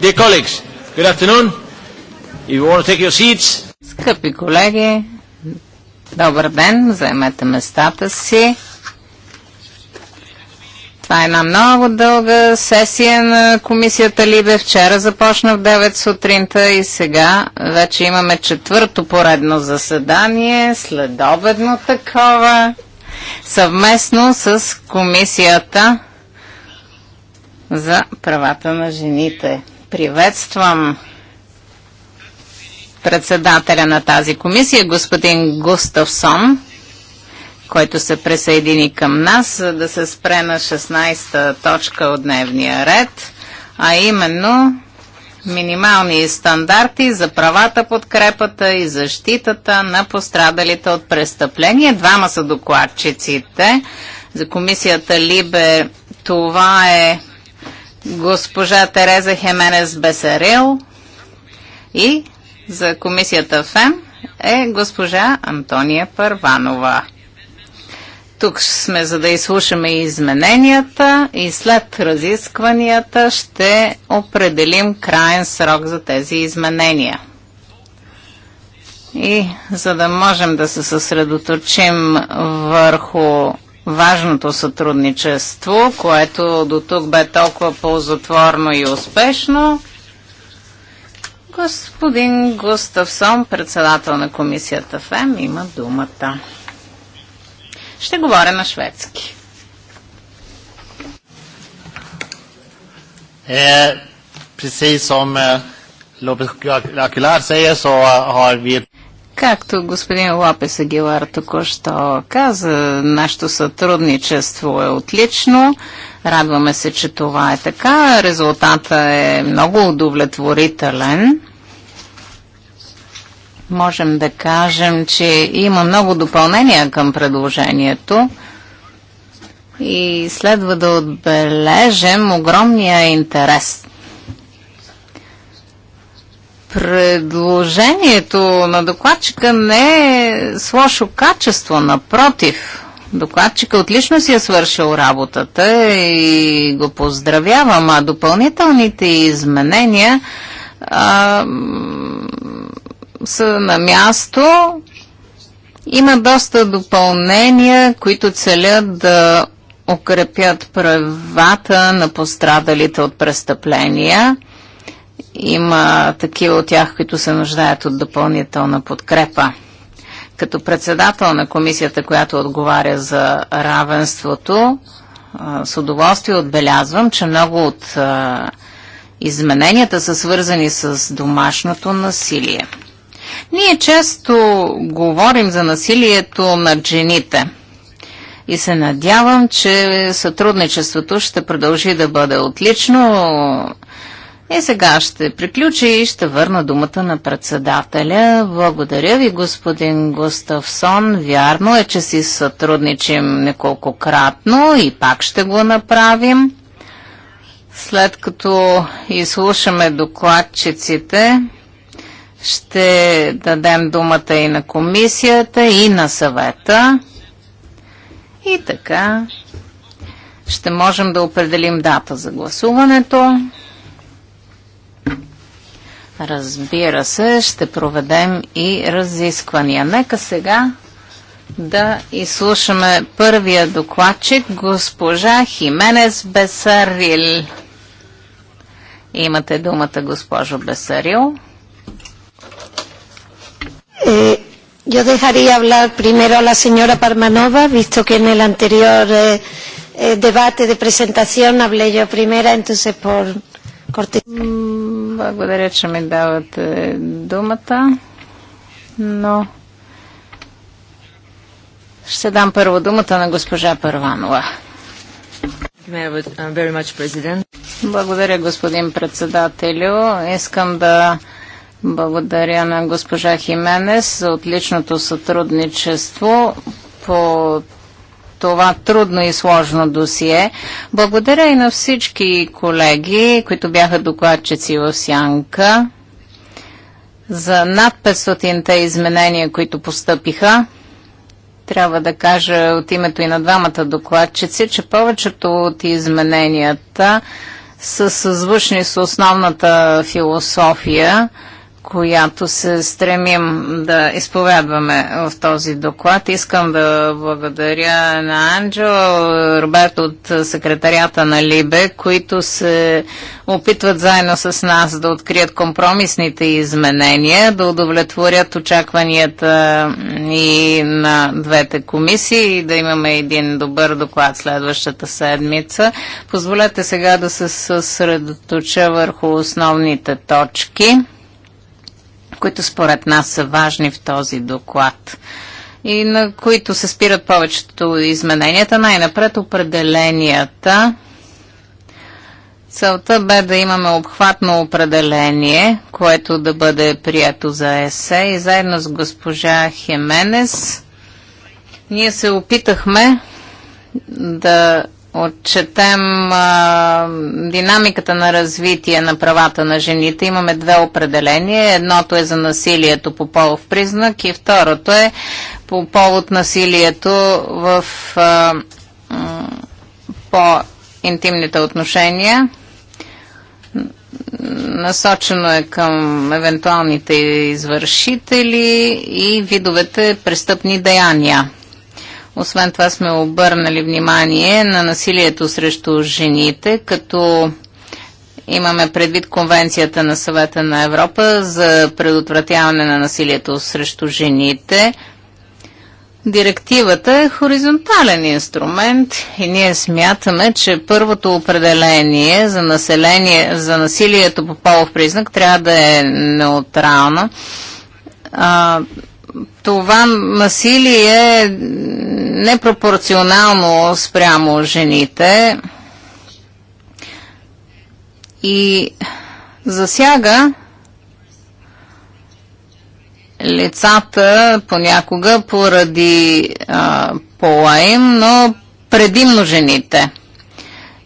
Dear colleagues, good afternoon. If you want to take your seats. Скъпи колеги, добър ден, вземете местата си. Това е една много дълга сесия на комисията Либе. Вчера започна в 9 сутринта и сега вече имаме четвърто поредно заседание, следобедно такова, съвместно с комисията за правата на жените. Приветствам председателя на тази комисия, господин Густавсон, който се присъедини към нас, за да се спре на 16-та точка от дневния ред, а именно минимални стандарти за правата, подкрепата и защитата на пострадалите от престъпления. Двама са докладчиците. За комисията Либе това е госпожа Тереза Хеменес Бесарел и за комисията ФЕМ е госпожа Антония Първанова. Тук сме за да изслушаме измененията и след разискванията ще определим крайен срок за тези изменения. И за да можем да се съсредоточим върху важното сътрудничество, което до тук бе толкова ползотворно и успешно. Господин Густавсон, председател на комисията ФЕМ, има думата. Ще говоря на шведски. Е, precis som е, Lopez Acular säger så е, har vi... Както господин Лапес Агилар току-що каза, нашето сътрудничество е отлично. Радваме се, че това е така. Резултата е много удовлетворителен. Можем да кажем, че има много допълнения към предложението и следва да отбележим огромния интерес Предложението на докладчика не е с лошо качество, напротив. Докладчика отлично си е свършил работата и го поздравявам, а допълнителните изменения а, са на място. Има доста допълнения, които целят да укрепят правата на пострадалите от престъпления има такива от тях, които се нуждаят от допълнителна подкрепа. Като председател на комисията, която отговаря за равенството, с удоволствие отбелязвам, че много от измененията са свързани с домашното насилие. Ние често говорим за насилието над жените и се надявам, че сътрудничеството ще продължи да бъде отлично. И е, сега ще приключи и ще върна думата на председателя. Благодаря ви, господин Густавсон. Вярно е, че си сътрудничим неколкократно и пак ще го направим. След като изслушаме докладчиците, ще дадем думата и на комисията, и на съвета. И така ще можем да определим дата за гласуването. Разбира се, ще проведем и разисквания. Нека сега да изслушаме първия докладчик, госпожа Хименес Бесарил. Имате думата, госпожо Бесарил. Eh, yo dejaría hablar primero a la señora Parmanova, visto que en el anterior eh, eh, debate de presentación hablé yo primera, entonces por, Корти. Благодаря, че ми давате думата, но ще дам първо думата на госпожа Първанова. Благодаря, господин председателю. Искам да благодаря на госпожа Хименес за отличното сътрудничество по това трудно и сложно досие. Благодаря и на всички колеги, които бяха докладчици в Сянка за над 500-те изменения, които постъпиха. Трябва да кажа от името и на двамата докладчици, че повечето от измененията са съзвучни с основната философия – която се стремим да изповядваме в този доклад. Искам да благодаря на Анджо Роберт от секретарията на Либе, които се опитват заедно с нас да открият компромисните изменения, да удовлетворят очакванията и на двете комисии и да имаме един добър доклад следващата седмица. Позволете сега да се съсредоточа върху основните точки които според нас са важни в този доклад и на които се спират повечето измененията. Най-напред определенията. Целта бе да имаме обхватно определение, което да бъде прието за ЕСЕ и заедно с госпожа Хеменес ние се опитахме да отчетем а, динамиката на развитие на правата на жените, имаме две определения. Едното е за насилието по полов признак и второто е по повод насилието в а, по-интимните отношения. Насочено е към евентуалните извършители и видовете престъпни деяния. Освен това сме обърнали внимание на насилието срещу жените, като имаме предвид Конвенцията на съвета на Европа за предотвратяване на насилието срещу жените. Директивата е хоризонтален инструмент и ние смятаме, че първото определение за, население, за насилието по полов признак трябва да е неутрално това насилие е непропорционално спрямо жените и засяга лицата понякога поради а, пола им, но предимно жените.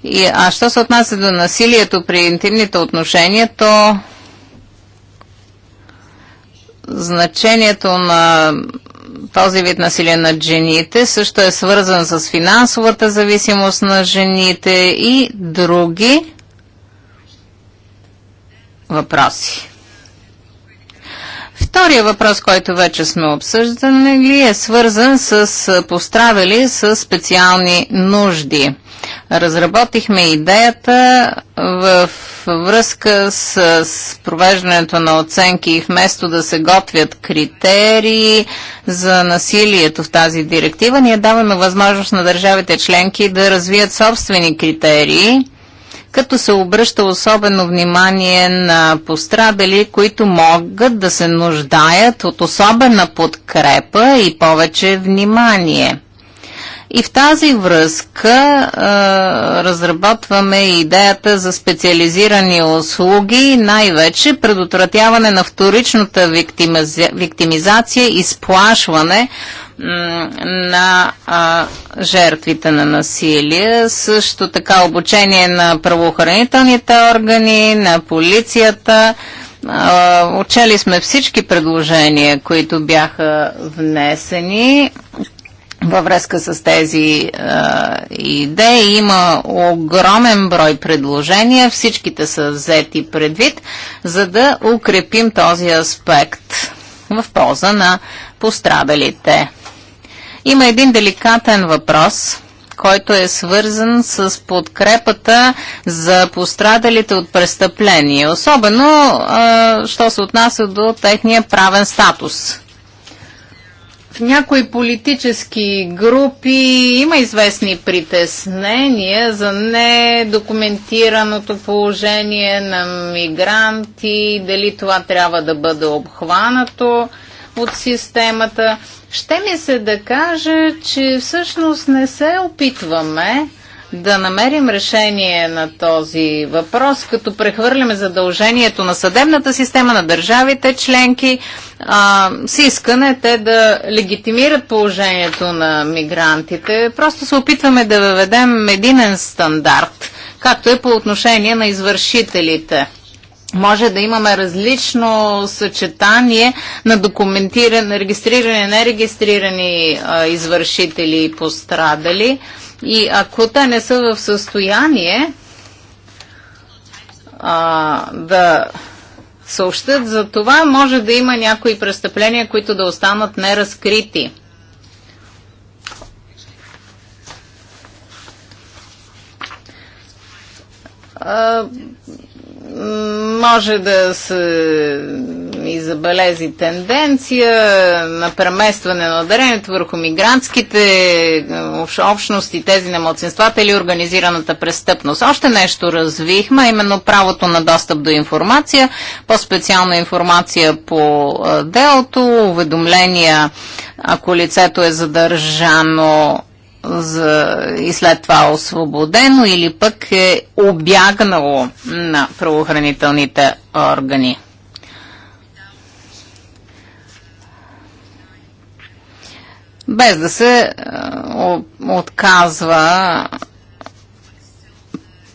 И, а що се отнася до насилието при интимните отношения, то значението на този вид насилие над жените също е свързан с финансовата зависимост на жените и други въпроси. Втория въпрос, който вече сме обсъждали, е свързан с пострадали с специални нужди. Разработихме идеята в връзка с, с провеждането на оценки и вместо да се готвят критерии за насилието в тази директива, ние даваме възможност на държавите членки да развият собствени критерии, като се обръща особено внимание на пострадали, които могат да се нуждаят от особена подкрепа и повече внимание. И в тази връзка а, разработваме идеята за специализирани услуги, най-вече предотвратяване на вторичната виктимизация, виктимизация и сплашване на а, жертвите на насилие, също така обучение на правоохранителните органи, на полицията. А, учели сме всички предложения, които бяха внесени във връзка с тези а, идеи. Има огромен брой предложения, всичките са взети предвид, за да укрепим този аспект в полза на пострадалите. Има един деликатен въпрос, който е свързан с подкрепата за пострадалите от престъпления, особено а, що се отнася до техния правен статус в някои политически групи има известни притеснения за недокументираното положение на мигранти, дали това трябва да бъде обхванато от системата. Ще ми се да кажа, че всъщност не се опитваме да намерим решение на този въпрос, като прехвърляме задължението на съдебната система, на държавите членки, а, с искане те да легитимират положението на мигрантите. Просто се опитваме да въведем единен стандарт, както е по отношение на извършителите може да имаме различно съчетание на документиран, регистрирани, нерегистрирани а, извършители и пострадали. И ако те не са в състояние а, да съобщат за това, може да има някои престъпления, които да останат неразкрити. А, може да се и забелези тенденция на преместване на дарението върху мигрантските общности, тези на младсинствата или организираната престъпност. Още нещо развихме, именно правото на достъп до информация, по специална информация по делото, уведомления, ако лицето е задържано за, и след това освободено или пък е обягнало на правоохранителните органи. Без да се отказва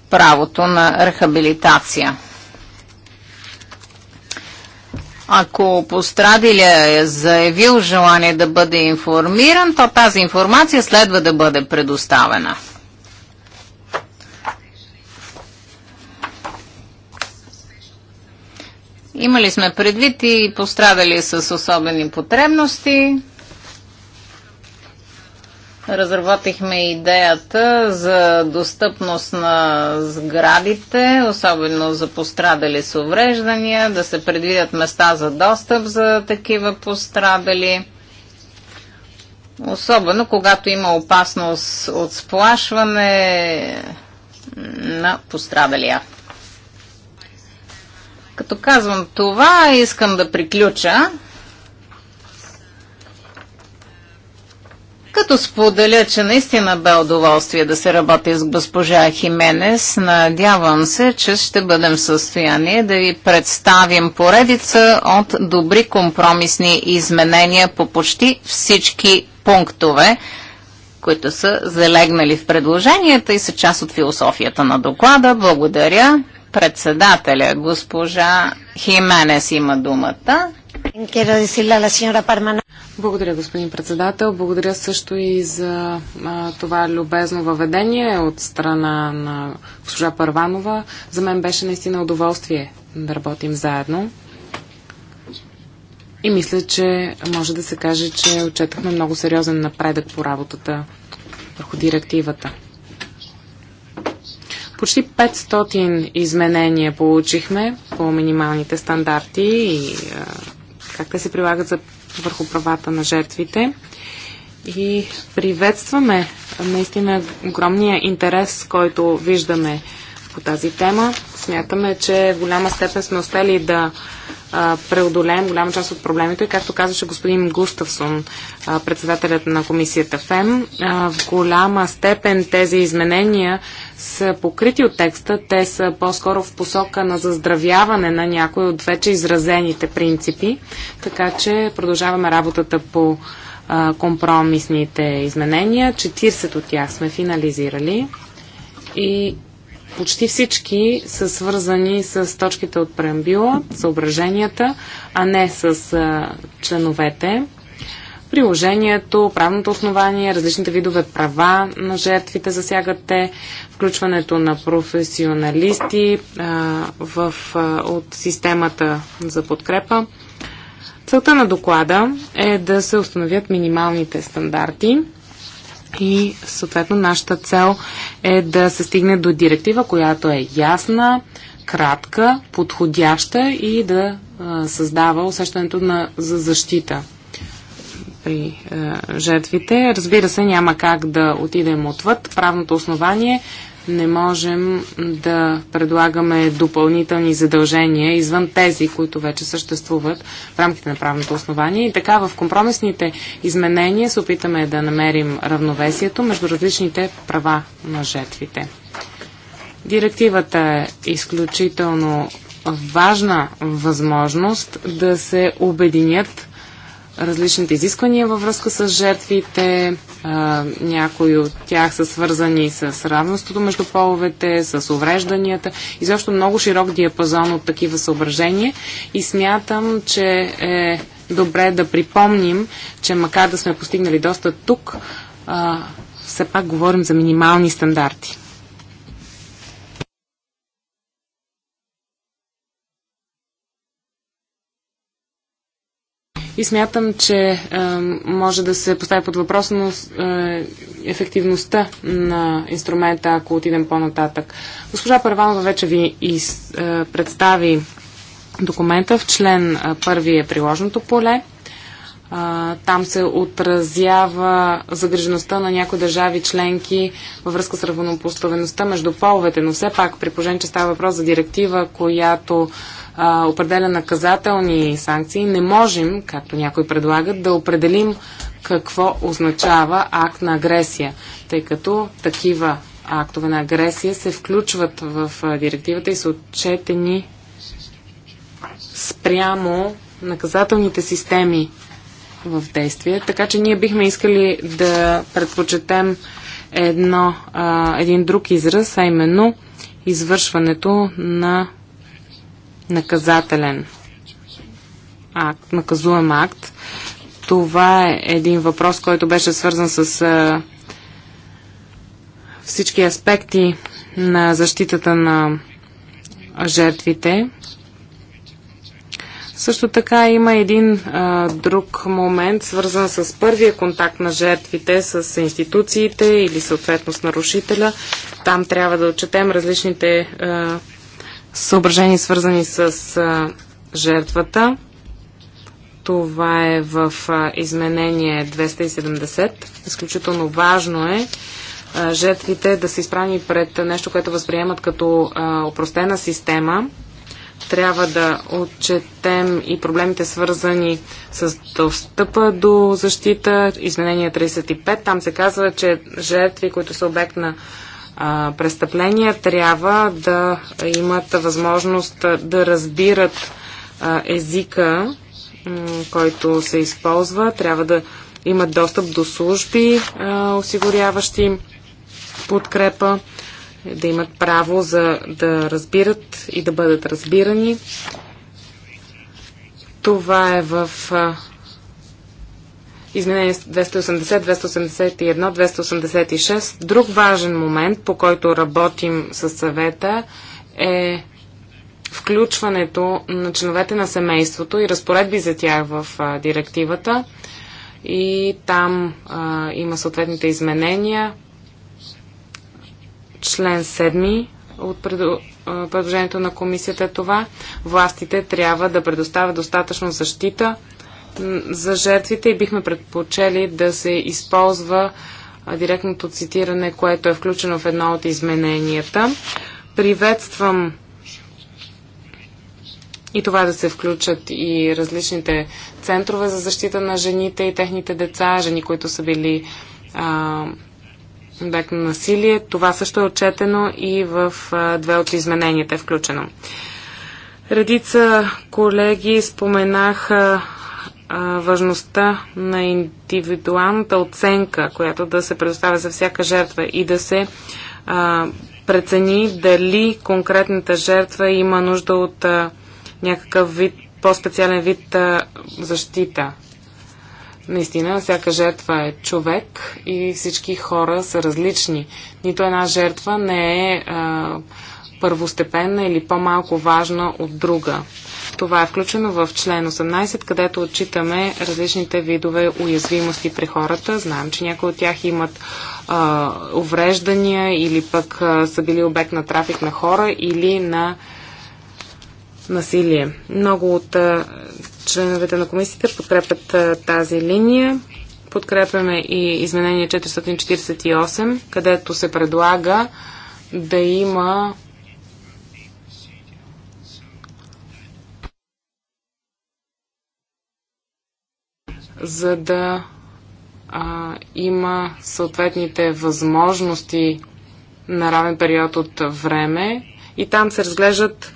правото на рехабилитация. Ако пострадилия е заявил желание да бъде информиран, то тази информация следва да бъде предоставена. Имали сме предвид и пострадали с особени потребности. Разработихме идеята за достъпност на сградите, особено за пострадали с увреждания, да се предвидят места за достъп за такива пострадали. Особено когато има опасност от сплашване на пострадалия. Като казвам това, искам да приключа. Като споделя, че наистина бе удоволствие да се работи с госпожа Хименес, надявам се, че ще бъдем в състояние да ви представим поредица от добри компромисни изменения по почти всички пунктове, които са залегнали в предложенията и са част от философията на доклада. Благодаря. Председателя, госпожа Хименес има думата. Благодаря, господин председател. Благодаря също и за а, това любезно въведение от страна на госпожа Първанова. За мен беше наистина удоволствие да работим заедно. И мисля, че може да се каже, че отчетахме много сериозен напредък по работата върху директивата. Почти 500 изменения получихме по минималните стандарти и а, как те се прилагат за върху правата на жертвите. И приветстваме наистина огромния интерес, който виждаме по тази тема. Смятаме, че в голяма степен сме успели да преодолеем голяма част от проблемите. И както казваше господин Густавсон, председателят на комисията ФЕМ, в голяма степен тези изменения са покрити от текста. Те са по-скоро в посока на заздравяване на някои от вече изразените принципи. Така че продължаваме работата по компромисните изменения. 40 от тях сме финализирали и почти всички са свързани с точките от преамбюла, съображенията, а не с а, членовете. Приложението, правното основание, различните видове права на жертвите засягат те, включването на професионалисти а, в, а, от системата за подкрепа. Целта на доклада е да се установят минималните стандарти и съответно нашата цел е да се стигне до директива, която е ясна, кратка, подходяща и да а, създава усещането на, за защита при а, жертвите. Разбира се, няма как да отидем отвъд правното основание не можем да предлагаме допълнителни задължения извън тези, които вече съществуват в рамките на правното основание. И така в компромисните изменения се опитаме да намерим равновесието между различните права на жертвите. Директивата е изключително важна възможност да се обединят различните изисквания във връзка с жертвите. А, някои от тях са свързани с равенството между половете, с уврежданията. Изобщо много широк диапазон от такива съображения. И смятам, че е добре да припомним, че макар да сме постигнали доста тук, а, все пак говорим за минимални стандарти. И смятам, че е, може да се постави под въпрос но, е, ефективността на инструмента, ако отидем по-нататък. Госпожа Първанова вече ви из, е, представи документа. В член първи е приложното поле. А, там се отразява загрижеността на някои държави членки във връзка с равнопоставеността между половете, но все пак при положение, че става въпрос за директива, която а, определя наказателни санкции, не можем, както някои предлагат, да определим какво означава акт на агресия, тъй като такива актове на агресия се включват в директивата и са отчетени спрямо наказателните системи в действие. Така че ние бихме искали да предпочетем едно, а, един друг израз, а именно извършването на наказателен акт, наказуем акт. Това е един въпрос, който беше свързан с а, всички аспекти на защитата на жертвите. Също така има един а, друг момент, свързан с първия контакт на жертвите с институциите или съответно с нарушителя. Там трябва да отчетем различните а, съображения, свързани с жертвата. Това е в изменение 270. Изключително важно е жертвите да се изправи пред нещо, което възприемат като опростена система. Трябва да отчетем и проблемите свързани с достъпа до защита. Изменение 35. Там се казва, че жертви, които са обект на престъпления трябва да имат възможност да разбират езика, който се използва, трябва да имат достъп до служби, осигуряващи подкрепа, да имат право за да разбират и да бъдат разбирани. Това е в а, Изменение 280, 281, 286. Друг важен момент, по който работим с съвета е включването на членовете на семейството и разпоредби за тях в а, директивата. И там а, има съответните изменения. Член 7 от преду, а, предложението на комисията е това. Властите трябва да предоставят достатъчно защита за жертвите и бихме предпочели да се използва директното цитиране, което е включено в едно от измененията. Приветствам и това да се включат и различните центрове за защита на жените и техните деца, жени, които са били а, обект на насилие. Това също е отчетено и в а, две от измененията е включено. Редица колеги споменаха а, важността на индивидуалната оценка, която да се предоставя за всяка жертва и да се а, прецени дали конкретната жертва има нужда от а, някакъв вид, по-специален вид а, защита. Наистина, всяка жертва е човек и всички хора са различни. Нито една жертва не е а, първостепенна или по-малко важна от друга. Това е включено в член 18, където отчитаме различните видове уязвимости при хората. Знаем, че някои от тях имат а, увреждания или пък а, са били обект на трафик на хора или на насилие. Много от а, членовете на комисията подкрепят а, тази линия. Подкрепяме и изменение 448, където се предлага да има за да а, има съответните възможности на равен период от време и там се разглеждат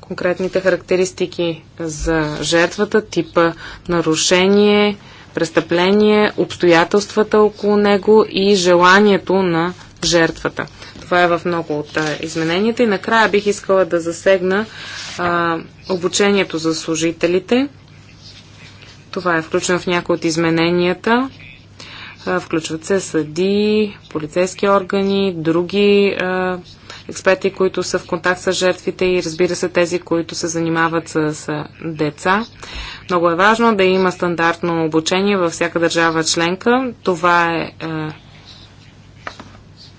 конкретните характеристики за жертвата, типа нарушение, престъпление, обстоятелствата около него и желанието на жертвата. Това е в много от измененията. И накрая бих искала да засегна а, обучението за служителите. Това е включено в някои от измененията. Включват се съди, полицейски органи, други експерти, които са в контакт с жертвите и разбира се тези, които се занимават с, деца. Много е важно да има стандартно обучение във всяка държава членка. Това е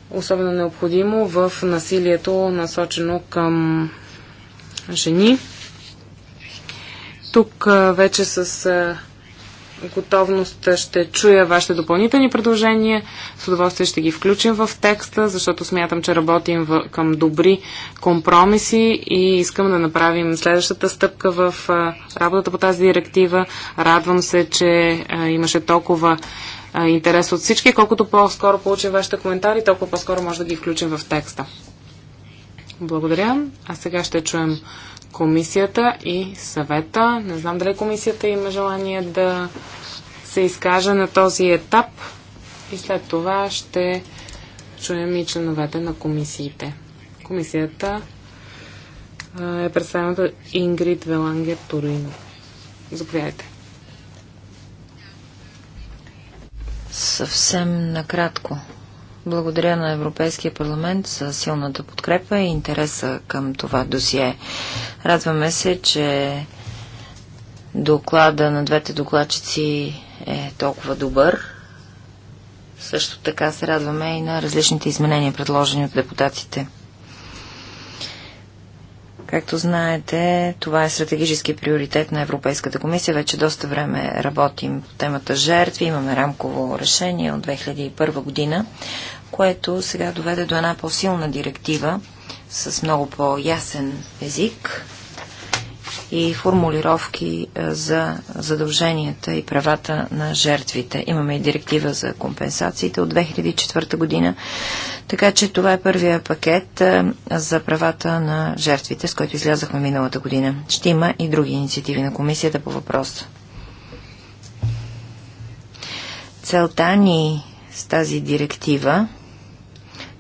особено необходимо в насилието насочено към жени. Тук вече с готовност ще чуя вашите допълнителни предложения. С удоволствие ще ги включим в текста, защото смятам, че работим в, към добри компромиси и искам да направим следващата стъпка в работата по тази директива. Радвам се, че имаше толкова интерес от всички. Колкото по-скоро получим вашите коментари, толкова по-скоро може да ги включим в текста. Благодаря. А сега ще чуем комисията и съвета. Не знам дали комисията има желание да се изкаже на този етап и след това ще чуем и членовете на комисиите. Комисията е представената Ингрид Велангер Торино. Заповядайте. Съвсем накратко. Благодаря на Европейския парламент за силната подкрепа и интереса към това досие. Радваме се, че доклада на двете докладчици е толкова добър. Също така се радваме и на различните изменения, предложени от депутатите. Както знаете, това е стратегически приоритет на Европейската комисия. Вече доста време работим по темата жертви. Имаме рамково решение от 2001 година, което сега доведе до една по-силна директива с много по-ясен език и формулировки е, за задълженията и правата на жертвите. Имаме и директива за компенсациите от 2004 година, така че това е първия пакет е, за правата на жертвите, с който излязахме миналата година. Ще има и други инициативи на комисията по въпроса. Целта ни с тази директива,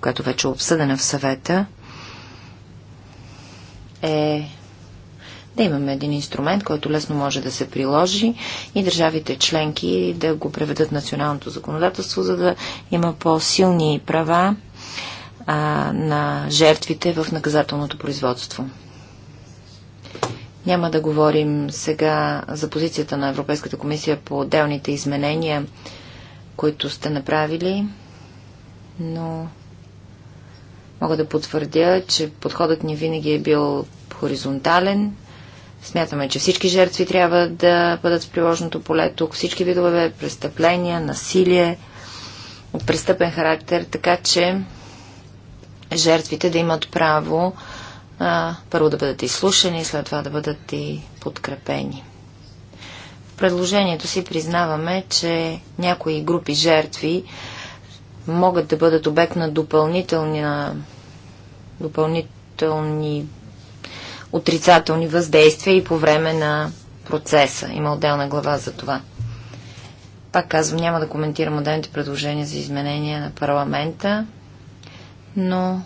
която вече е обсъдена в съвета, е да имаме един инструмент, който лесно може да се приложи и държавите членки да го преведат националното законодателство, за да има по-силни права а, на жертвите в наказателното производство. Няма да говорим сега за позицията на Европейската комисия по отделните изменения, които сте направили, но мога да потвърдя, че подходът ни винаги е бил хоризонтален Смятаме, че всички жертви трябва да бъдат в приложното поле тук, всички видове престъпления, насилие от престъпен характер, така че жертвите да имат право а, първо да бъдат изслушани, след това да бъдат и подкрепени. В предложението си признаваме, че някои групи жертви могат да бъдат обект на допълнителни допълнителни отрицателни въздействия и по време на процеса. Има отделна глава за това. Пак казвам, няма да коментирам отделните предложения за изменения на парламента, но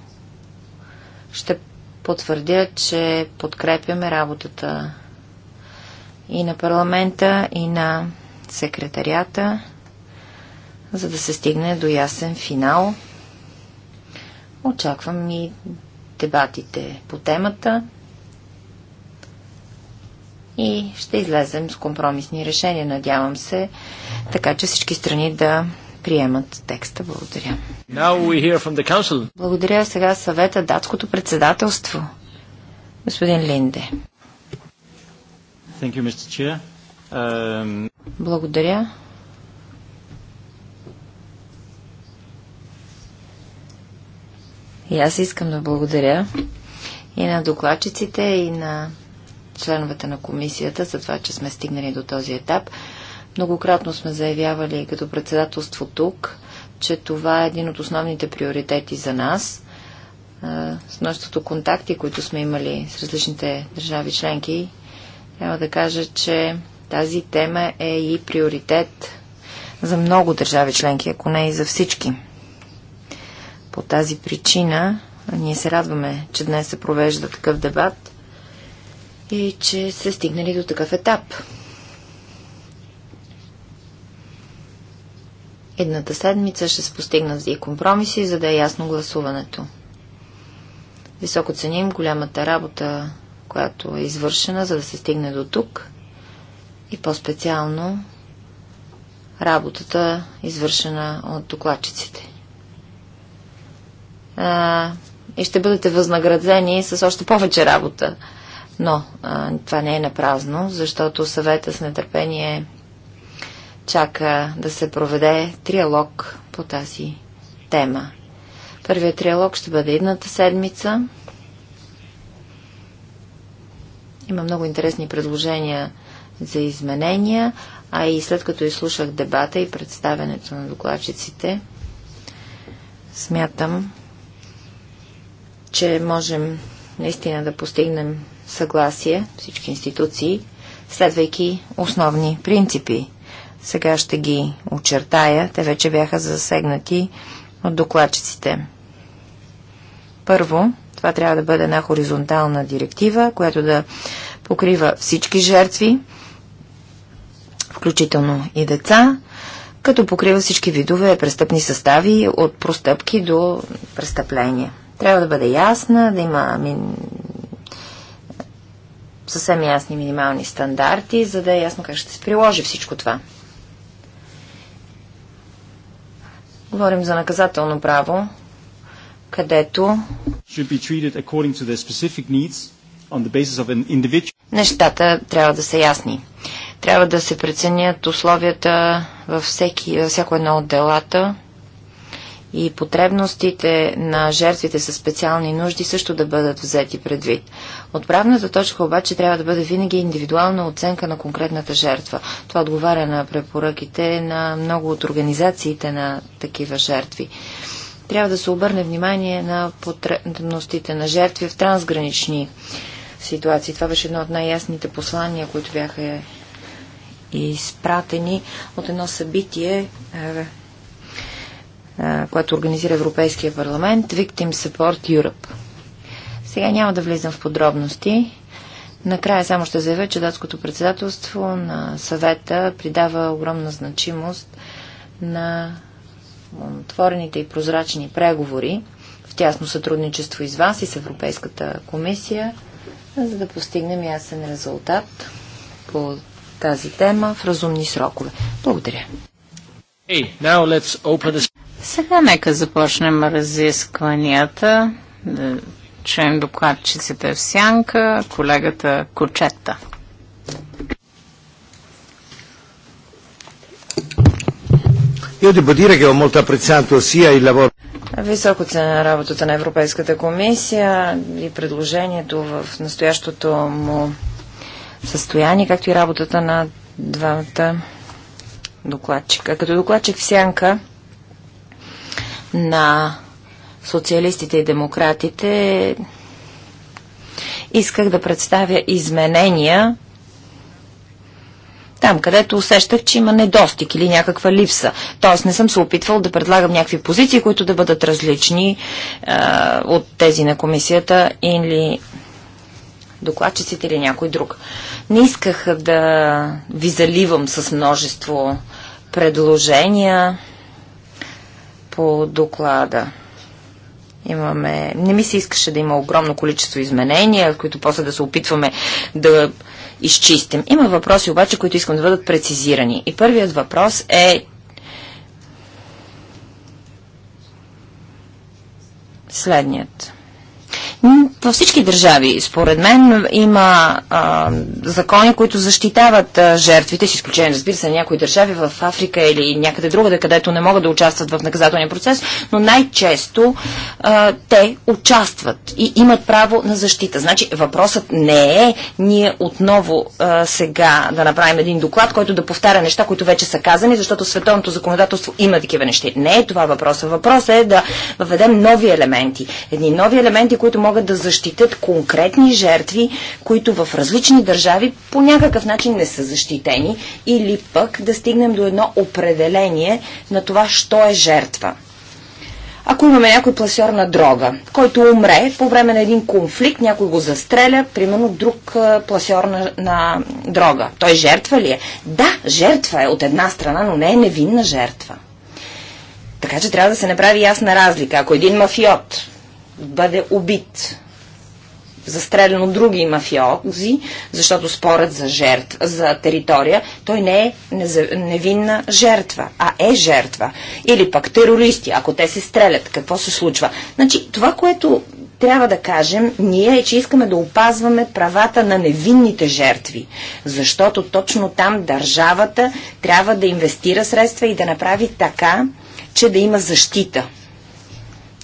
ще потвърдя, че подкрепяме работата и на парламента, и на секретарията, за да се стигне до ясен финал. Очаквам и дебатите по темата и ще излезем с компромисни решения, надявам се, така че всички страни да приемат текста. Благодаря. Благодаря сега съвета датското председателство. Господин Линде. You, um... Благодаря. И аз искам да благодаря и на докладчиците, и на членовете на комисията за това, че сме стигнали до този етап. Многократно сме заявявали като председателство тук, че това е един от основните приоритети за нас. С множеството контакти, които сме имали с различните държави членки, трябва да кажа, че тази тема е и приоритет за много държави членки, ако не и за всички. По тази причина ние се радваме, че днес се провежда такъв дебат и че са стигнали до такъв етап. Едната седмица ще се постигнат и компромиси, за да е ясно гласуването. Високо ценим голямата работа, която е извършена, за да се стигне до тук и по-специално работата, извършена от докладчиците. А, и ще бъдете възнаградени с още повече работа. Но а, това не е напразно, защото съвета с нетърпение чака да се проведе триалог по тази тема. Първият триалог ще бъде едната седмица. Има много интересни предложения за изменения, а и след като изслушах дебата и представянето на докладчиците, смятам, че можем наистина да постигнем съгласие, всички институции, следвайки основни принципи. Сега ще ги очертая. Те вече бяха засегнати от докладчиците. Първо, това трябва да бъде една хоризонтална директива, която да покрива всички жертви, включително и деца, като покрива всички видове престъпни състави от простъпки до престъпления. Трябва да бъде ясна, да има съвсем ясни минимални стандарти, за да е ясно как ще се приложи всичко това. Говорим за наказателно право, където нещата трябва да са ясни. Трябва да се преценят условията във, всеки, във всяко едно от делата, и потребностите на жертвите със специални нужди също да бъдат взети предвид. Отправната точка обаче трябва да бъде винаги индивидуална оценка на конкретната жертва. Това отговаря на препоръките на много от организациите на такива жертви. Трябва да се обърне внимание на потребностите на жертви в трансгранични ситуации. Това беше едно от най-ясните послания, които бяха изпратени от едно събитие е, което организира Европейския парламент, Victim Support Europe. Сега няма да влизам в подробности. Накрая само ще заявя, че датското председателство на съвета придава огромна значимост на отворените и прозрачни преговори в тясно сътрудничество и с вас и с Европейската комисия, за да постигнем ясен резултат по тази тема в разумни срокове. Благодаря. Hey, now let's open this... Сега нека започнем разискванията. Да чуем докладчиците в сянка, колегата Кочета. Io devo dire che ho molto apprezzato sia il lavoro Високо цена работата на Европейската комисия и предложението в настоящото му състояние, както и работата на двамата докладчика. Като докладчик в сянка на социалистите и демократите исках да представя изменения там, където усещах, че има недостиг или някаква липса. Тоест не съм се опитвал да предлагам някакви позиции, които да бъдат различни е, от тези на комисията или докладчиците или някой друг. Не исках да ви заливам с множество предложения по доклада. Имаме... Не ми се искаше да има огромно количество изменения, които после да се опитваме да изчистим. Има въпроси обаче, които искам да бъдат прецизирани. И първият въпрос е следният. Във всички държави, според мен, има а, закони, които защитават а, жертвите, с изключение, разбира се, на някои държави в Африка или някъде другаде, където не могат да участват в наказателния процес, но най-често те участват и имат право на защита. Значи въпросът не е ние отново а, сега да направим един доклад, който да повтаря неща, които вече са казани, защото световното законодателство има такива неща. Не е това въпроса. Въпросът е да въведем нови елементи. Едни нови елементи, които могат могат да защитят конкретни жертви, които в различни държави по някакъв начин не са защитени или пък да стигнем до едно определение на това, що е жертва. Ако имаме някой пласьор на дрога, който умре по време на един конфликт, някой го застреля, примерно друг пласьор на, на дрога. Той жертва ли е? Да, жертва е от една страна, но не е невинна жертва. Така че трябва да се направи ясна разлика. Ако един мафиот бъде убит застрелен от други мафиози, защото спорят за, жертв, за територия, той не е невинна жертва, а е жертва. Или пък терористи, ако те се стрелят, какво се случва? Значи, това, което трябва да кажем ние е, че искаме да опазваме правата на невинните жертви, защото точно там държавата трябва да инвестира средства и да направи така, че да има защита –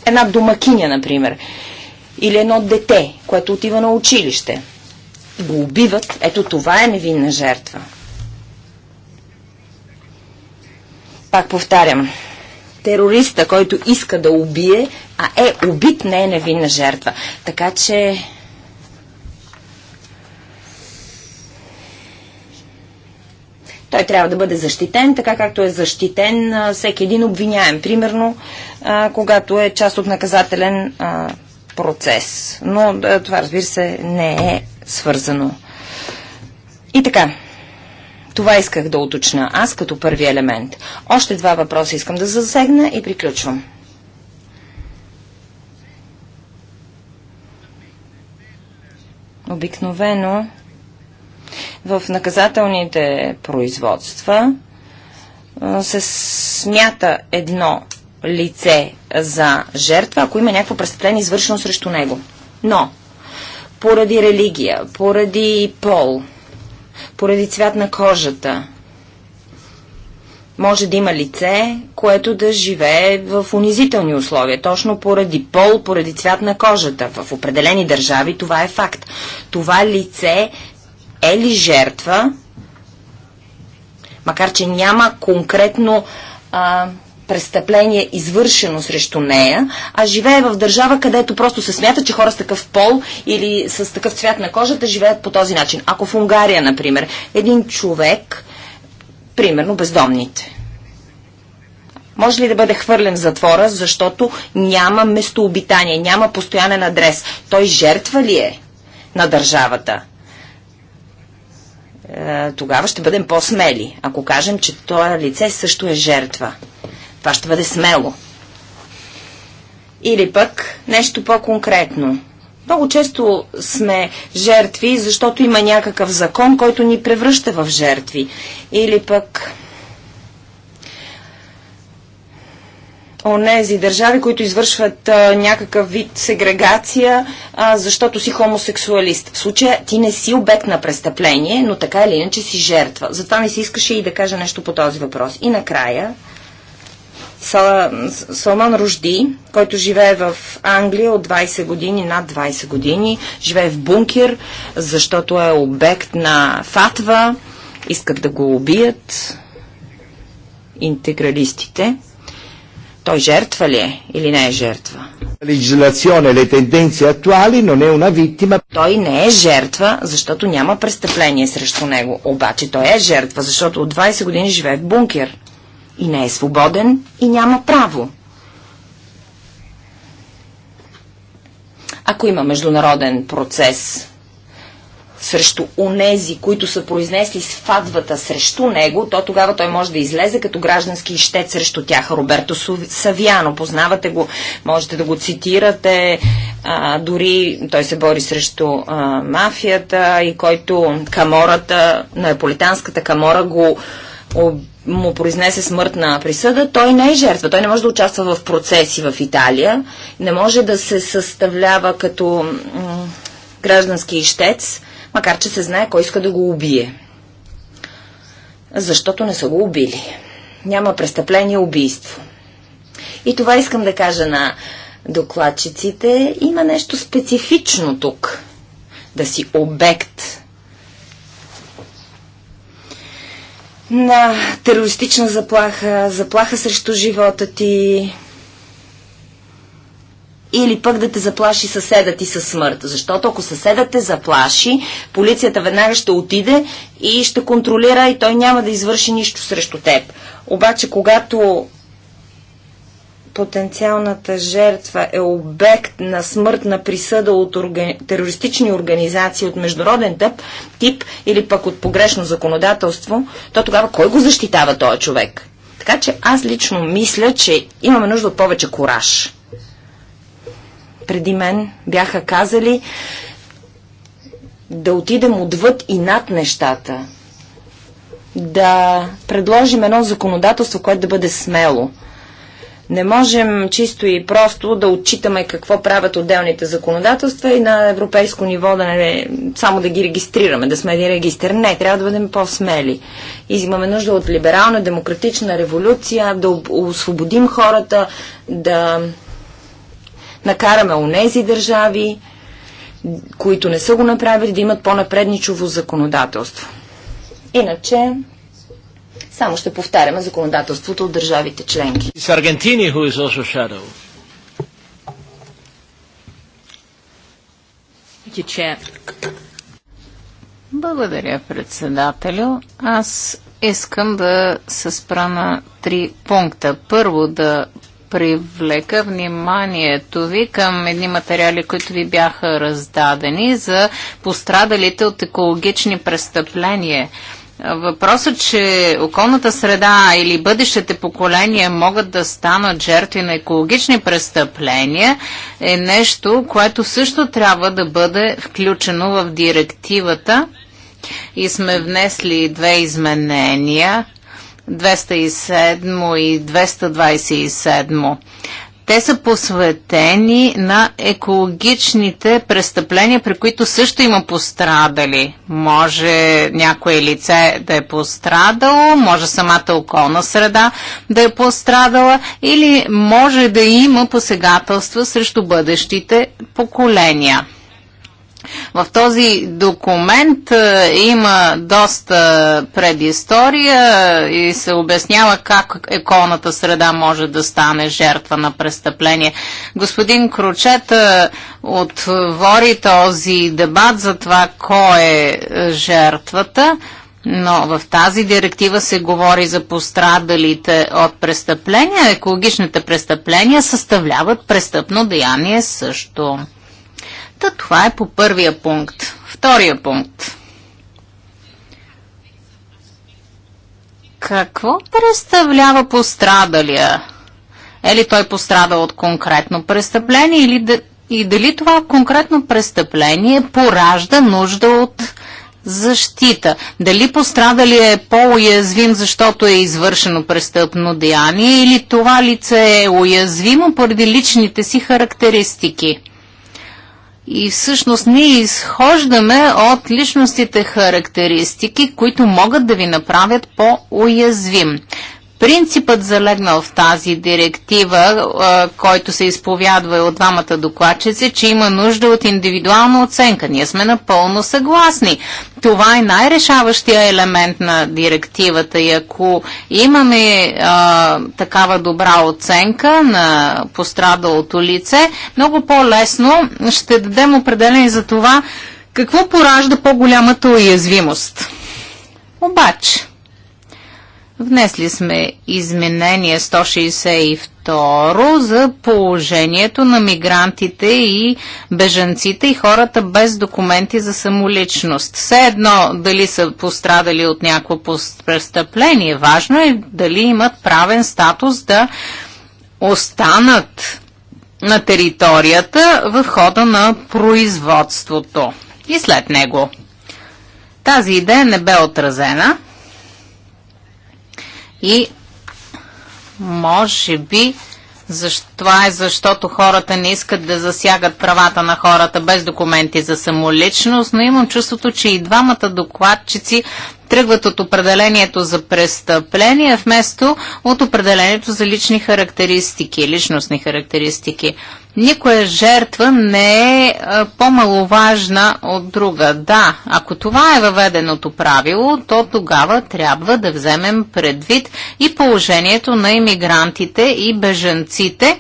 една домакиня, например, или едно дете, което отива на училище, го убиват, ето това е невинна жертва. Пак повтарям, терориста, който иска да убие, а е убит, не е невинна жертва. Така че Той трябва да бъде защитен, така както е защитен всеки един обвиняем, примерно, когато е част от наказателен процес. Но това, разбира се, не е свързано. И така, това исках да уточна аз като първи елемент. Още два въпроса искам да засегна и приключвам. Обикновено в наказателните производства се смята едно лице за жертва, ако има някакво престъпление извършено срещу него. Но, поради религия, поради пол, поради цвят на кожата, може да има лице, което да живее в унизителни условия, точно поради пол, поради цвят на кожата. В определени държави това е факт. Това лице е ли жертва, макар че няма конкретно а, престъпление извършено срещу нея, а живее в държава, където просто се смята, че хора с такъв пол или с такъв цвят на кожата живеят по този начин. Ако в Унгария, например, един човек, примерно бездомните, може ли да бъде хвърлен в затвора, защото няма местообитание, няма постоянен адрес? Той жертва ли е на държавата? Е, тогава ще бъдем по-смели, ако кажем, че това лице също е жертва. Това ще бъде смело. Или пък нещо по-конкретно. Много често сме жертви, защото има някакъв закон, който ни превръща в жертви. Или пък онези държави, които извършват а, някакъв вид сегрегация, а, защото си хомосексуалист. В случая ти не си обект на престъпление, но така или иначе си жертва. Затова ми се искаше и да кажа нещо по този въпрос. И накрая, Салман Рожди, който живее в Англия от 20 години, над 20 години, живее в бункер, защото е обект на фатва, искат да го убият интегралистите. Той жертва ли е или не е жертва? Легизлационе, ле тенденции актуали, но не една виктима. Той не е жертва, защото няма престъпление срещу него. Обаче той е жертва, защото от 20 години живее в бункер. И не е свободен, и няма право. Ако има международен процес срещу онези, които са произнесли с фадвата срещу него, то тогава той може да излезе като граждански щет срещу тях. Роберто Савяно, познавате го, можете да го цитирате, а, дори той се бори срещу а, мафията и който камората, наполитанската камора го му произнесе смъртна присъда, той не е жертва. Той не може да участва в процеси в Италия, не може да се съставлява като граждански ищец макар че се знае кой иска да го убие. Защото не са го убили. Няма престъпление, убийство. И това искам да кажа на докладчиците. Има нещо специфично тук. Да си обект на терористична заплаха, заплаха срещу живота ти, или пък да те заплаши съседът ти със смърт. Защото ако съседът те заплаши, полицията веднага ще отиде и ще контролира и той няма да извърши нищо срещу теб. Обаче, когато потенциалната жертва е обект на смъртна присъда от органи... терористични организации от международен тъп, тип или пък от погрешно законодателство, то тогава кой го защитава този човек? Така че аз лично мисля, че имаме нужда от повече кораж преди мен бяха казали да отидем отвъд и над нещата. Да предложим едно законодателство, което да бъде смело. Не можем чисто и просто да отчитаме какво правят отделните законодателства и на европейско ниво да не, само да ги регистрираме, да сме един регистр. Не, трябва да бъдем по-смели. Изимаме нужда от либерална, демократична революция, да освободим хората, да накараме онези държави, които не са го направили, да имат по-напредничово законодателство. Иначе, само ще повтаряме законодателството от държавите членки. Благодаря, председателю. Аз искам да се спра на три пункта. Първо да привлека вниманието ви към едни материали, които ви бяха раздадени за пострадалите от екологични престъпления. Въпросът, че околната среда или бъдещите поколения могат да станат жертви на екологични престъпления, е нещо, което също трябва да бъде включено в директивата. И сме внесли две изменения 207 и 227. Те са посветени на екологичните престъпления, при които също има пострадали. Може някое лице да е пострадало, може самата околна среда да е пострадала или може да има посегателства срещу бъдещите поколения. В този документ е, има доста предистория и се обяснява как еколната среда може да стане жертва на престъпление. Господин Крочет е, отвори този дебат за това кой е жертвата. Но в тази директива се говори за пострадалите от престъпления. Екологичните престъпления съставляват престъпно деяние също. Та това е по първия пункт. Втория пункт. Какво представлява пострадалия? Е ли той пострадал от конкретно престъпление или и дали това конкретно престъпление поражда нужда от защита. Дали пострадали е по-уязвим, защото е извършено престъпно деяние или това лице е уязвимо поради личните си характеристики? И всъщност ние изхождаме от личностите характеристики, които могат да ви направят по-уязвим. Принципът залегнал в тази директива, който се изповядва от двамата докладчици, че има нужда от индивидуална оценка. Ние сме напълно съгласни. Това е най-решаващия елемент на директивата и ако имаме а, такава добра оценка на пострадалото лице, много по-лесно ще дадем определение за това какво поражда по-голямата уязвимост. Обаче, Внесли сме изменение 162 за положението на мигрантите и бежанците и хората без документи за самоличност. Все едно дали са пострадали от някакво престъпление, важно е дали имат правен статус да останат на територията в хода на производството и след него. Тази идея не бе отразена – и може би това е защото хората не искат да засягат правата на хората без документи за самоличност, но имам чувството, че и двамата докладчици тръгват от определението за престъпление, вместо от определението за лични характеристики, личностни характеристики. Никоя жертва не е, е по-маловажна от друга. Да, ако това е въведеното правило, то тогава трябва да вземем предвид и положението на иммигрантите и беженците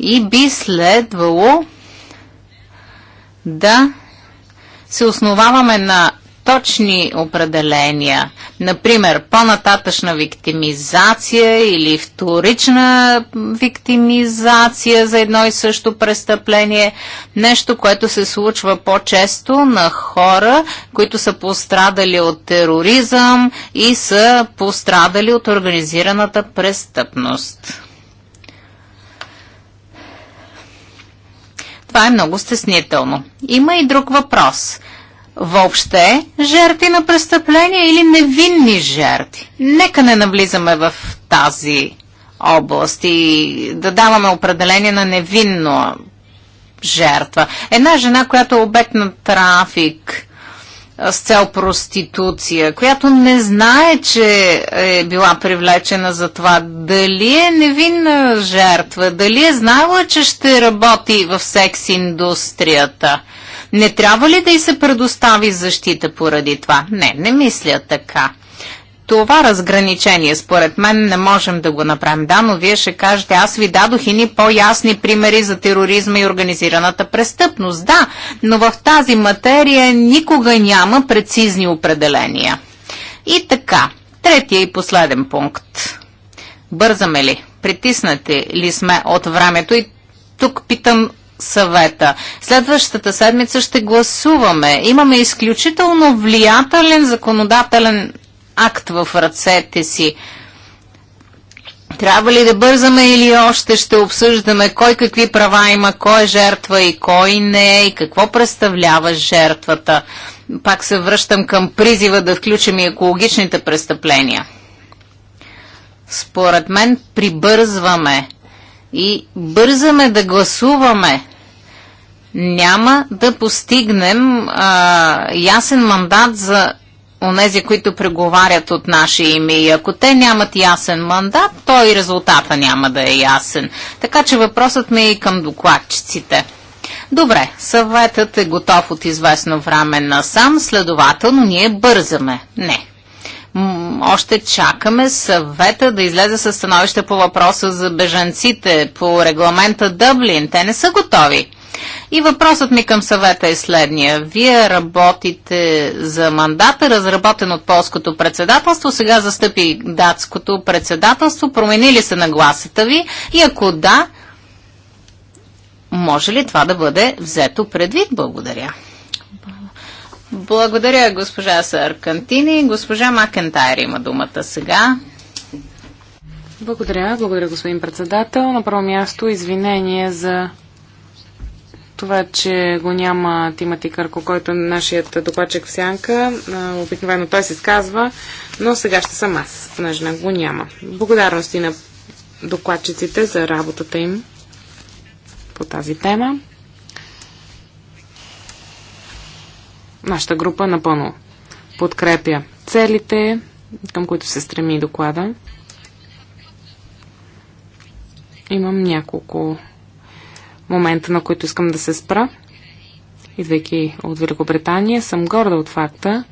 и би следвало да се основаваме на точни определения. Например, по-нататъчна виктимизация или вторична виктимизация за едно и също престъпление. Нещо, което се случва по-често на хора, които са пострадали от тероризъм и са пострадали от организираната престъпност. Това е много стеснително. Има и друг въпрос – въобще жертви на престъпления или невинни жертви. Нека не навлизаме в тази област и да даваме определение на невинно жертва. Една жена, която е обект на трафик с цел проституция, която не знае, че е била привлечена за това, дали е невинна жертва, дали е знала, че ще работи в секс индустрията – не трябва ли да й се предостави защита поради това? Не, не мисля така. Това разграничение, според мен, не можем да го направим. Да, но вие ще кажете, аз ви дадох и по-ясни примери за тероризма и организираната престъпност. Да, но в тази материя никога няма прецизни определения. И така, третия и последен пункт. Бързаме ли? Притиснати ли сме от времето? И тук питам съвета. Следващата седмица ще гласуваме. Имаме изключително влиятелен законодателен акт в ръцете си. Трябва ли да бързаме или още ще обсъждаме кой какви права има, кой е жертва и кой не е и какво представлява жертвата? Пак се връщам към призива да включим и екологичните престъпления. Според мен прибързваме и бързаме да гласуваме, няма да постигнем а, ясен мандат за онези, които преговарят от наше име. И ако те нямат ясен мандат, то и резултата няма да е ясен. Така че въпросът ми е и към докладчиците. Добре, съветът е готов от известно време насам, следователно ние бързаме. Не, още чакаме съвета да излезе със становище по въпроса за бежанците по регламента Дъблин. Те не са готови. И въпросът ми към съвета е следния. Вие работите за мандата, разработен от полското председателство, сега застъпи датското председателство. Промени ли се нагласата ви? И ако да, може ли това да бъде взето предвид? Благодаря. Благодаря, госпожа Саркантини. Госпожа Макентайр има думата сега. Благодаря, благодаря, господин председател. На първо място извинение за това, че го няма Тимати Кърко, който е нашият докладчик в сянка. Обикновено той се изказва, но сега ще съм аз, понеже го няма. Благодарности на докладчиците за работата им по тази тема. Нашата група напълно подкрепя целите, към които се стреми доклада. Имам няколко момента, на които искам да се спра. Идвайки от Великобритания, съм горда от факта,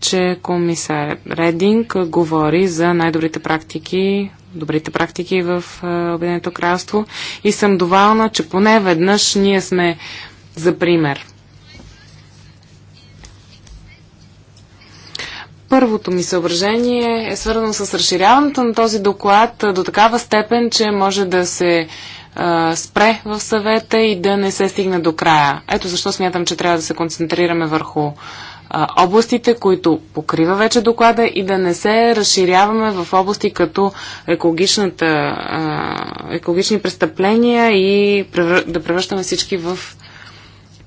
че комисар Рединг говори за най-добрите практики, добрите практики в е, Обединеното кралство и съм доволна, че поне веднъж ние сме за пример. Първото ми съображение е свързано с разширяването на този доклад до такава степен, че може да се спре в съвета и да не се стигне до края. Ето защо смятам, че трябва да се концентрираме върху областите, които покрива вече доклада и да не се разширяваме в области като екологични престъпления и да превръщаме всички в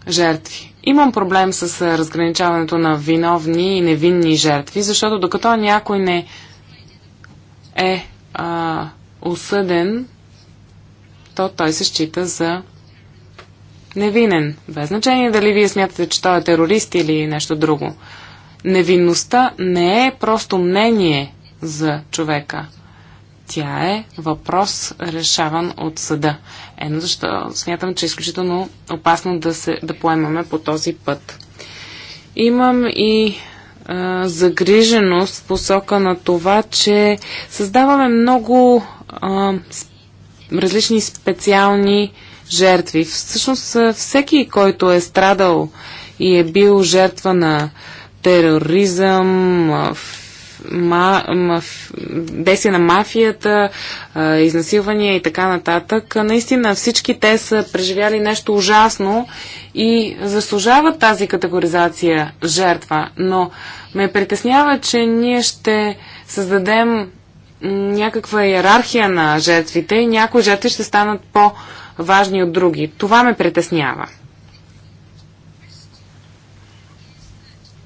жертви. Имам проблем с разграничаването на виновни и невинни жертви, защото докато някой не е а, осъден, то той се счита за невинен. Без значение дали вие смятате, че той е терорист или нещо друго. Невинността не е просто мнение за човека. Тя е въпрос решаван от съда. Ено защо смятам, че е изключително опасно да, се, да поемаме по този път. Имам и а, загриженост в посока на това, че създаваме много а, различни специални жертви. Всъщност всеки, който е страдал и е бил жертва на тероризъм, ма, маф, действия на мафията, а, изнасилвания и така нататък. Наистина всички те са преживяли нещо ужасно и заслужават тази категоризация жертва. Но ме притеснява, че ние ще създадем някаква иерархия на жертвите и някои жертви ще станат по- важни от други. Това ме притеснява.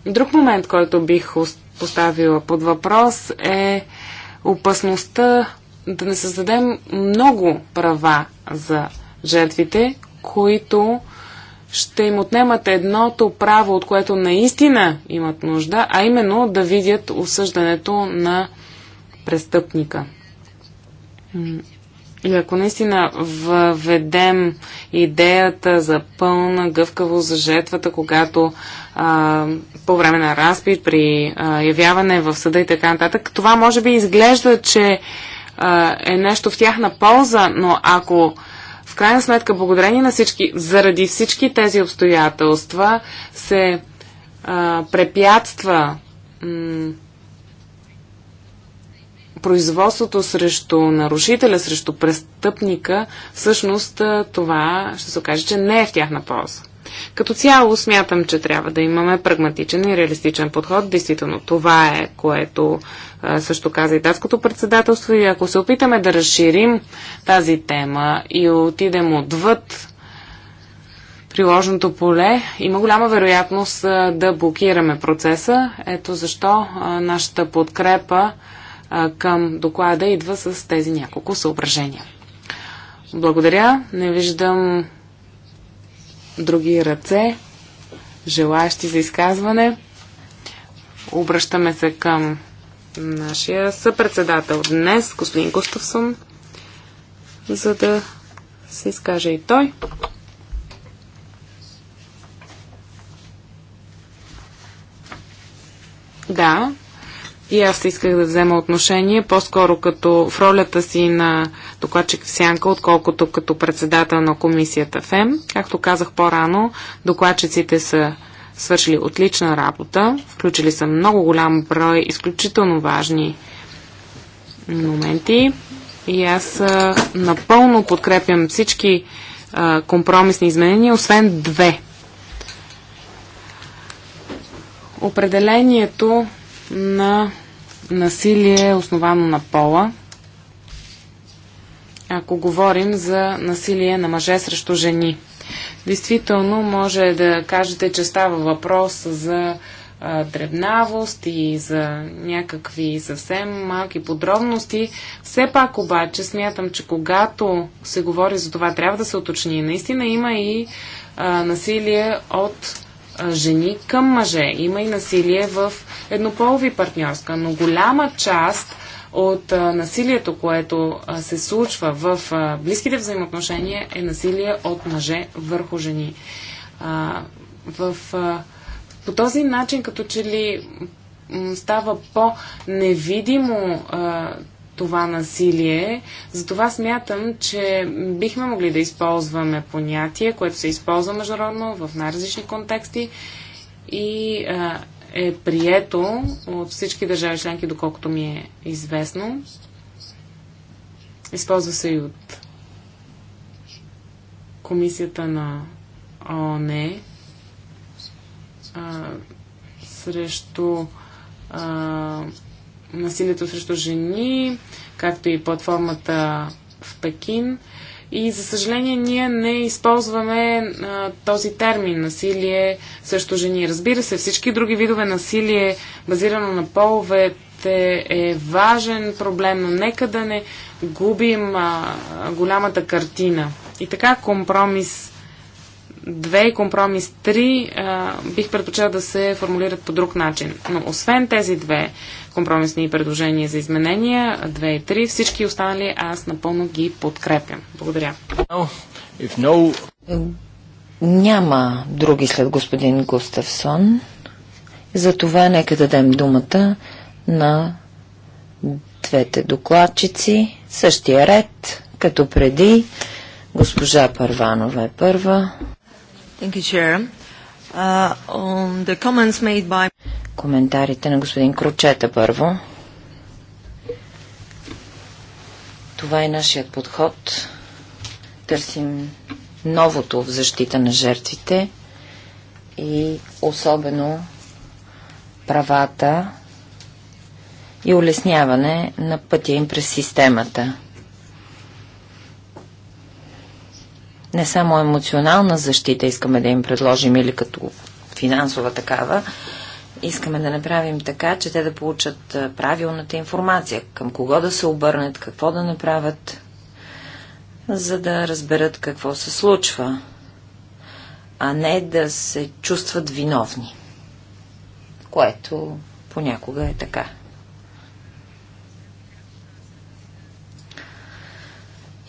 Друг момент, който бих поставила под въпрос е опасността да не създадем много права за жертвите, които ще им отнемат едното право, от което наистина имат нужда, а именно да видят осъждането на престъпника. И ако наистина въведем идеята за пълна гъвкавост за жертвата, когато а, по време на разпит, при а, явяване в съда и така нататък, това може би изглежда, че а, е нещо в тяхна полза, но ако в крайна сметка, благодарение на всички, заради всички тези обстоятелства, се а, препятства производството срещу нарушителя, срещу престъпника, всъщност това ще се окаже, че не е в тяхна полза. Като цяло смятам, че трябва да имаме прагматичен и реалистичен подход. Действително, това е, което също каза и датското председателство. И ако се опитаме да разширим тази тема и отидем отвъд приложното поле, има голяма вероятност да блокираме процеса. Ето защо нашата подкрепа към доклада идва с тези няколко съображения. Благодаря. Не виждам други ръце, желаящи за изказване. Обръщаме се към нашия съпредседател днес, господин Густавсон, за да се изкаже и той. Да, и аз исках да взема отношение по-скоро като в ролята си на докладчик в Сянка, отколкото като председател на комисията ФЕМ. Както казах по-рано, докладчиците са свършили отлична работа, включили са много голям брой изключително важни моменти и аз напълно подкрепям всички а, компромисни изменения, освен две. Определението на насилие, основано на пола. Ако говорим за насилие на мъже срещу жени. Действително, може да кажете, че става въпрос за дребнавост и за някакви съвсем малки подробности. Все пак обаче смятам, че когато се говори за това, трябва да се уточни. Наистина има и а, насилие от жени към мъже. Има и насилие в еднополови партньорска, но голяма част от насилието, което се случва в близките взаимоотношения, е насилие от мъже върху жени. в, по този начин, като че ли става по-невидимо това насилие. Затова смятам, че бихме могли да използваме понятие, което се използва международно в най-различни контексти и а, е прието от всички държави членки, доколкото ми е известно. Използва се и от комисията на ООН а, срещу а, насилието срещу жени, както и платформата в Пекин. И за съжаление ние не използваме а, този термин насилие срещу жени. Разбира се, всички други видове насилие, базирано на половете, е важен проблем, но нека да не губим а, голямата картина. И така компромис Две и компромис три а, бих предпочел да се формулират по друг начин. Но освен тези две компромисни предложения за изменения, две и три, всички останали аз напълно ги подкрепям. Благодаря. No... Няма други след господин Густавсон. Затова нека дадем думата на двете докладчици. Същия ред, като преди. Госпожа Парванова е първа. Thank you, Chair. Uh, on the comments made by... Коментарите на господин Кручета първо. Това е нашият подход. Търсим новото в защита на жертвите и особено правата и улесняване на пътя им през системата. не само емоционална защита искаме да им предложим или като финансова такава, искаме да направим така, че те да получат правилната информация, към кого да се обърнат, какво да направят, за да разберат какво се случва, а не да се чувстват виновни, което понякога е така.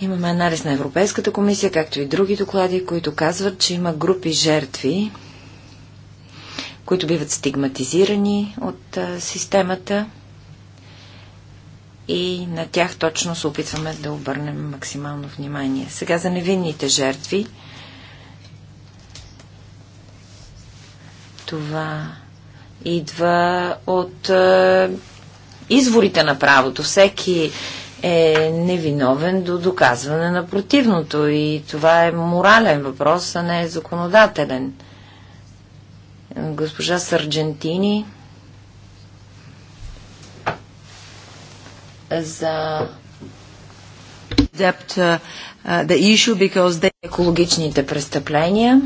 Имаме анализ на Европейската комисия, както и други доклади, които казват, че има групи жертви, които биват стигматизирани от а, системата и на тях точно се опитваме да обърнем максимално внимание. Сега за невинните жертви. Това идва от е, изворите на правото. Всеки е невиновен до доказване на противното и това е морален въпрос, а не е законодателен. Госпожа Сарджентини за Депт, uh, uh, the issue because they... екологичните престъпления.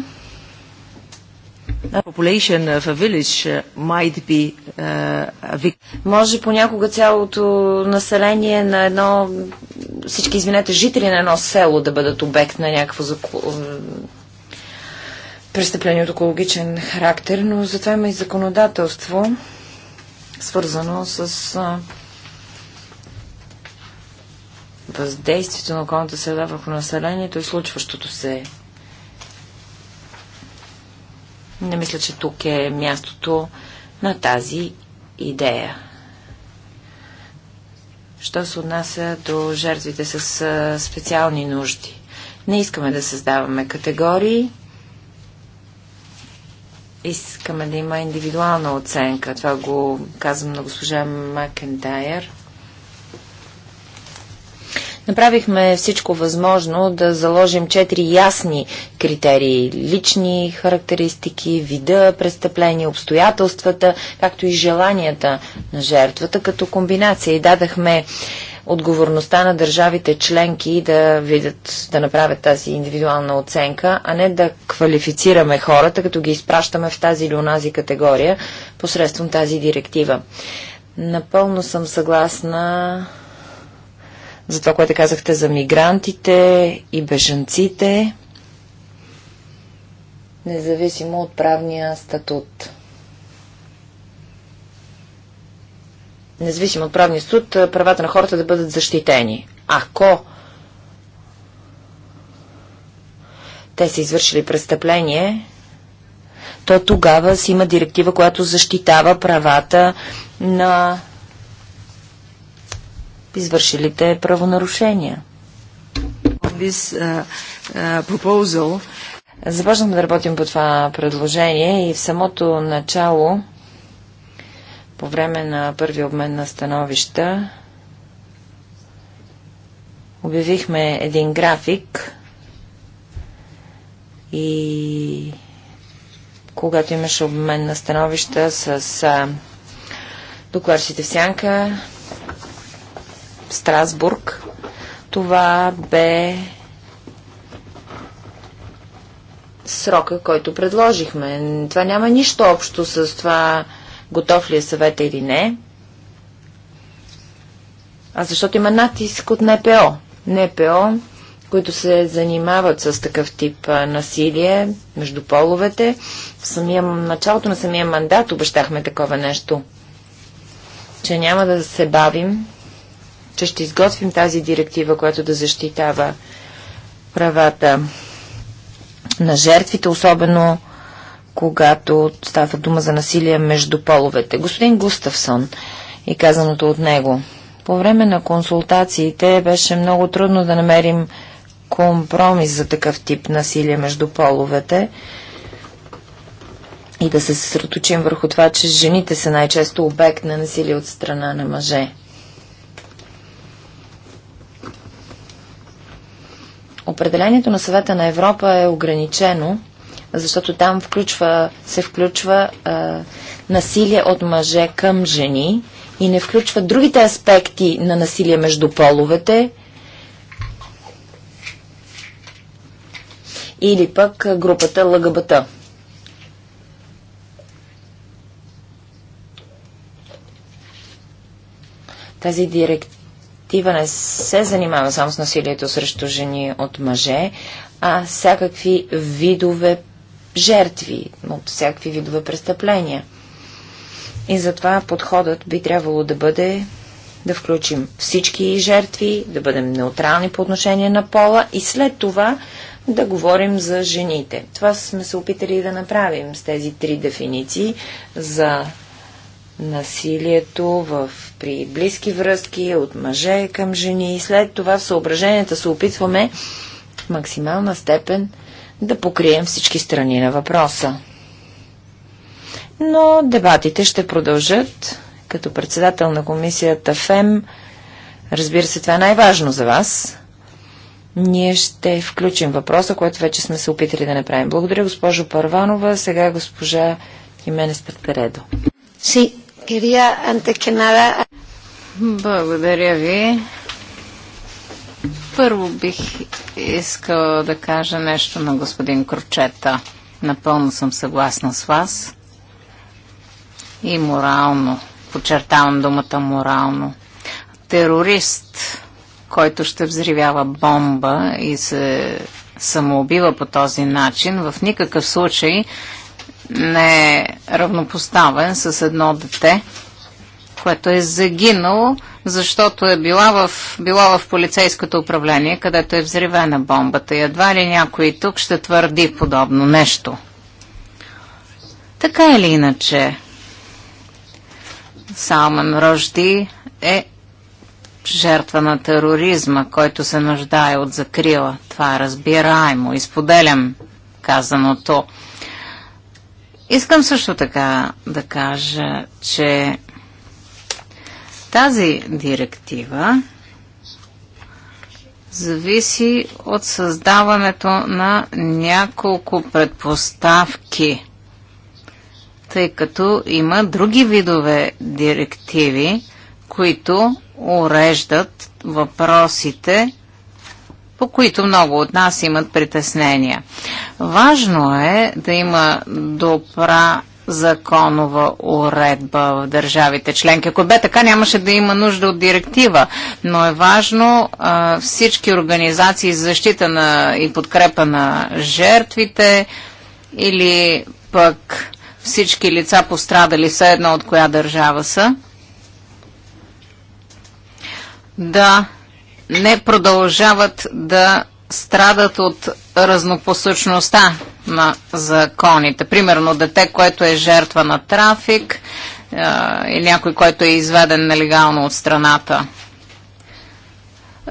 Uh, be, uh, Може понякога цялото население на едно, всички, извинете, жители на едно село да бъдат обект на някакво заку... престъпление от екологичен характер, но затова има и законодателство, свързано с въздействието на околната среда върху населението и случващото се не мисля, че тук е мястото на тази идея. Що се отнася до жертвите с специални нужди? Не искаме да създаваме категории. Искаме да има индивидуална оценка. Това го казвам на госпожа Макентайер – Направихме всичко възможно да заложим четири ясни критерии – лични характеристики, вида престъпления, обстоятелствата, както и желанията на жертвата като комбинация. И дадахме отговорността на държавите членки да видят, да направят тази индивидуална оценка, а не да квалифицираме хората, като ги изпращаме в тази или онази категория посредством тази директива. Напълно съм съгласна за това, което казахте за мигрантите и бежанците, независимо от правния статут. Независимо от правния статут, правата на хората да бъдат защитени. Ако те са извършили престъпление, то тогава си има директива, която защитава правата на извършилите правонарушения. This, uh, uh, Започнахме да работим по това предложение и в самото начало, по време на първи обмен на становища, обявихме един график и когато имаше обмен на становища с докладчите в сянка, Страсбург. Това бе срока, който предложихме. Това няма нищо общо с това готов ли е съвета или не. А защото има натиск от НПО. НПО, които се занимават с такъв тип насилие между половете. В самия, началото на самия мандат обещахме такова нещо, че няма да се бавим че ще изготвим тази директива, която да защитава правата на жертвите, особено когато става дума за насилие между половете. Господин Густавсон и казаното от него. По време на консултациите беше много трудно да намерим компромис за такъв тип насилие между половете и да се съсредоточим върху това, че жените са най-често обект на насилие от страна на мъже. Определението на съвета на Европа е ограничено, защото там включва, се включва а, насилие от мъже към жени и не включва другите аспекти на насилие между половете, или пък групата ЛГБТ. Тази директива инициатива не се занимава само с насилието срещу жени от мъже, а всякакви видове жертви от всякакви видове престъпления. И затова подходът би трябвало да бъде да включим всички жертви, да бъдем неутрални по отношение на пола и след това да говорим за жените. Това сме се опитали да направим с тези три дефиниции за насилието в, при близки връзки, от мъже към жени. И след това в съображенията се опитваме в максимална степен да покрием всички страни на въпроса. Но дебатите ще продължат. Като председател на комисията ФЕМ, разбира се, това е най-важно за вас. Ние ще включим въпроса, който вече сме се опитали да направим. Благодаря, госпожо Парванова. Сега госпожа Хименес Предпередо. Sí, благодаря ви. Първо бих искала да кажа нещо на господин Кручета. Напълно съм съгласна с вас. И морално, подчертавам думата морално. Терорист, който ще взривява бомба и се самоубива по този начин, в никакъв случай не е равнопоставен с едно дете, което е загинало, защото е била в, била в полицейското управление, където е взривена бомбата. И едва ли някой тук ще твърди подобно нещо. Така или иначе, Салман Рожди е жертва на тероризма, който се нуждае от закрила. Това е разбираемо. Изподелям казаното. Искам също така да кажа, че тази директива зависи от създаването на няколко предпоставки, тъй като има други видове директиви, които уреждат въпросите по които много от нас имат притеснения. Важно е да има добра законова уредба в държавите членки. Ако бе така, нямаше да има нужда от директива, но е важно а, всички организации за защита на и подкрепа на жертвите или пък всички лица пострадали, все едно от коя държава са, да не продължават да страдат от разнопосъчността на законите. Примерно дете, което е жертва на трафик или някой, който е изведен нелегално от страната.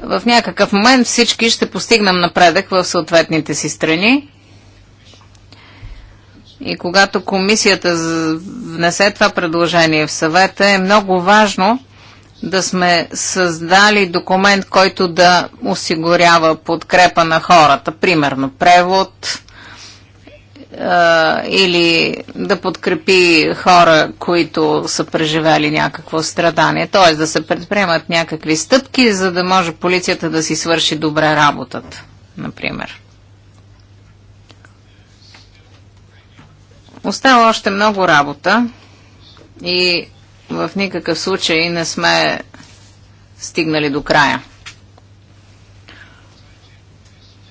В някакъв момент всички ще постигнем напредък в съответните си страни. И когато комисията внесе това предложение в съвета, е много важно да сме създали документ, който да осигурява подкрепа на хората, примерно превод или да подкрепи хора, които са преживели някакво страдание. Т.е. да се предприемат някакви стъпки, за да може полицията да си свърши добре работата, например. Остава още много работа и в никакъв случай не сме стигнали до края.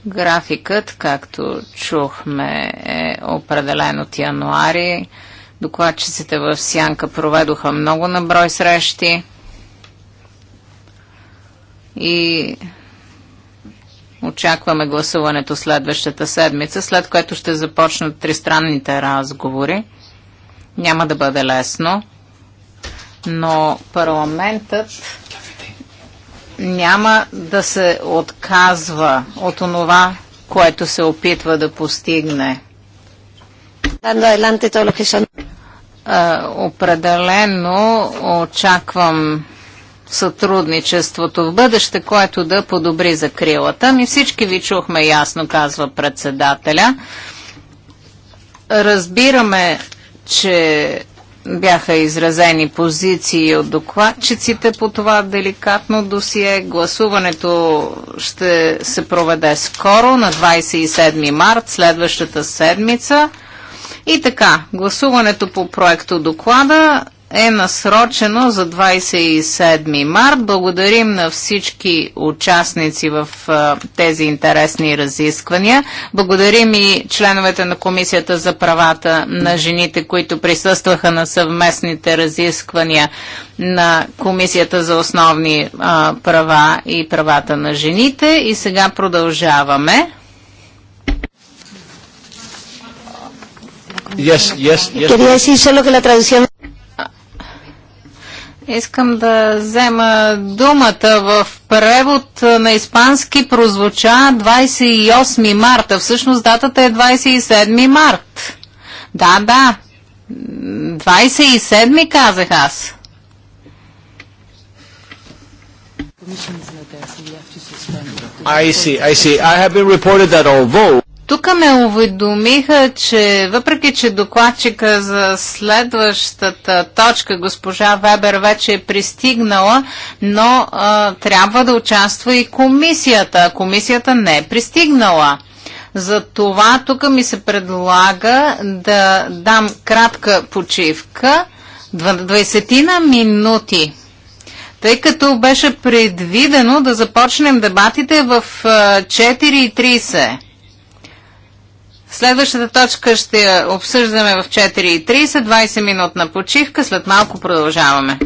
Графикът, както чухме, е определен от януари. Докладчиците в Сянка проведоха много наброй срещи и очакваме гласуването следващата седмица, след което ще започнат тристранните разговори. Няма да бъде лесно но парламентът няма да се отказва от онова, което се опитва да постигне. Определено очаквам сътрудничеството в бъдеще, което да подобри закрилата. Ми всички ви чухме ясно, казва председателя. Разбираме, че бяха изразени позиции от докладчиците по това деликатно досие. Гласуването ще се проведе скоро, на 27 март, следващата седмица. И така, гласуването по проекто доклада е насрочено за 27 март. Благодарим на всички участници в тези интересни разисквания. Благодарим и членовете на Комисията за правата на жените, които присъстваха на съвместните разисквания на Комисията за основни права и правата на жените. И сега продължаваме. Yes, yes, yes. Quería decir solo que la traducción Искам да взема думата в превод на испански прозвуча 28 марта. Всъщност датата е 27 март. Да, да. 27 казах аз. I see, I see. I have been reported that although тук ме уведомиха, че въпреки, че докладчика за следващата точка, госпожа Вебер, вече е пристигнала, но а, трябва да участва и комисията. Комисията не е пристигнала. За това тук ми се предлага да дам кратка почивка, 20 на минути тъй като беше предвидено да започнем дебатите в 4.30. Следващата точка ще обсъждаме в 4.30, 20 минутна почивка, след малко продължаваме.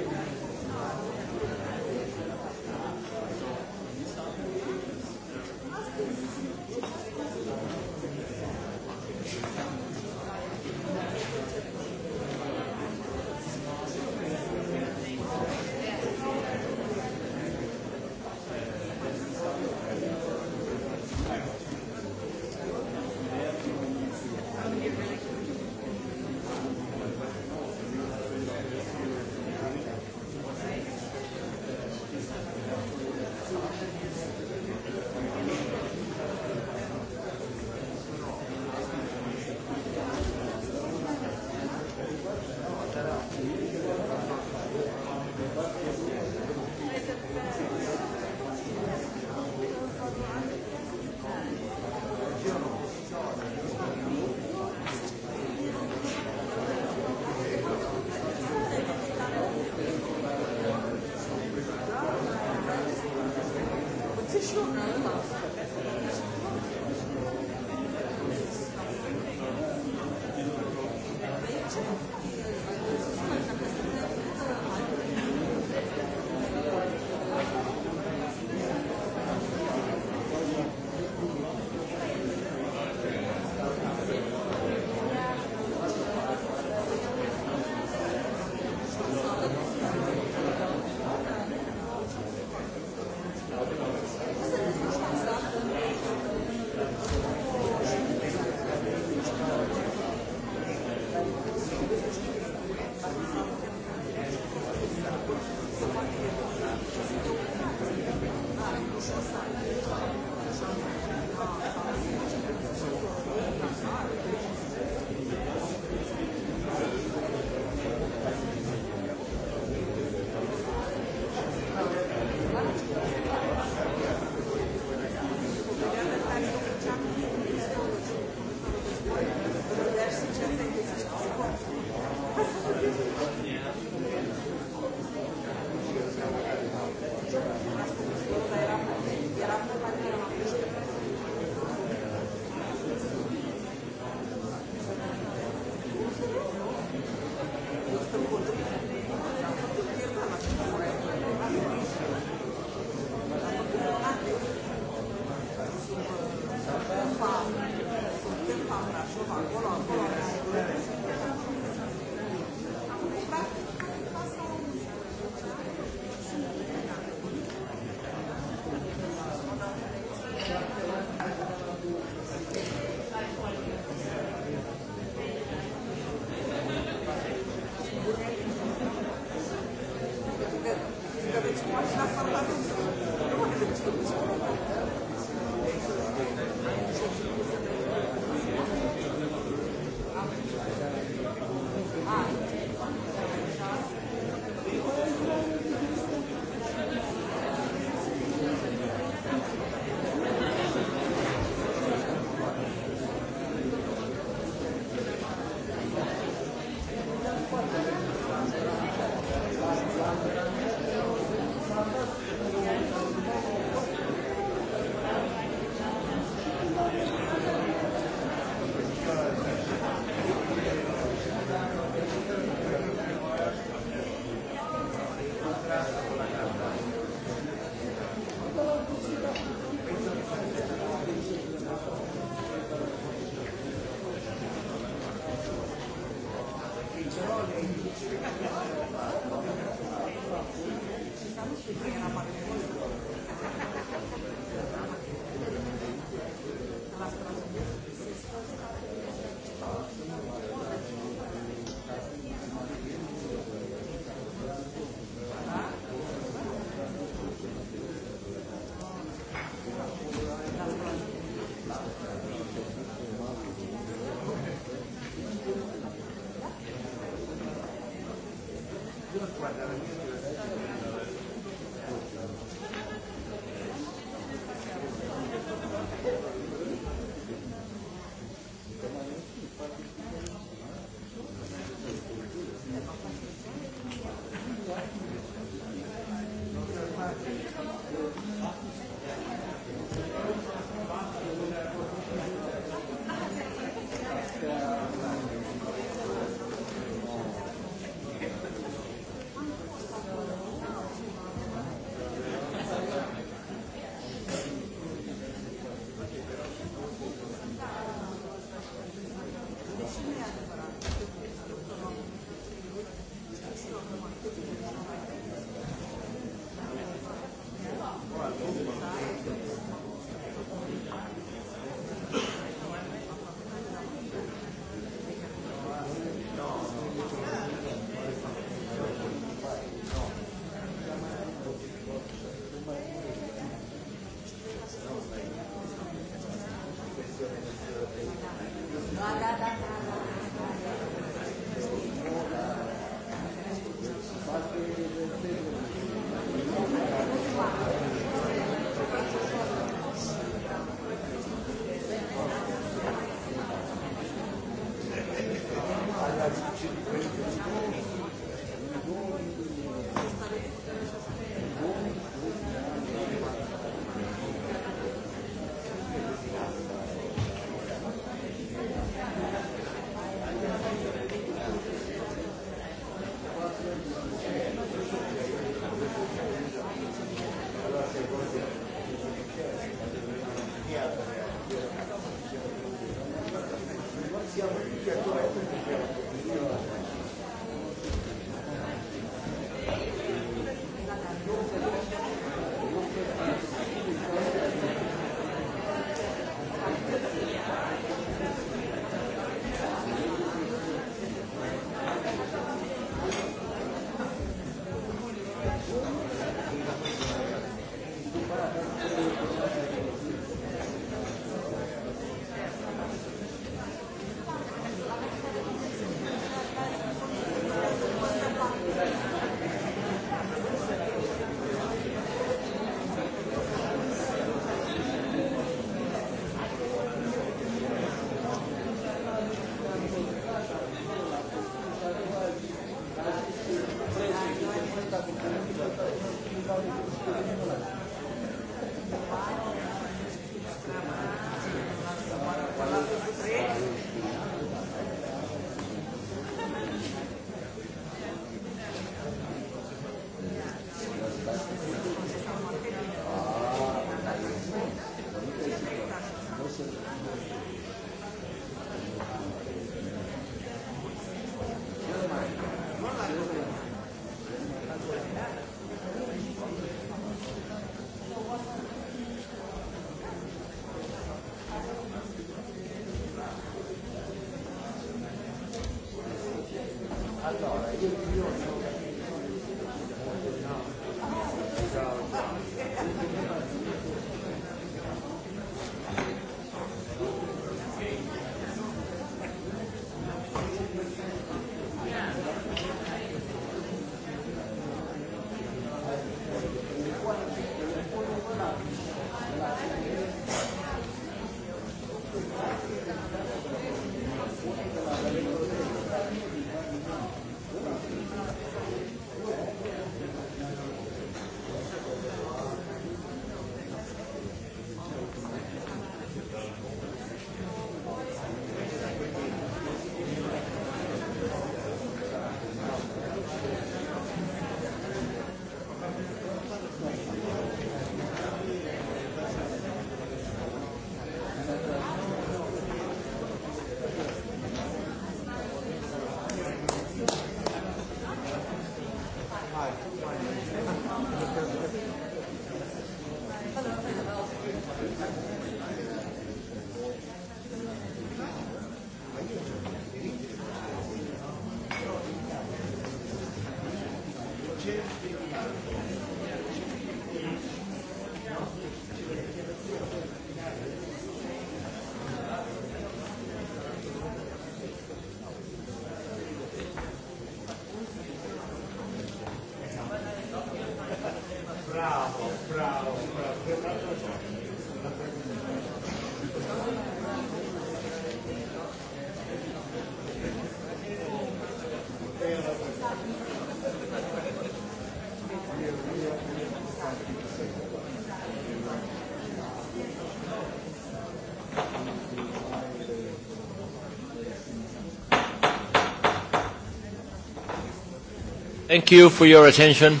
Thank you for your attention.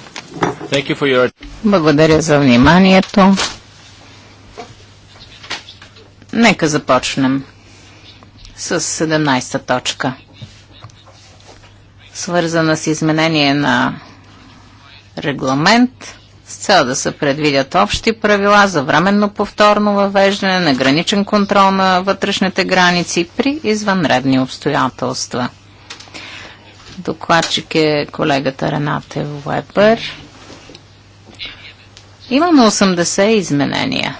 Thank you for your... Благодаря за вниманието. Нека започнем с 17-та точка, свързана с изменение на регламент с цел да се предвидят общи правила за временно повторно въвеждане на граничен контрол на вътрешните граници при извънредни обстоятелства. Докладчик е колегата Ренате Вебер. Имаме 80 изменения.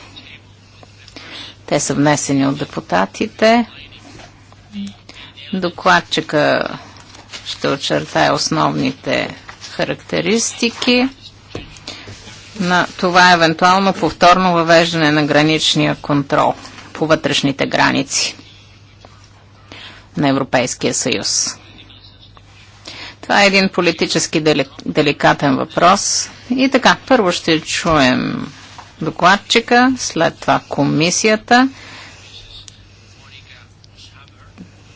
Те са внесени от депутатите. Докладчика ще очертая основните характеристики на това евентуално повторно въвеждане на граничния контрол по вътрешните граници на Европейския съюз. Това е един политически деликатен въпрос. И така, първо ще чуем докладчика, след това комисията.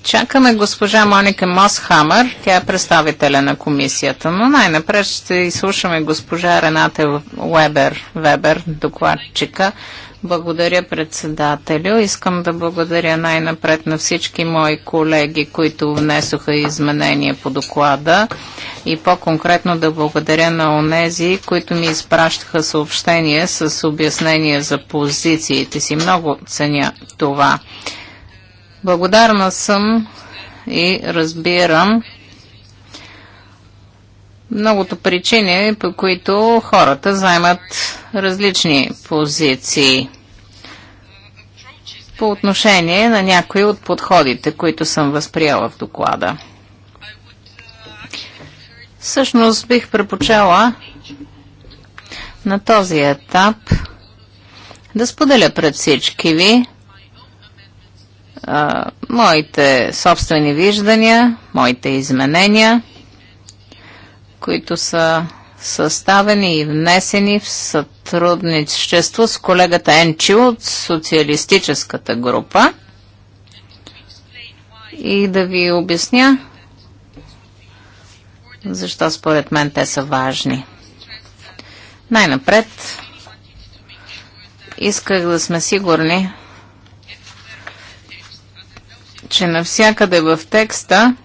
Чакаме госпожа Моника Мосхамър, тя е представителя на комисията, но най-напред ще изслушаме госпожа Рената Вебер, Вебер докладчика благодаря, председателю. Искам да благодаря най-напред на всички мои колеги, които внесоха изменения по доклада и по-конкретно да благодаря на онези, които ми изпращаха съобщение с обяснение за позициите си. Много ценя това. Благодарна съм и разбирам, многото причини, по които хората заемат различни позиции по отношение на някои от подходите, които съм възприела в доклада. Всъщност бих препочела на този етап да споделя пред всички ви а, моите собствени виждания, моите изменения – които са съставени и внесени в сътрудничество с колегата Енчил от социалистическата група и да ви обясня защо според мен те са важни. Най-напред исках да сме сигурни, че навсякъде в текста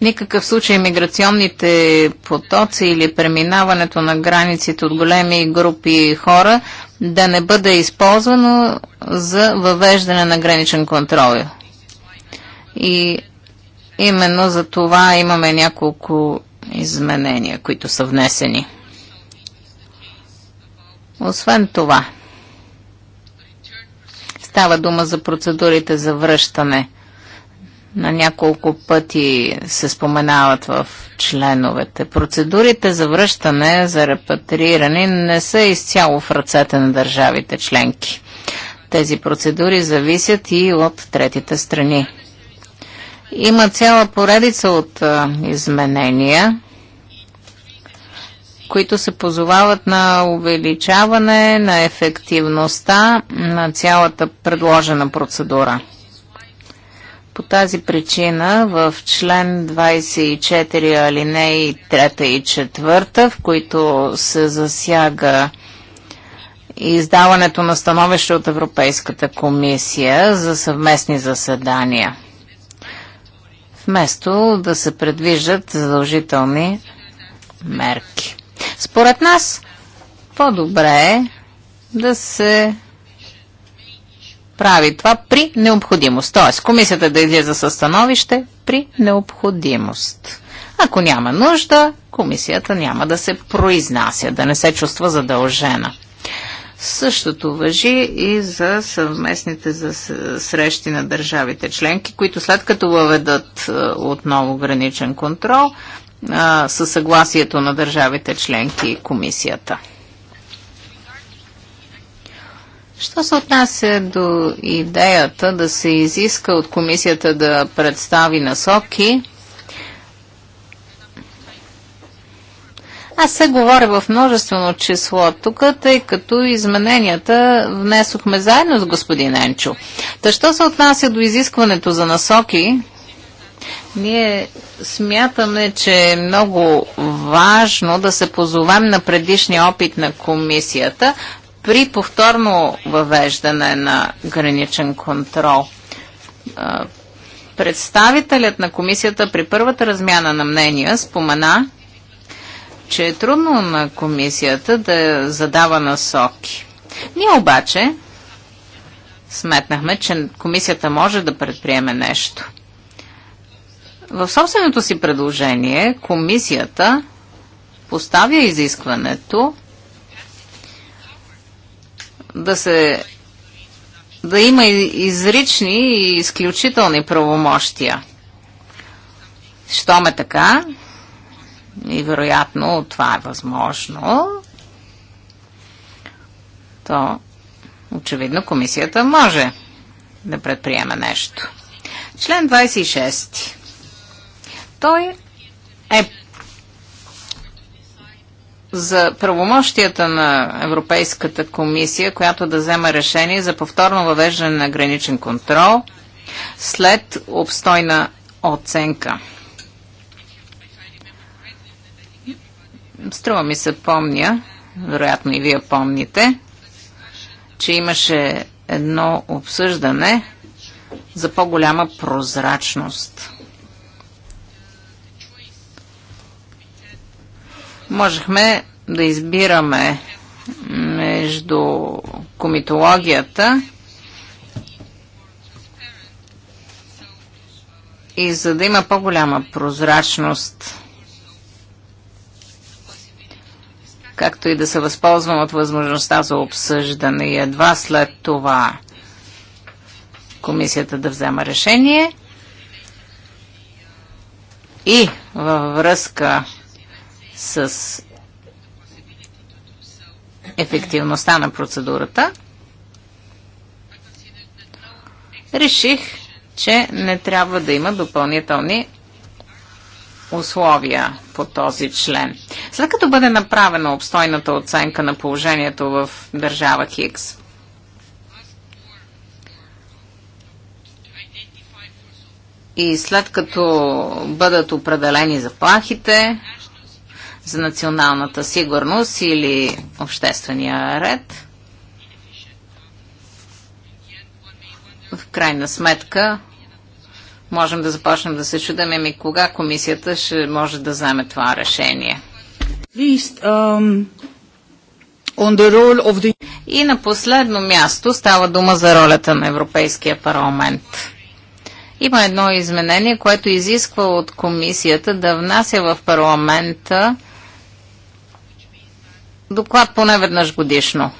никакъв случай миграционните потоци или преминаването на границите от големи групи хора да не бъде използвано за въвеждане на граничен контрол. И именно за това имаме няколко изменения, които са внесени. Освен това, става дума за процедурите за връщане – на няколко пъти се споменават в членовете. Процедурите за връщане, за репатриране не са изцяло в ръцете на държавите членки. Тези процедури зависят и от третите страни. Има цяла поредица от а, изменения, които се позовават на увеличаване на ефективността на цялата предложена процедура. По тази причина в член 24 алинеи 3 и 4, в които се засяга издаването на становище от Европейската комисия за съвместни заседания, вместо да се предвиждат задължителни мерки. Според нас, по-добре е да се прави това при необходимост. Т.е. комисията да излиза със становище при необходимост. Ако няма нужда, комисията няма да се произнася, да не се чувства задължена. Същото въжи и за съвместните за срещи на държавите членки, които след като въведат е, отново граничен контрол, е, със съгласието на държавите членки и комисията. Що се отнася до идеята да се изиска от комисията да представи насоки, Аз се говоря в множествено число тук, тъй като измененията внесохме заедно с господин Енчо. Та що се отнася до изискването за насоки, ние смятаме, че е много важно да се позовем на предишния опит на комисията, при повторно въвеждане на граничен контрол. Представителят на комисията при първата размяна на мнения спомена, че е трудно на комисията да задава насоки. Ние обаче сметнахме, че комисията може да предприеме нещо. В собственото си предложение комисията поставя изискването да се да има изрични и изключителни правомощия. Щом е така, и вероятно това е възможно, то очевидно комисията може да предприеме нещо. Член 26. Той е за правомощията на Европейската комисия, която да взема решение за повторно въвеждане на граничен контрол след обстойна оценка. Струва ми се помня, вероятно и вие помните, че имаше едно обсъждане за по-голяма прозрачност можехме да избираме между комитологията и за да има по-голяма прозрачност, както и да се възползвам от възможността за обсъждане и едва след това комисията да взема решение и във връзка с ефективността на процедурата, реших, че не трябва да има допълнителни условия по този член. След като бъде направена обстойната оценка на положението в държава Хикс, и след като бъдат определени заплахите, за националната сигурност или обществения ред. В крайна сметка, можем да започнем да се чудаме ми кога комисията ще може да вземе това решение. Um, И на последно място става дума за ролята на Европейския парламент. Има едно изменение, което изисква от комисията да внася в парламента доклад поне веднъж годишно.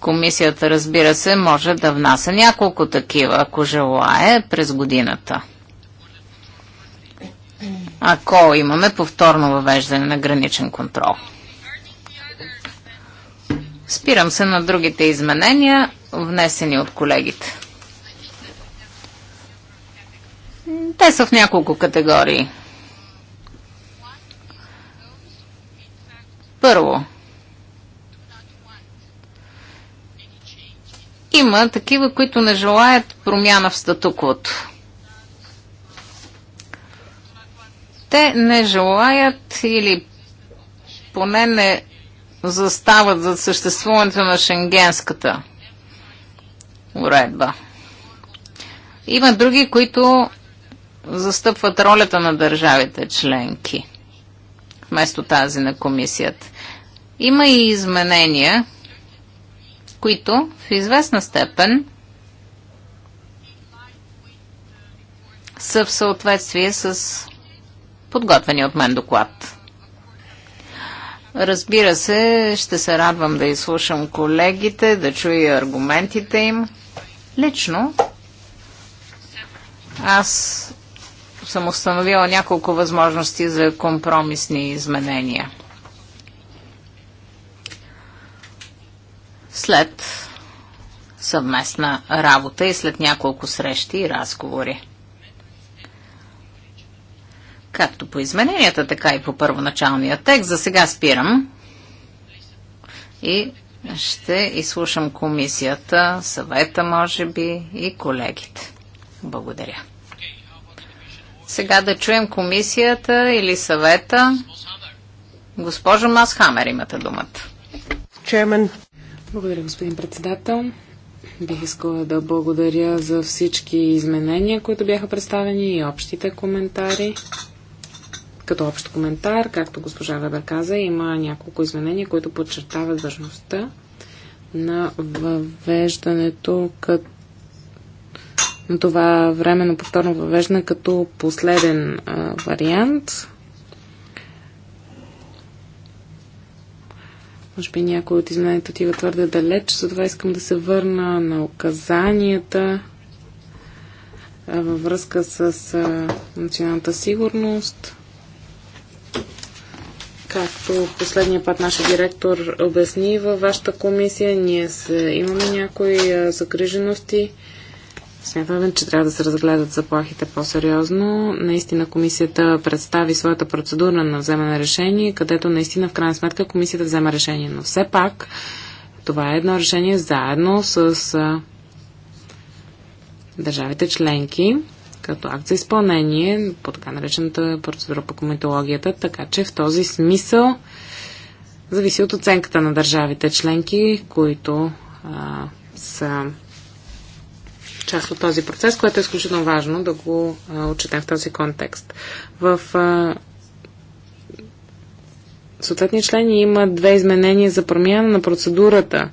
Комисията, разбира се, може да внася няколко такива, ако желае, през годината. Ако имаме повторно въвеждане на граничен контрол. Спирам се на другите изменения, внесени от колегите. Те са в няколко категории. Първо, има такива, които не желаят промяна в статуквото. Те не желаят или поне не застават за съществуването на шенгенската уредба. Има други, които застъпват ролята на държавите членки вместо тази на комисията. Има и изменения, които в известна степен са в съответствие с подготвени от мен доклад. Разбира се, ще се радвам да изслушам колегите, да чуя аргументите им. Лично аз съм установила няколко възможности за компромисни изменения. След съвместна работа и след няколко срещи и разговори. Както по измененията, така и по първоначалния текст. За сега спирам и ще изслушам комисията, съвета, може би, и колегите. Благодаря. Сега да чуем комисията или съвета. Госпожо Масхамер, имате думата. Чермен. Благодаря, господин председател. Бих искала да благодаря за всички изменения, които бяха представени и общите коментари. Като общ коментар, както госпожа Вебер каза, има няколко изменения, които подчертават важността на въвеждането като на това време на повторно въвеждане като последен а, вариант. Може би някой от изменението отива твърде далеч, затова искам да се върна на указанията а, във връзка с а, националната сигурност. Както последния път нашия директор обясни във вашата комисия, ние се, имаме някои а, загрижености Смятаме, че трябва да се разгледат заплахите по-сериозно. Наистина комисията представи своята процедура на вземане на решение, където наистина в крайна сметка комисията взема решение. Но все пак това е едно решение заедно с а, държавите членки като акт за изпълнение по така наречената процедура по кометологията, така че в този смисъл зависи от оценката на държавите членки, които а, са част от този процес, което е изключително важно да го отчетем в този контекст. В съответни члени има две изменения за промяна на процедурата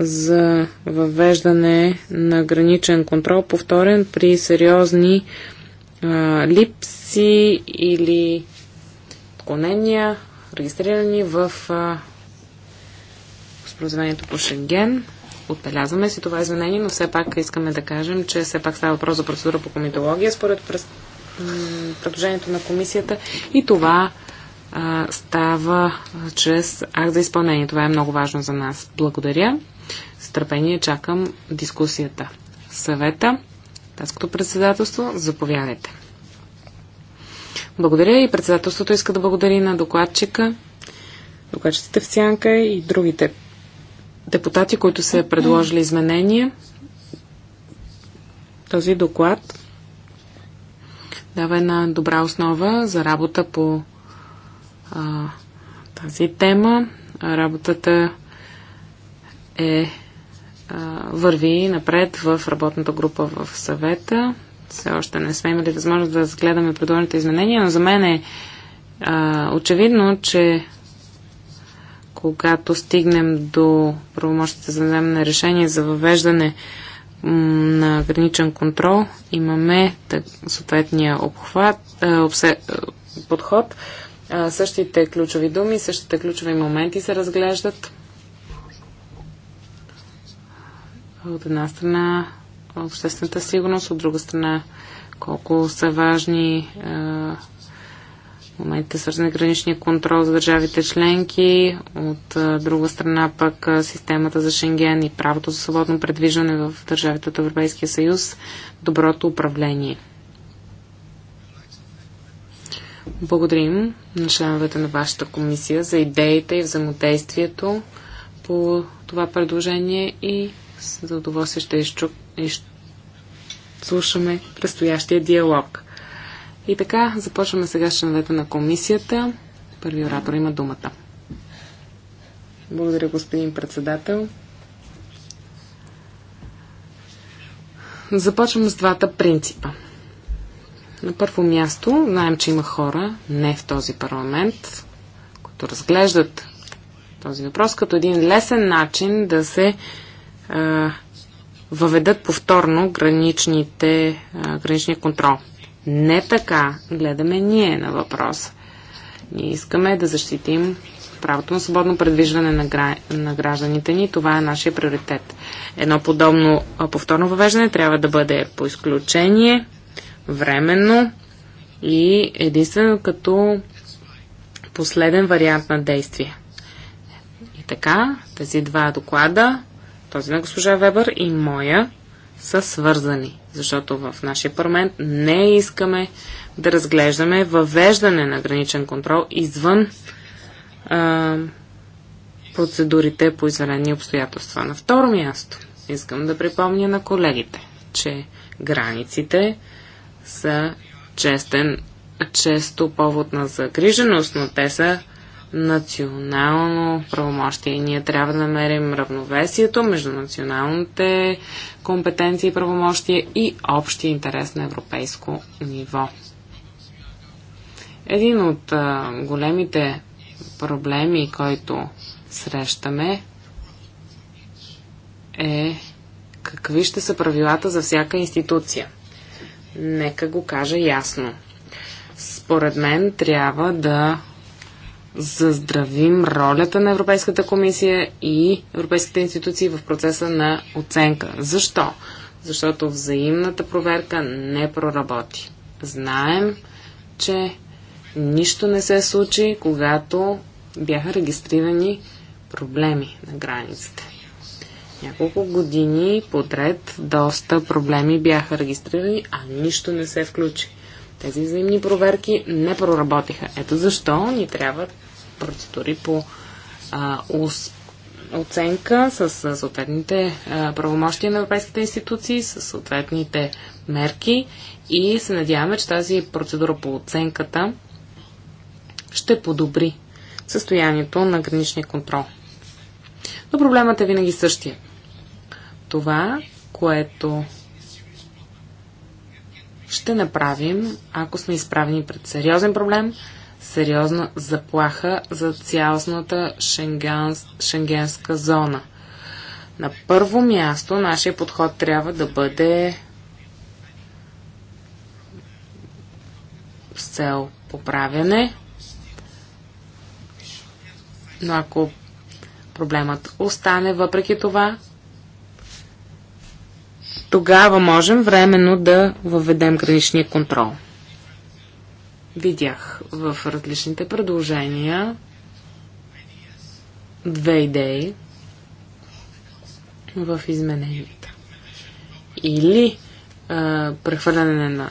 за въвеждане на граничен контрол, повторен при сериозни а, липси или отклонения, регистрирани в а, споразумението по Шенген. Отбелязваме си това извинение, но все пак искаме да кажем, че все пак става въпрос за процедура по комитология според предложението на комисията и това а, става чрез акт за изпълнение. Това е много важно за нас. Благодаря. С търпение чакам дискусията. Съвета, Таското председателство, заповядайте. Благодаря и председателството иска да благодари на докладчика, докладчиците в Сянка и другите депутати, които са предложили изменения. Този доклад дава една добра основа за работа по а, тази тема. Работата е а, върви напред в работната група в съвета. Все още не сме имали възможност да разгледаме предложените изменения, но за мен е а, очевидно, че когато стигнем до правомощите за вземане решение за въвеждане на граничен контрол, имаме так, съответния обхват, е, обсе, е, подход. същите ключови думи, същите ключови моменти се разглеждат. От една страна обществената сигурност, от друга страна колко са важни е, моментите свързани граничния контрол за държавите членки, от друга страна пък системата за Шенген и правото за свободно предвижване в държавите от Европейския съюз, доброто управление. Благодарим на членовете на вашата комисия за идеите и взаимодействието по това предложение и с удоволствие ще изчук... изч... слушаме предстоящия диалог. И така, започваме сега с членовете на комисията. Първи оратор има думата. Благодаря, господин председател. Започвам с двата принципа. На първо място, знаем, че има хора, не в този парламент, които разглеждат този въпрос като един лесен начин да се а, въведат повторно граничните, а, граничния контрол. Не така гледаме ние на въпроса. Ние искаме да защитим правото на свободно предвижване на, гра... на гражданите ни. Това е нашия приоритет. Едно подобно повторно въвеждане трябва да бъде по изключение, временно и единствено като последен вариант на действие. И така, тези два доклада, този на госпожа Вебър и моя, са свързани, защото в нашия парламент не искаме да разглеждаме въвеждане на граничен контрол извън а, процедурите по изварени обстоятелства. На второ място искам да припомня на колегите, че границите са честен, често повод на загриженост, но те са национално правомощие. И ние трябва да намерим равновесието между националните компетенции и правомощия и общия интерес на европейско ниво. Един от а, големите проблеми, който срещаме, е какви ще са правилата за всяка институция. Нека го кажа ясно. Според мен трябва да заздравим ролята на Европейската комисия и европейските институции в процеса на оценка. Защо? Защото взаимната проверка не проработи. Знаем, че нищо не се случи, когато бяха регистрирани проблеми на границите. Няколко години подред доста проблеми бяха регистрирани, а нищо не се включи. Тези взаимни проверки не проработиха. Ето защо ни трябват процедури по а, ус, оценка с съответните правомощия на европейските институции, с съответните мерки и се надяваме, че тази процедура по оценката ще подобри състоянието на граничния контрол. Но проблемът е винаги същия. Това, което ще направим, ако сме изправени пред сериозен проблем, сериозна заплаха за цялостната шенгенс, шенгенска зона. На първо място нашия подход трябва да бъде с цел поправяне, но ако проблемът остане въпреки това, тогава можем временно да въведем граничния контрол. Видях в различните предложения две идеи в измененията. Или а, прехвърляне на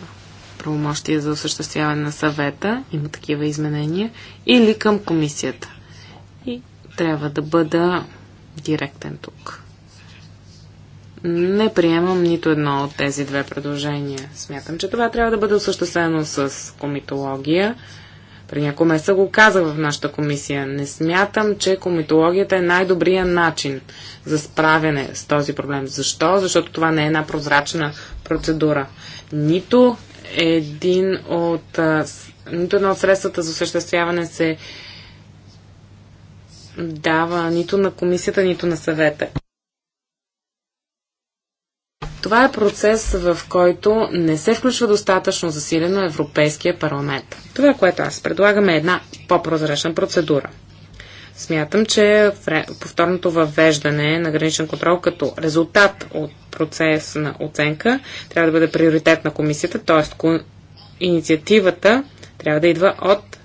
правомощия за осъществяване на съвета, има такива изменения, или към комисията. И трябва да бъда директен тук не приемам нито едно от тези две предложения. Смятам, че това трябва да бъде осъществено с комитология. При няколко месеца го казах в нашата комисия. Не смятам, че комитологията е най-добрия начин за справяне с този проблем. Защо? Защото това не е една прозрачна процедура. Нито един от, нито едно от средствата за осъществяване се дава нито на комисията, нито на съвета. Това е процес, в който не се включва достатъчно засилено Европейския парламент. Това, което аз предлагам е една по-прозрачна процедура. Смятам, че повторното въвеждане на граничен контрол като резултат от процес на оценка трябва да бъде приоритет на комисията, т.е. инициативата трябва да идва от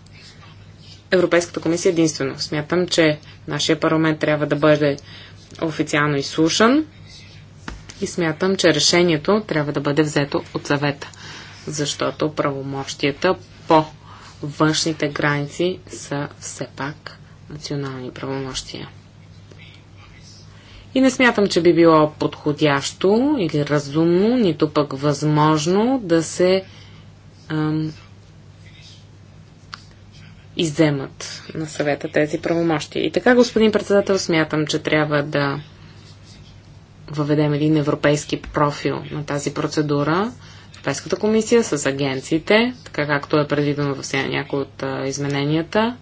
Европейската комисия единствено. Смятам, че нашия парламент трябва да бъде официално изслушан и смятам, че решението трябва да бъде взето от съвета, защото правомощията по външните граници са все пак национални правомощия. И не смятам, че би било подходящо или разумно, нито пък възможно да се ам, иземат на съвета тези правомощия. И така, господин председател, смятам, че трябва да въведем един европейски профил на тази процедура. Европейската комисия с агенциите, така както е предвидено в някои от а, измененията,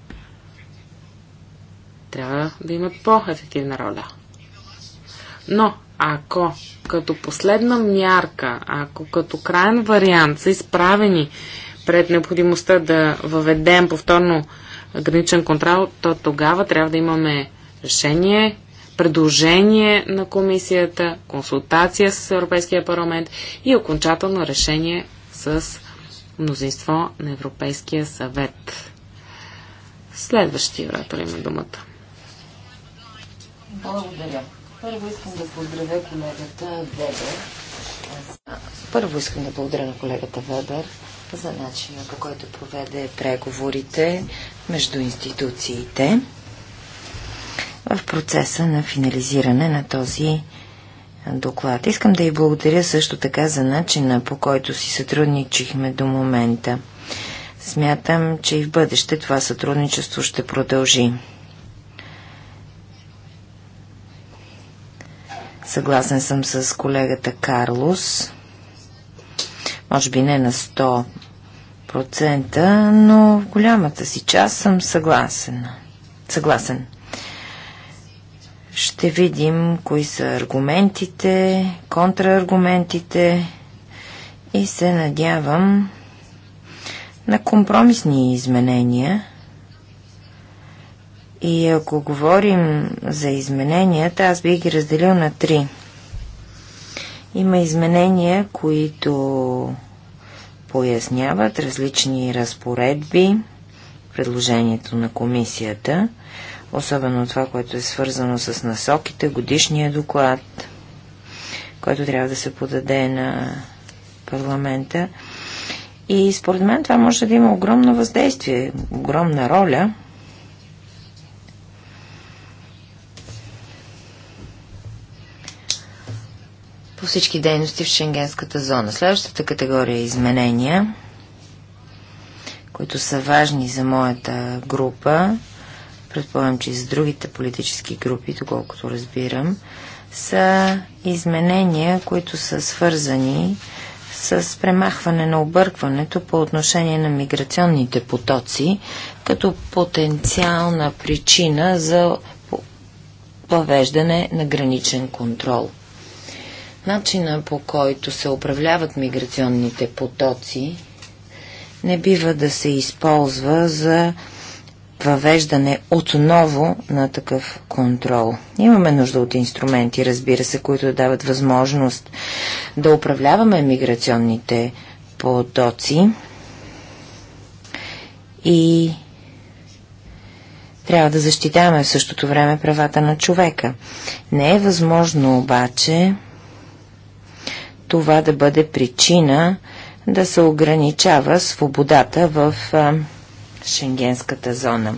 трябва да имат по-ефективна роля. Но ако като последна мярка, ако като крайен вариант са изправени пред необходимостта да въведем повторно граничен контрол, то тогава трябва да имаме решение, предложение на комисията, консултация с Европейския парламент и окончателно решение с мнозинство на Европейския съвет. Следващия оратор има думата. Благодаря. Първо искам да поздравя колегата Вебер. Първо искам да благодаря на колегата Вебер за начина по който проведе преговорите между институциите в процеса на финализиране на този доклад. Искам да й благодаря също така за начина, по който си сътрудничихме до момента. Смятам, че и в бъдеще това сътрудничество ще продължи. Съгласен съм с колегата Карлос. Може би не на 100%, но в голямата си част съм съгласен. Съгласен. Ще видим кои са аргументите, контраргументите и се надявам на компромисни изменения. И ако говорим за измененията, аз би ги разделил на три. Има изменения, които поясняват различни разпоредби, предложението на комисията – особено това, което е свързано с насоките, годишния доклад, който трябва да се подаде на парламента. И според мен това може да има огромно въздействие, огромна роля. по всички дейности в Шенгенската зона. Следващата категория е изменения, които са важни за моята група, предполагам, че и за другите политически групи, доколкото разбирам, са изменения, които са свързани с премахване на объркването по отношение на миграционните потоци като потенциална причина за въвеждане на граничен контрол. Начина по който се управляват миграционните потоци не бива да се използва за въвеждане отново на такъв контрол. Имаме нужда от инструменти, разбира се, които дават възможност да управляваме миграционните потоци и трябва да защитаваме в същото време правата на човека. Не е възможно обаче това да бъде причина да се ограничава свободата в Шенгенската зона.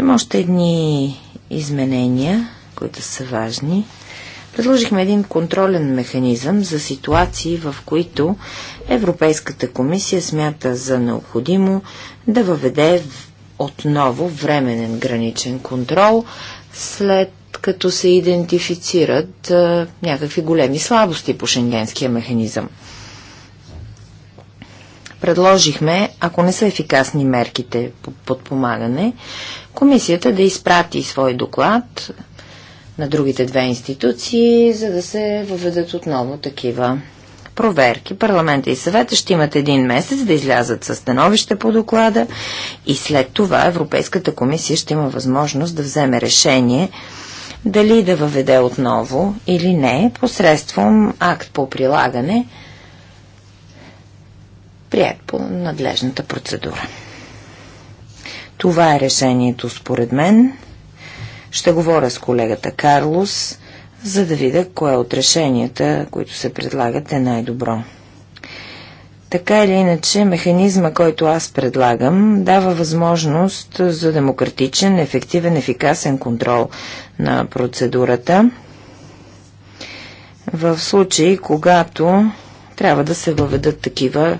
Има още едни изменения, които са важни. Предложихме един контролен механизъм за ситуации, в които Европейската комисия смята за необходимо да въведе отново временен граничен контрол, след като се идентифицират а, някакви големи слабости по шенгенския механизъм предложихме, ако не са ефикасни мерките по подпомагане, комисията да изпрати свой доклад на другите две институции, за да се въведат отново такива проверки. Парламента и съвета ще имат един месец да излязат със становище по доклада и след това Европейската комисия ще има възможност да вземе решение дали да въведе отново или не посредством акт по прилагане – прият по надлежната процедура. Това е решението според мен. Ще говоря с колегата Карлос, за да видя кое от решенията, които се предлагат, е най-добро. Така или иначе, механизма, който аз предлагам, дава възможност за демократичен, ефективен, ефикасен контрол на процедурата в случаи, когато трябва да се въведат такива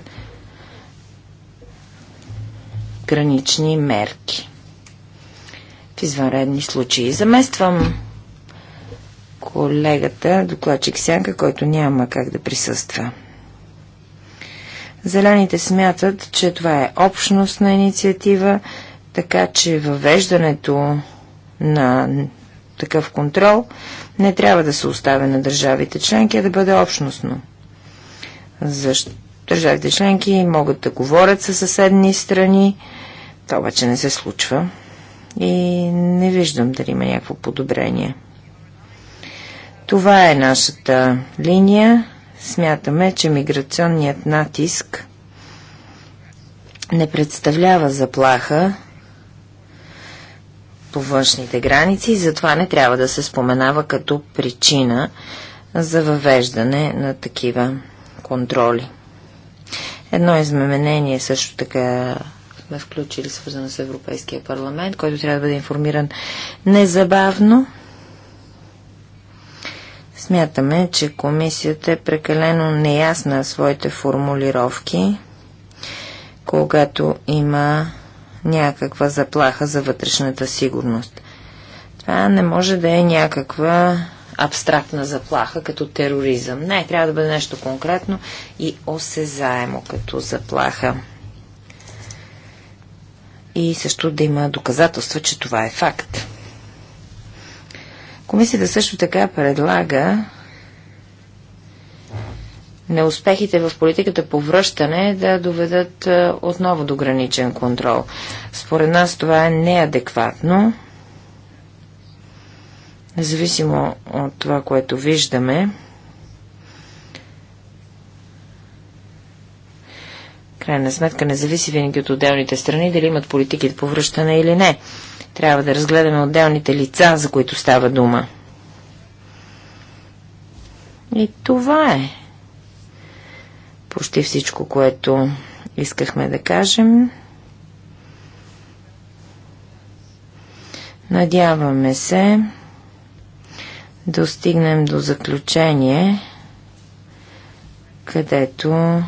гранични мерки. В извънредни случаи. Замествам колегата, докладчик Сянка, който няма как да присъства. Зелените смятат, че това е общностна инициатива, така че въвеждането на такъв контрол не трябва да се оставя на държавите членки, а да бъде общностно. Защо? Държавите членки могат да говорят със съседни страни, това обаче не се случва и не виждам дали има някакво подобрение. Това е нашата линия. Смятаме, че миграционният натиск не представлява заплаха по външните граници и затова не трябва да се споменава като причина за въвеждане на такива контроли. Едно изменение също така сме включили, свързано с Европейския парламент, който трябва да бъде информиран незабавно. Смятаме, че комисията е прекалено неясна своите формулировки, когато има някаква заплаха за вътрешната сигурност. Това не може да е някаква абстрактна заплаха, като тероризъм. Не, трябва да бъде нещо конкретно и осезаемо като заплаха и също да има доказателства, че това е факт. Комисията също така предлага неуспехите в политиката по връщане да доведат е, отново до граничен контрол. Според нас това е неадекватно. Независимо от това, което виждаме, крайна сметка не зависи винаги от отделните страни, дали имат политики по връщане или не. Трябва да разгледаме отделните лица, за които става дума. И това е почти всичко, което искахме да кажем. Надяваме се достигнем до заключение, където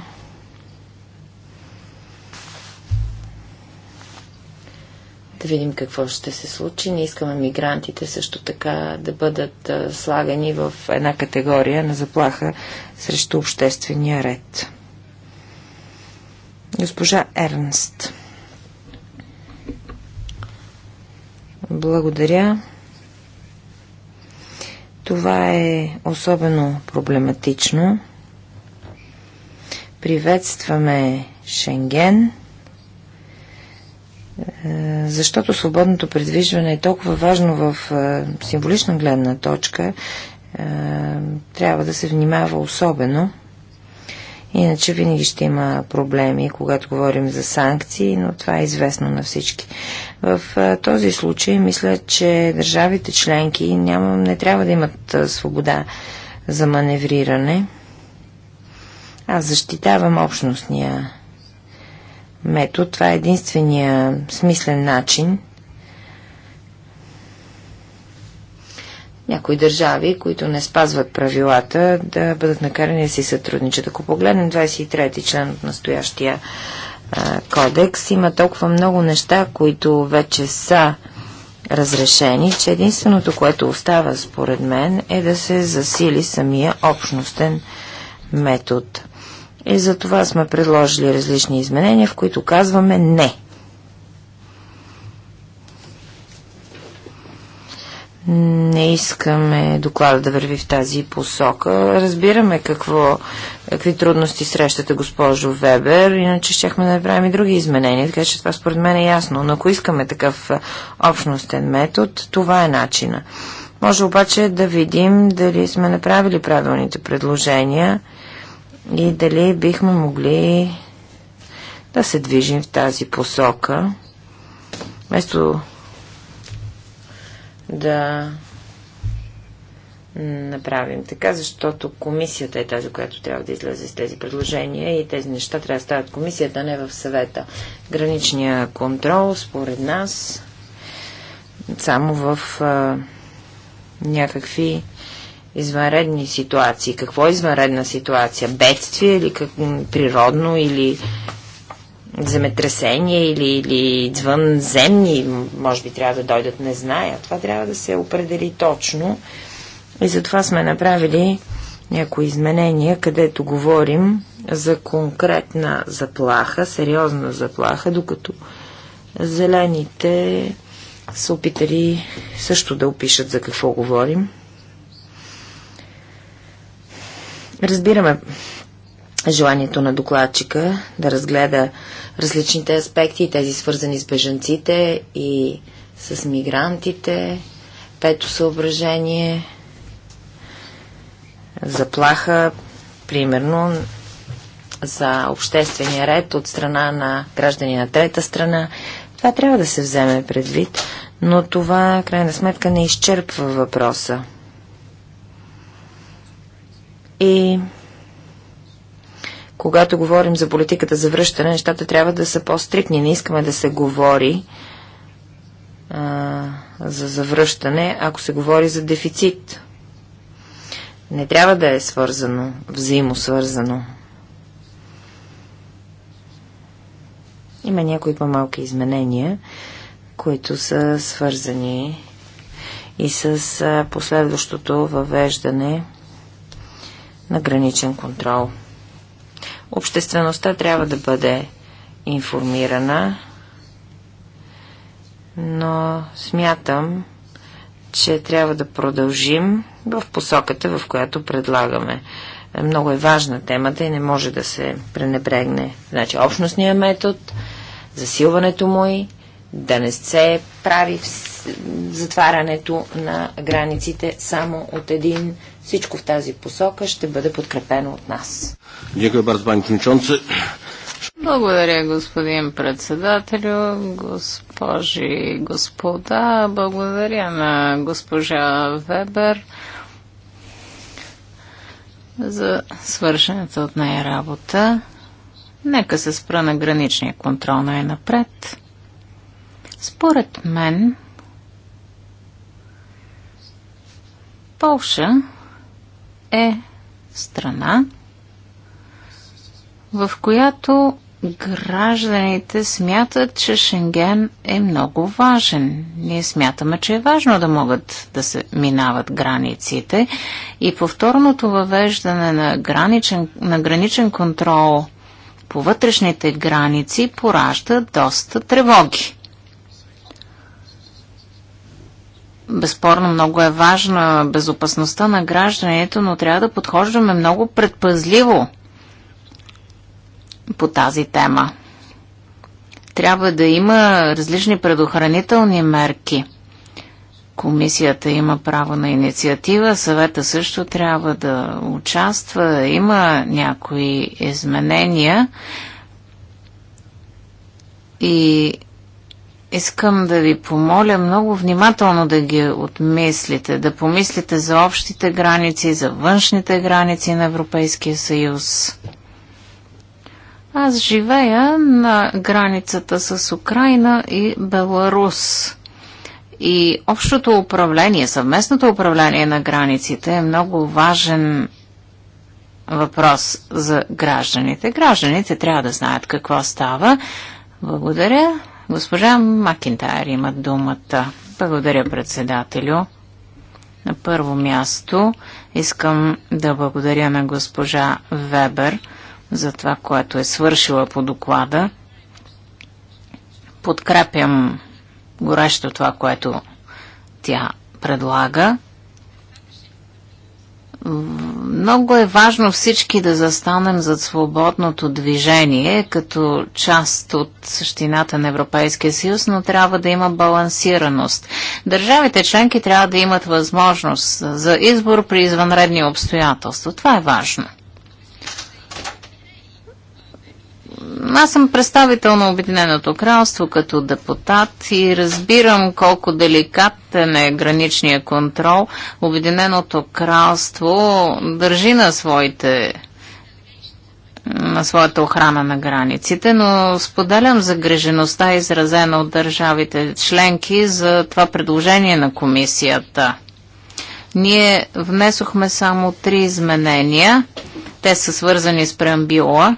видим какво ще се случи. Не искаме мигрантите също така да бъдат слагани в една категория на заплаха срещу обществения ред. Госпожа Ернст. Благодаря. Това е особено проблематично. Приветстваме Шенген. Е, защото свободното предвижване е толкова важно в е, символична гледна точка, е, трябва да се внимава особено. Иначе винаги ще има проблеми, когато говорим за санкции, но това е известно на всички. В този случай мисля, че държавите членки няма, не трябва да имат свобода за маневриране. Аз защитавам общностния метод. Това е единствения смислен начин. Някои държави, които не спазват правилата, да бъдат накарани да си сътрудничат. Ако погледнем 23-ти член от настоящия а, кодекс, има толкова много неща, които вече са разрешени, че единственото, което остава според мен е да се засили самия общностен метод. И за това сме предложили различни изменения, в които казваме не. не искаме доклада да върви в тази посока. Разбираме какво, какви трудности срещате госпожо Вебер, иначе щехме да направим и други изменения, така че това според мен е ясно. Но ако искаме такъв общностен метод, това е начина. Може обаче да видим дали сме направили правилните предложения и дали бихме могли да се движим в тази посока, вместо да направим така, защото комисията е тази, която трябва да излезе с тези предложения и тези неща трябва да стават комисията, не в съвета. Граничния контрол, според нас, само в а, някакви извънредни ситуации. Какво е извънредна ситуация? Бедствие или как, природно или земетресение или, или извънземни, може би трябва да дойдат, не зная. Това трябва да се определи точно. И затова сме направили някои изменения, където говорим за конкретна заплаха, сериозна заплаха, докато зелените са опитали също да опишат за какво говорим. Разбираме желанието на докладчика да разгледа различните аспекти, тези свързани с бежанците и с мигрантите. Пето съображение заплаха, примерно, за обществения ред от страна на граждани на трета страна. Това трябва да се вземе предвид, но това, крайна сметка, не изчерпва въпроса. И когато говорим за политиката за връщане, нещата трябва да са по-стрикни. Не искаме да се говори а, за завръщане, ако се говори за дефицит. Не трябва да е свързано, взаимосвързано. Има някои по-малки изменения, които са свързани и с последващото въвеждане на граничен контрол. Обществеността трябва да бъде информирана, но смятам, че трябва да продължим в посоката, в която предлагаме. Много е важна темата и не може да се пренебрегне. Значи общностния метод, засилването му и да не се прави затварянето на границите само от един всичко в тази посока ще бъде подкрепено от нас. Благодаря, господин председателю, госпожи и господа. Благодаря на госпожа Вебер за свършената от нея работа. Нека се спра на граничния контрол най-напред. Според мен, Полша е страна, в която гражданите смятат, че Шенген е много важен. Ние смятаме, че е важно да могат да се минават границите и повторното въвеждане на, граничен, на граничен контрол по вътрешните граници поражда доста тревоги. Безспорно много е важна безопасността на гражданите, но трябва да подхождаме много предпазливо по тази тема. Трябва да има различни предохранителни мерки. Комисията има право на инициатива, съвета също трябва да участва. Има някои изменения и Искам да ви помоля много внимателно да ги отмислите, да помислите за общите граници, за външните граници на Европейския съюз. Аз живея на границата с Украина и Беларус. И общото управление, съвместното управление на границите е много важен въпрос за гражданите. Гражданите трябва да знаят какво става. Благодаря. Госпожа Макинтайр има думата. Благодаря, председателю. На първо място искам да благодаря на госпожа Вебер за това, което е свършила по доклада. Подкрепям горещо това, което тя предлага. Много е важно всички да застанем зад свободното движение като част от същината на Европейския съюз, но трябва да има балансираност. Държавите членки трябва да имат възможност за избор при извънредни обстоятелства. Това е важно. Аз съм представител на Обединеното кралство като депутат и разбирам колко деликатен е граничния контрол. Обединеното кралство държи на своите на своята охрана на границите, но споделям загрежеността, изразена от държавите членки за това предложение на комисията. Ние внесохме само три изменения. Те са свързани с преамбила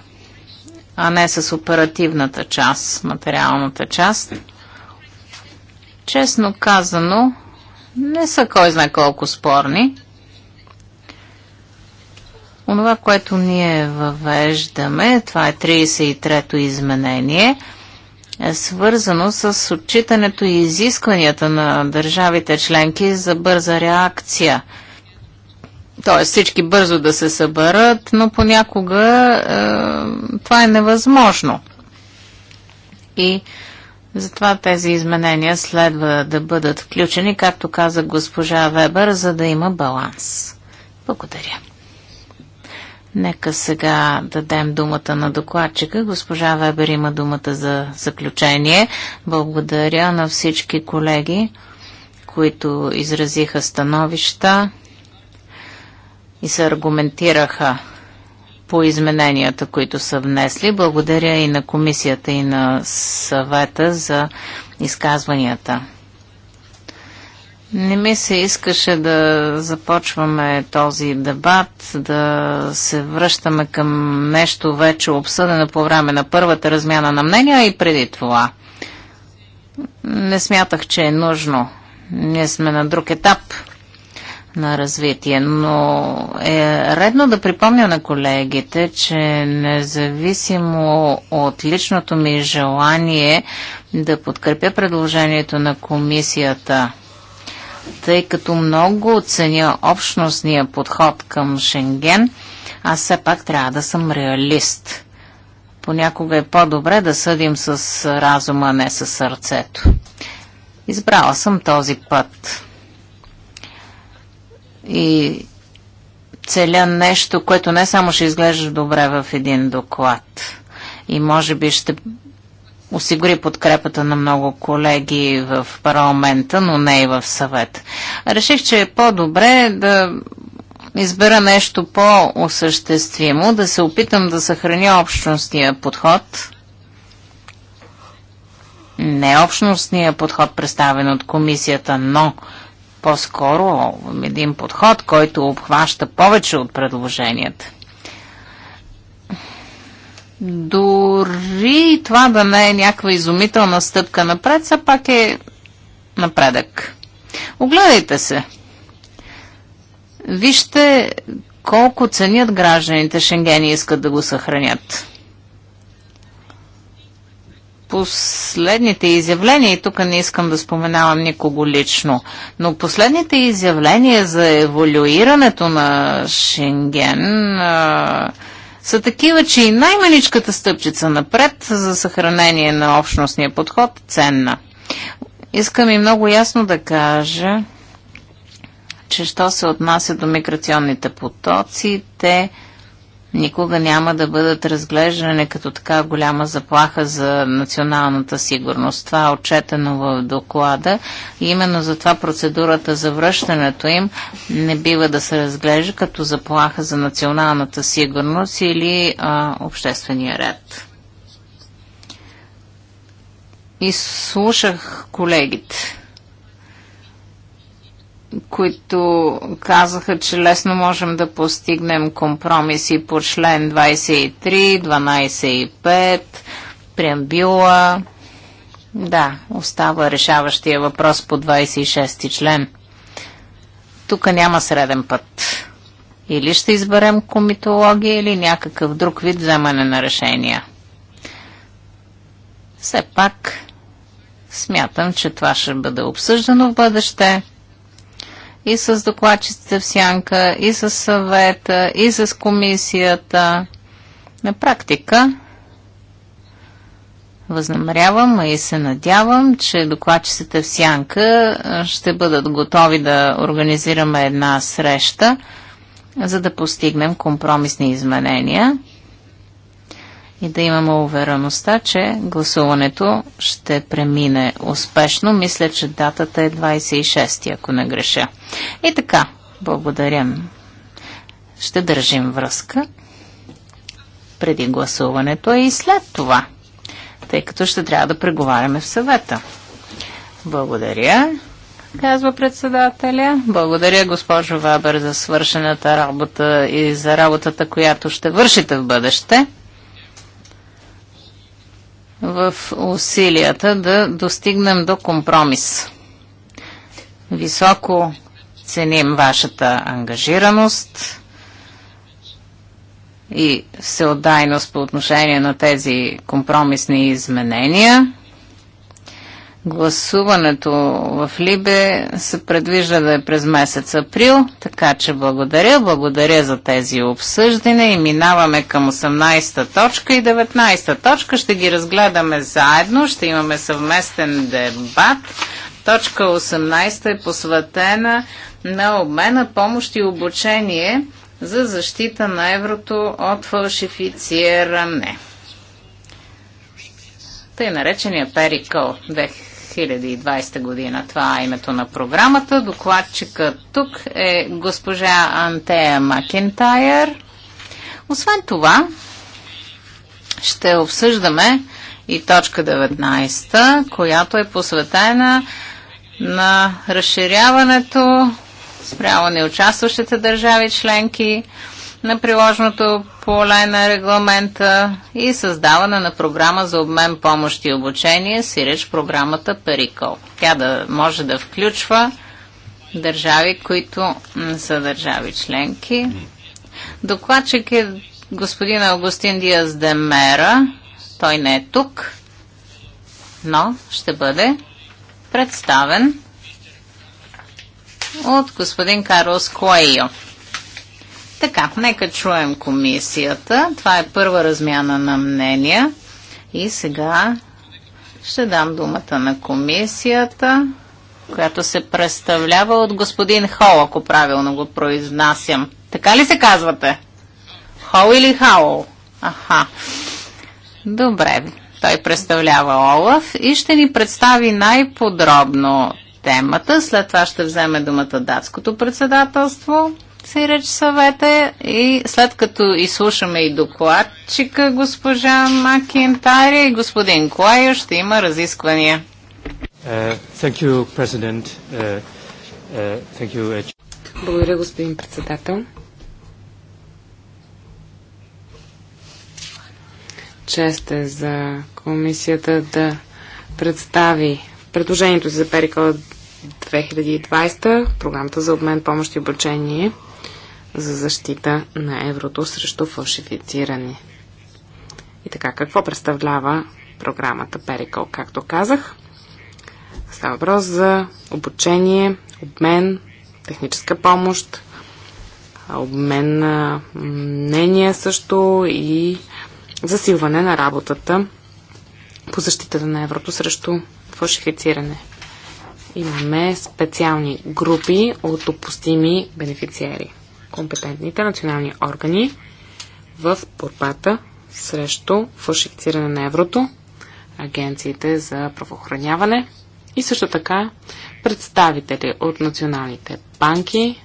а не с оперативната част, материалната част. Честно казано, не са кой знае колко спорни. Онова, което ние въвеждаме, това е 33-то изменение, е свързано с отчитането и изискванията на държавите членки за бърза реакция – т.е. всички бързо да се съберат, но понякога е, това е невъзможно. И затова тези изменения следва да бъдат включени, както каза госпожа Вебер, за да има баланс. Благодаря. Нека сега дадем думата на докладчика. Госпожа Вебер има думата за заключение. Благодаря на всички колеги, които изразиха становища и се аргументираха по измененията, които са внесли. Благодаря и на комисията и на съвета за изказванията. Не ми се искаше да започваме този дебат, да се връщаме към нещо вече обсъдено по време на първата размяна на мнения и преди това. Не смятах, че е нужно. Ние сме на друг етап на развитие. Но е редно да припомня на колегите, че независимо от личното ми желание да подкрепя предложението на комисията, тъй като много оценя общностния подход към Шенген, аз все пак трябва да съм реалист. Понякога е по-добре да съдим с разума, а не с сърцето. Избрала съм този път и целя нещо, което не само ще изглежда добре в един доклад и може би ще осигури подкрепата на много колеги в парламента, но не и в съвет. Реших, че е по-добре да избера нещо по-осъществимо, да се опитам да съхраня общностния подход. Не общностния подход, представен от комисията, но по-скоро един подход, който обхваща повече от предложенията. Дори това да не е някаква изумителна стъпка напред, все пак е напредък. Огледайте се. Вижте колко ценят гражданите Шенгени искат да го съхранят последните изявления, и тук не искам да споменавам никого лично, но последните изявления за еволюирането на Шенген а, са такива, че и най-маничката стъпчица напред за съхранение на общностния подход е ценна. Искам и много ясно да кажа, че що се отнася до миграционните потоци, те никога няма да бъдат разглеждани като така голяма заплаха за националната сигурност. Това е отчетено в доклада и именно затова процедурата за връщането им не бива да се разглежда като заплаха за националната сигурност или а, обществения ред. И слушах колегите които казаха, че лесно можем да постигнем компромиси по член 23, 12 и 5, преамбюла. Да, остава решаващия въпрос по 26 ти член. Тук няма среден път. Или ще изберем комитология или някакъв друг вид вземане на решения. Все пак смятам, че това ще бъде обсъждано в бъдеще и с докладчиците в сянка, и с съвета, и с комисията. На практика възнамерявам и се надявам, че докладчиците в сянка ще бъдат готови да организираме една среща, за да постигнем компромисни изменения и да имаме увереността, че гласуването ще премине успешно. Мисля, че датата е 26, ако не греша. И така, благодарим. Ще държим връзка преди гласуването и след това, тъй като ще трябва да преговаряме в съвета. Благодаря, казва председателя. Благодаря, госпожо Вабер, за свършената работа и за работата, която ще вършите в бъдеще в усилията да достигнем до компромис. Високо ценим вашата ангажираност и всеотдайност по отношение на тези компромисни изменения. Гласуването в Либе се предвижда да е през месец април, така че благодаря, благодаря за тези обсъждания и минаваме към 18-та точка и 19-та точка. Ще ги разгледаме заедно, ще имаме съвместен дебат. Точка 18 е посветена на обмена помощ и обучение за защита на еврото от фалшифициране. Тъй наречения перикъл 2020 година. Това е името на програмата. Докладчика тук е госпожа Антея Макентайер. Освен това, ще обсъждаме и точка 19, която е посветена на разширяването спрямо неучастващите държави членки на приложното поле на регламента и създаване на програма за обмен помощ и обучение, сиреч програмата Перикол. Тя да може да включва държави, които не са държави членки. Докладчик е господин Августин Диас Демера. Той не е тук, но ще бъде представен от господин Карлос Куайо. Така, нека чуем комисията. Това е първа размяна на мнения. И сега ще дам думата на комисията, която се представлява от господин Хол, ако правилно го произнасям. Така ли се казвате? Хол или Хаул? Аха. Добре. Той представлява Олаф и ще ни представи най-подробно темата. След това ще вземе думата датското председателство се реч съвета и след като изслушаме и докладчика госпожа Макентари и господин Клайо, ще има разисквания. Е, е, е, Благодаря, господин председател. Чест е за комисията да представи предложението си за Перикол 2020, програмата за обмен, помощ и обучение – за защита на еврото срещу фалшифициране. И така, какво представлява програмата Перикъл? Както казах, става въпрос за обучение, обмен, техническа помощ, обмен на мнения също и засилване на работата по защитата на еврото срещу фалшифициране. Имаме специални групи от допустими бенефициери компетентните национални органи в борбата срещу фалшифициране на еврото, агенциите за правоохраняване и също така представители от националните банки,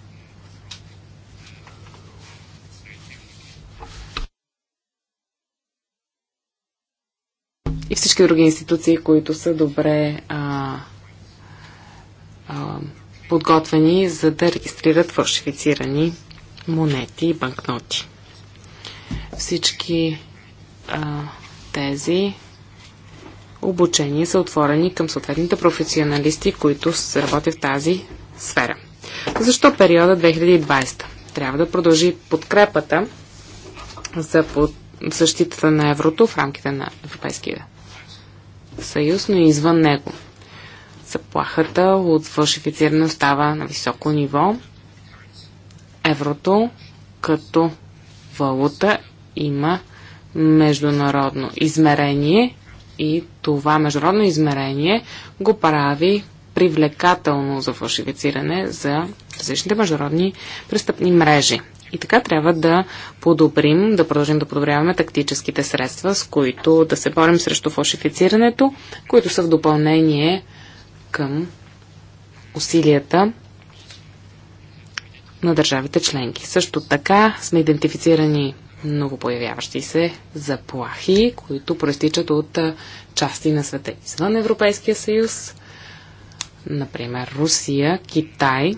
и всички други институции, които са добре а, а, подготвени за да регистрират фалшифицирани монети и банкноти. Всички а, тези обучения са отворени към съответните професионалисти, които работят в тази сфера. Защо периода 2020? Трябва да продължи подкрепата за под защитата на еврото в рамките на Европейския съюз, но и извън него. Заплахата от фалшифициране остава на високо ниво еврото като валута има международно измерение и това международно измерение го прави привлекателно за фалшифициране за различните международни престъпни мрежи. И така трябва да подобрим, да продължим да подобряваме тактическите средства, с които да се борим срещу фалшифицирането, които са в допълнение към усилията на държавите членки. Също така сме идентифицирани много появяващи се заплахи, които проистичат от части на света извън Европейския съюз, например Русия, Китай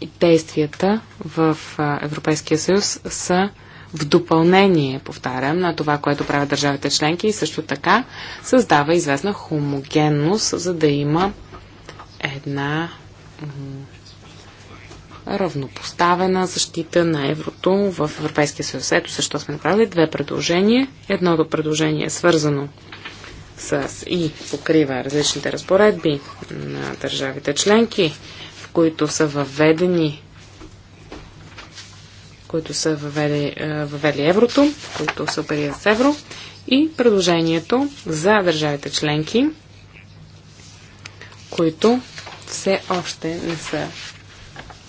и действията в Европейския съюз са в допълнение, повтарям, на това, което правят държавите членки и също така създава известна хомогенност, за да има една равнопоставена защита на еврото в Европейския съюз. Ето също сме направили две предложения. Едното предложение е свързано с и покрива различните разпоредби на държавите членки, в които са въведени които са въвели, е, въвели еврото, които са пари с евро и предложението за държавите членки които все още не са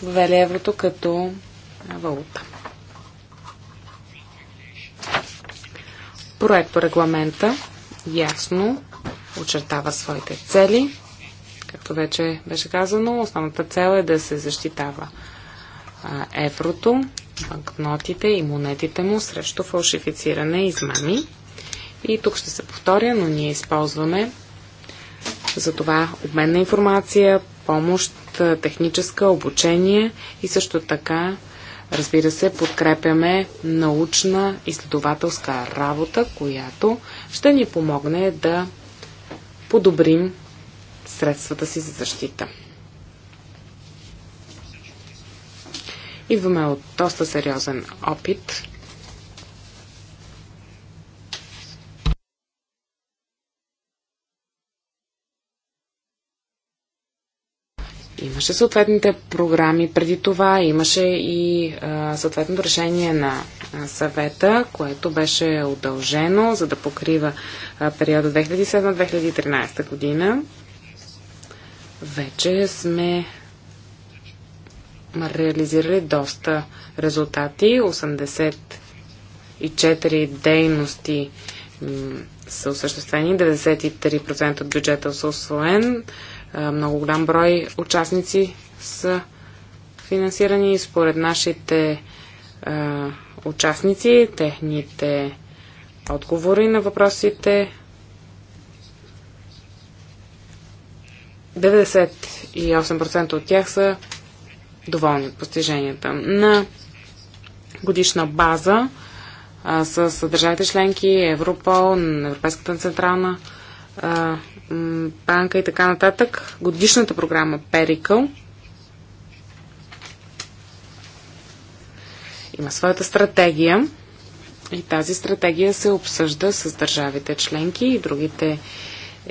въвели еврото като валута. Проект по регламента ясно очертава своите цели. Както вече беше казано, основната цел е да се защитава еврото, банкнотите и монетите му срещу фалшифициране и измами. И тук ще се повторя, но ние използваме затова обмен на информация, помощ, техническа, обучение и също така, разбира се, подкрепяме научна изследователска работа, която ще ни помогне да подобрим средствата си за защита. Идваме от доста сериозен опит Имаше съответните програми преди това, имаше и а, съответното решение на а, съвета, което беше удължено, за да покрива а, периода 2007-2013 година. Вече сме реализирали доста резултати. 84 дейности са осъществени, 93% от бюджета са освоен. Е, много голям брой участници са финансирани според нашите е, участници, техните отговори на въпросите. 98% от тях са доволни от постиженията. На годишна база а, с държавите членки, Европол, Европейската централна банка и така нататък, годишната програма Перикъл има своята стратегия и тази стратегия се обсъжда с държавите членки и другите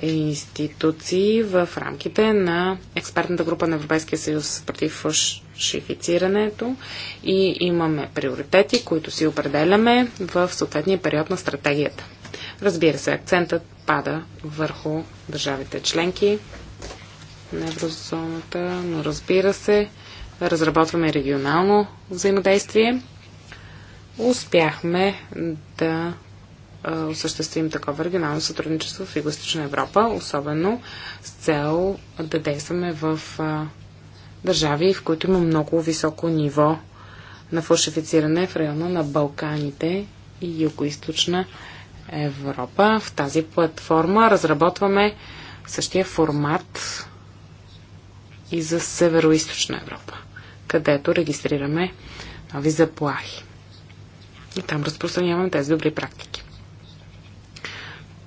институции в рамките на експертната група на Европейския съюз против фалшифицирането и имаме приоритети, които си определяме в съответния период на стратегията. Разбира се, акцентът пада върху държавите членки на еврозоната, но разбира се, разработваме регионално взаимодействие. Успяхме да осъществим такова регионално сътрудничество в Юго-Источна Европа, особено с цел да действаме в държави, в които има много високо ниво на фалшифициране в района на Балканите и Юго-Источна Европа. Европа. В тази платформа разработваме същия формат и за Северо-Источна Европа, където регистрираме нови заплахи. И там разпространяваме тези добри практики.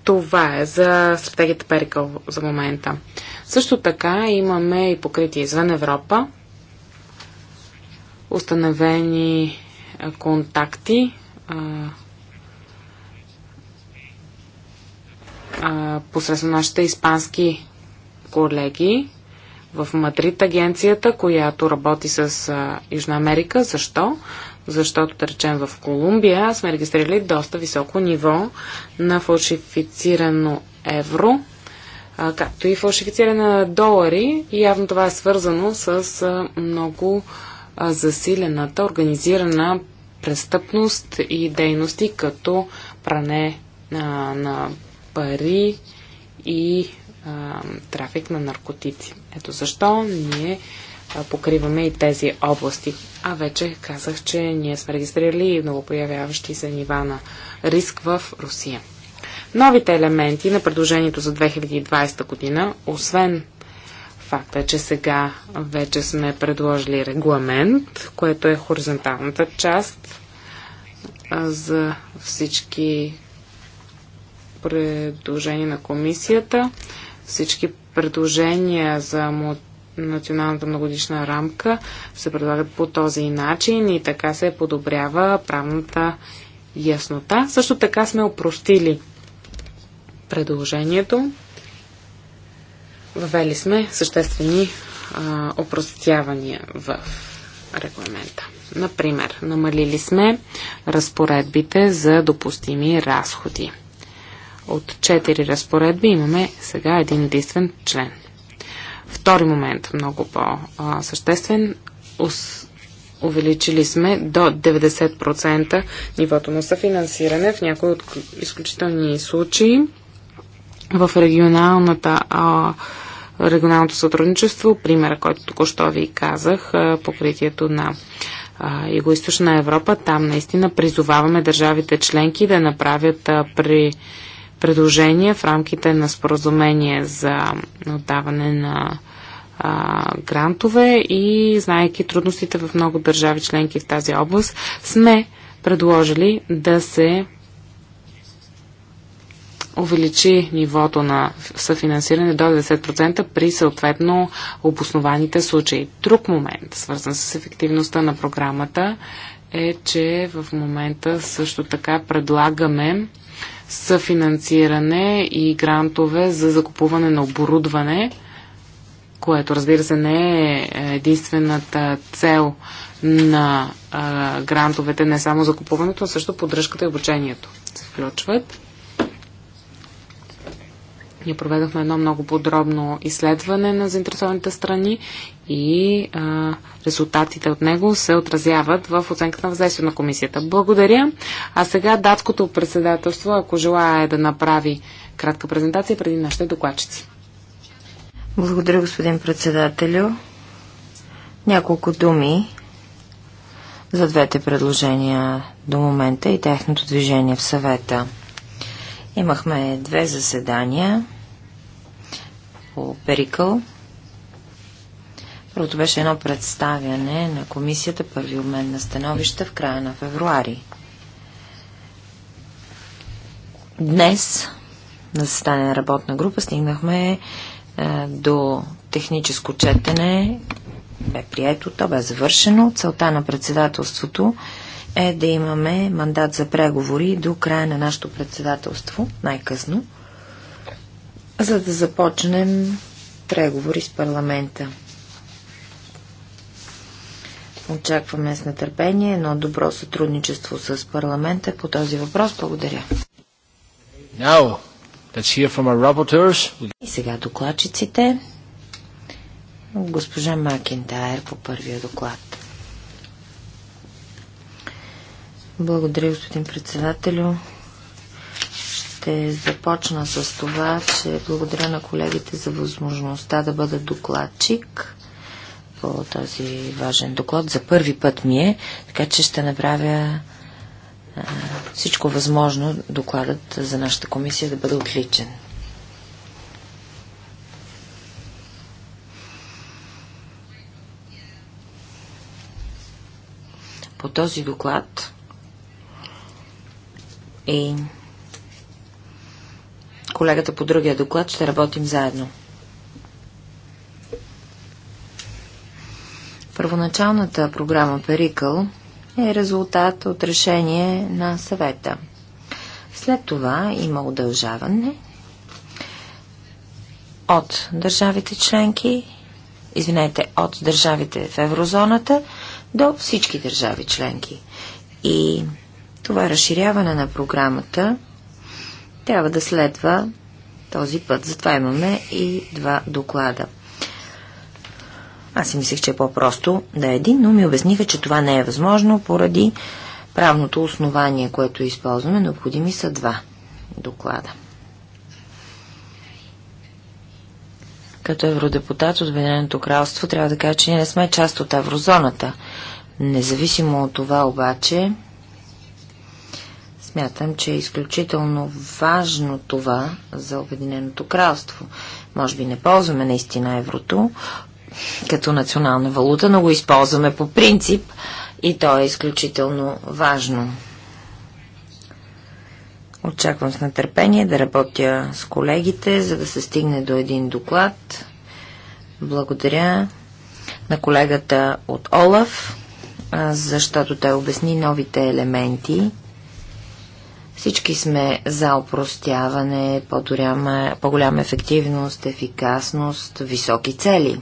Това е за стратегията Перикъл за момента. Също така имаме и покритие извън Европа, установени контакти посредством нашите испански колеги в Мадрид агенцията, която работи с а, Южна Америка. Защо? Защото, да речем, в Колумбия сме регистрирали доста високо ниво на фалшифицирано евро, а, както и фалшифициране на долари. И явно това е свързано с а, много а, засилената, организирана престъпност и дейности като пране а, на пари и а, трафик на наркотици. Ето защо ние покриваме и тези области. А вече казах, че ние сме регистрирали и появяващи се нива на риск в Русия. Новите елементи на предложението за 2020 година, освен факта, че сега вече сме предложили регламент, което е хоризонталната част за всички предложение на комисията. Всички предложения за националната многодишна рамка се предлагат по този начин и така се подобрява правната яснота. Също така сме опростили предложението. Въвели сме съществени а, опростявания в регламента. Например, намалили сме разпоредбите за допустими разходи. От четири разпоредби имаме сега един единствен член. Втори момент, много по-съществен. Увеличили сме до 90% нивото на съфинансиране в някои от изключителни случаи в регионалната а, регионалното сътрудничество, примера, който току-що ви казах, покритието на Юго-Источна Европа, там наистина призоваваме държавите членки да направят при предложения в рамките на споразумение за отдаване на а, грантове и знаеки трудностите в много държави членки в тази област, сме предложили да се увеличи нивото на съфинансиране до 90% при съответно обоснованите случаи. Друг момент, свързан с ефективността на програмата, е, че в момента също така предлагаме съфинансиране и грантове за закупуване на оборудване, което разбира се не е единствената цел на а, грантовете, не само закупуването, а също поддръжката и обучението се включват. Ние проведохме едно много подробно изследване на заинтересованите страни и а, резултатите от него се отразяват в оценката на въздействие на комисията. Благодаря. А сега датското председателство, ако желая е да направи кратка презентация преди нашите докладчици. Благодаря, господин председателю. Няколко думи за двете предложения до момента и техното движение в съвета. Имахме две заседания по Перикъл. Първото беше едно представяне на комисията, първи обмен на становища в края на февруари. Днес на състане на работна група стигнахме е, до техническо четене. Бе прието, то бе завършено. Целта на председателството е да имаме мандат за преговори до края на нашето председателство, най-късно за да започнем преговори с парламента. Очакваме с нетърпение едно добро сътрудничество с парламента по този въпрос. Благодаря. Now, let's hear from our И сега докладчиците. Госпожа Макентайр по първия доклад. Благодаря, господин председателю. Ще започна с това, че благодаря на колегите за възможността да бъда докладчик по този важен доклад. За първи път ми е, така че ще направя а, всичко възможно докладът за нашата комисия да бъде отличен. По този доклад и е колегата по другия доклад ще работим заедно. Първоначалната програма Перикъл е резултат от решение на съвета. След това има удължаване от държавите членки, извинете, от държавите в еврозоната до всички държави членки. И това разширяване на програмата трябва да следва този път. Затова имаме и два доклада. Аз си мислех, че е по-просто да е един, но ми обясниха, че това не е възможно поради правното основание, което използваме. Необходими са два доклада. Като евродепутат от Обединеното кралство трябва да кажа, че ние не сме част от еврозоната. Независимо от това обаче, Смятам, че е изключително важно това за Обединеното кралство. Може би не ползваме наистина еврото като национална валута, но го използваме по принцип и то е изключително важно. Очаквам с нетърпение да работя с колегите, за да се стигне до един доклад. Благодаря на колегата от Олаф, защото той обясни новите елементи всички сме за опростяване, по-голяма, по ефективност, ефикасност, високи цели.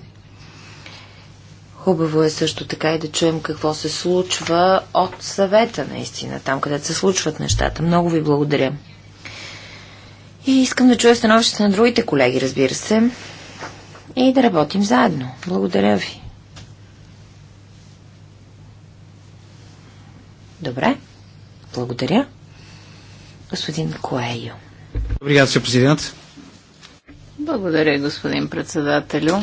Хубаво е също така и да чуем какво се случва от съвета, наистина, там където се случват нещата. Много ви благодаря. И искам да чуя становището на другите колеги, разбира се, и да работим заедно. Благодаря ви. Добре, благодаря. Господин Коейо. Obrigado, Sr. президент. Благодаря, господин председателю.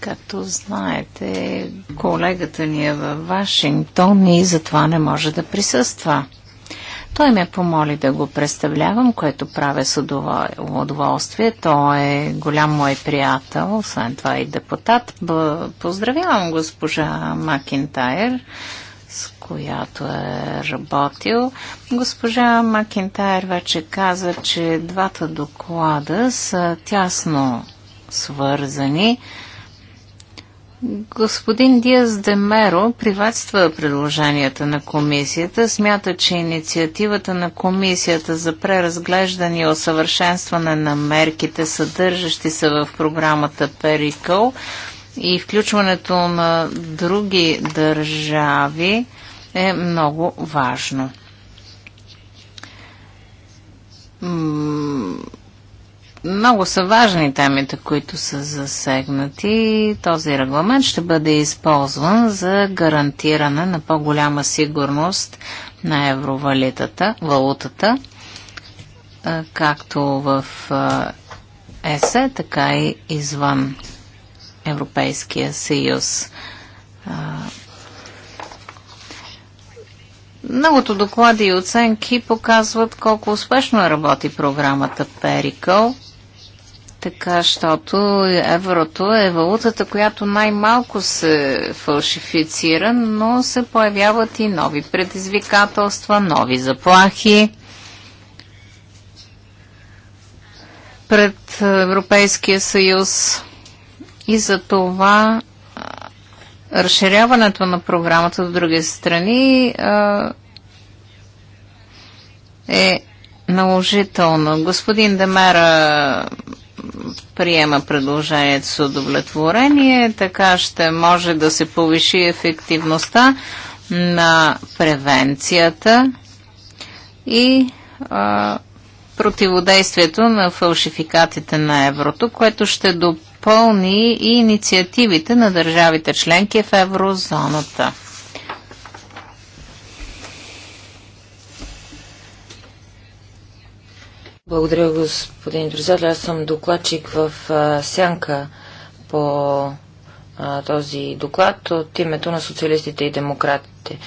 Както знаете, колегата ни е във Вашингтон и затова не може да присъства. Той ме помоли да го представлявам, което правя с удоволствие. Той е голям мой приятел, освен това и депутат. Поздравявам госпожа Макинтайр с която е работил. Госпожа Макентайр вече каза, че двата доклада са тясно свързани. Господин Диас Демеро приветства предложенията на комисията, смята, че инициативата на комисията за преразглеждане и усъвършенстване на мерките, съдържащи се в програмата Перикъл, и включването на други държави е много важно. Много са важни темите, които са засегнати. Този регламент ще бъде използван за гарантиране на по-голяма сигурност на евровалитата, валутата, както в ЕСЕ, така и извън Европейския съюз. Многото доклади и оценки показват колко успешно работи програмата Перикъл, така, защото еврото е валутата, която най-малко се фалшифицира, но се появяват и нови предизвикателства, нови заплахи. Пред Европейския съюз и за това разширяването на програмата до други страни е наложително. Господин Демера приема предложението с удовлетворение, така ще може да се повиши ефективността на превенцията и а, противодействието на фалшификатите на еврото, което ще допълни допълни и инициативите на държавите членки в еврозоната. Благодаря, господин председател. Аз съм докладчик в а, Сянка по а, този доклад от името на социалистите и демократите.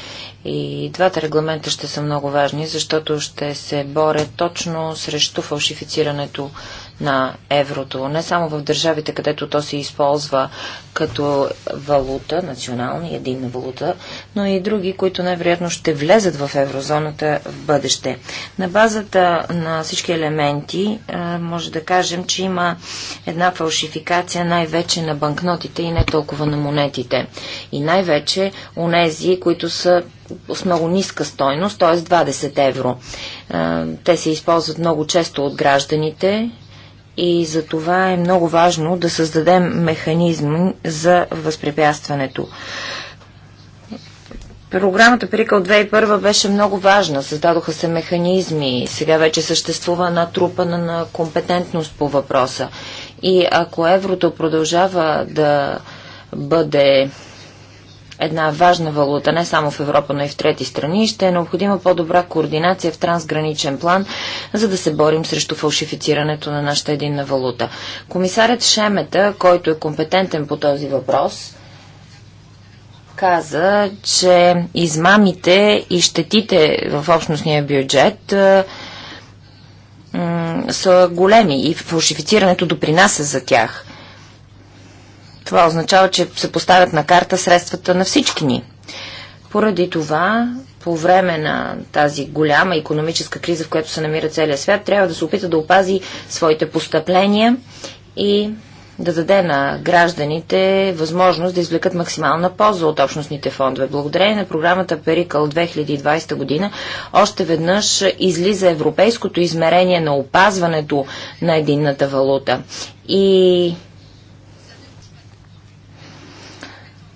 И двата регламента ще са много важни, защото ще се боря точно срещу фалшифицирането на еврото, не само в държавите, където то се използва като валута, национална и единна валута, но и други, които най-вероятно ще влезат в еврозоната в бъдеще. На базата на всички елементи е, може да кажем, че има една фалшификация най-вече на банкнотите и не толкова на монетите. И най-вече у нези, които са с много ниска стойност, т.е. 20 евро. Е, те се използват много често от гражданите, и за това е много важно да създадем механизми за възпрепятстването. Програмата Прикал 2001 беше много важна. Създадоха се механизми. Сега вече съществува натрупана на компетентност по въпроса. И ако еврото продължава да бъде една важна валута не само в Европа, но и в трети страни, ще е необходима по-добра координация в трансграничен план, за да се борим срещу фалшифицирането на нашата единна валута. Комисарят Шемета, който е компетентен по този въпрос, каза, че измамите и щетите в общностния бюджет са големи и фалшифицирането допринася за тях – това означава, че се поставят на карта средствата на всички ни. Поради това, по време на тази голяма економическа криза, в която се намира целият свят, трябва да се опита да опази своите постъпления и да даде на гражданите възможност да извлекат максимална полза от общностните фондове. Благодарение на програмата Перикъл 2020 година още веднъж излиза европейското измерение на опазването на единната валута. И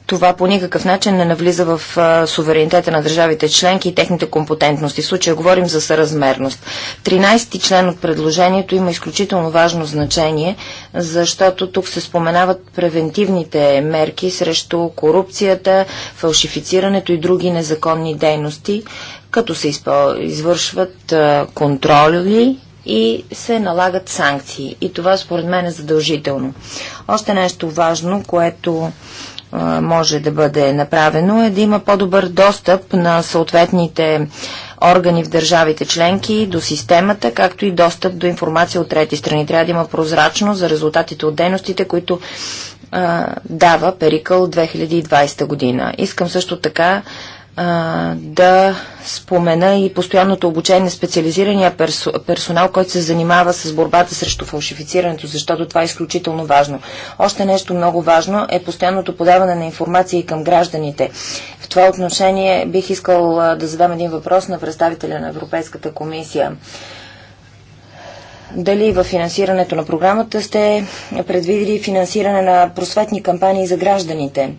това по никакъв начин не навлиза в суверенитета на държавите членки и техните компетентности. В случая говорим за съразмерност. 13-ти член от предложението има изключително важно значение, защото тук се споменават превентивните мерки срещу корупцията, фалшифицирането и други незаконни дейности, като се извършват контроли и се налагат санкции. И това според мен е задължително. Още нещо важно, което може да бъде направено е да има по-добър достъп на съответните органи в държавите членки до системата, както и достъп до информация от трети страни. Трябва да има прозрачност за резултатите от дейностите, които а, дава Перикъл 2020 година. Искам също така да спомена и постоянното обучение на специализирания персо, персонал, който се занимава с борбата срещу фалшифицирането, защото това е изключително важно. Още нещо много важно е постоянното подаване на информация и към гражданите. В това отношение бих искал а, да задам един въпрос на представителя на Европейската комисия дали в финансирането на програмата сте предвидили финансиране на просветни кампании за гражданите,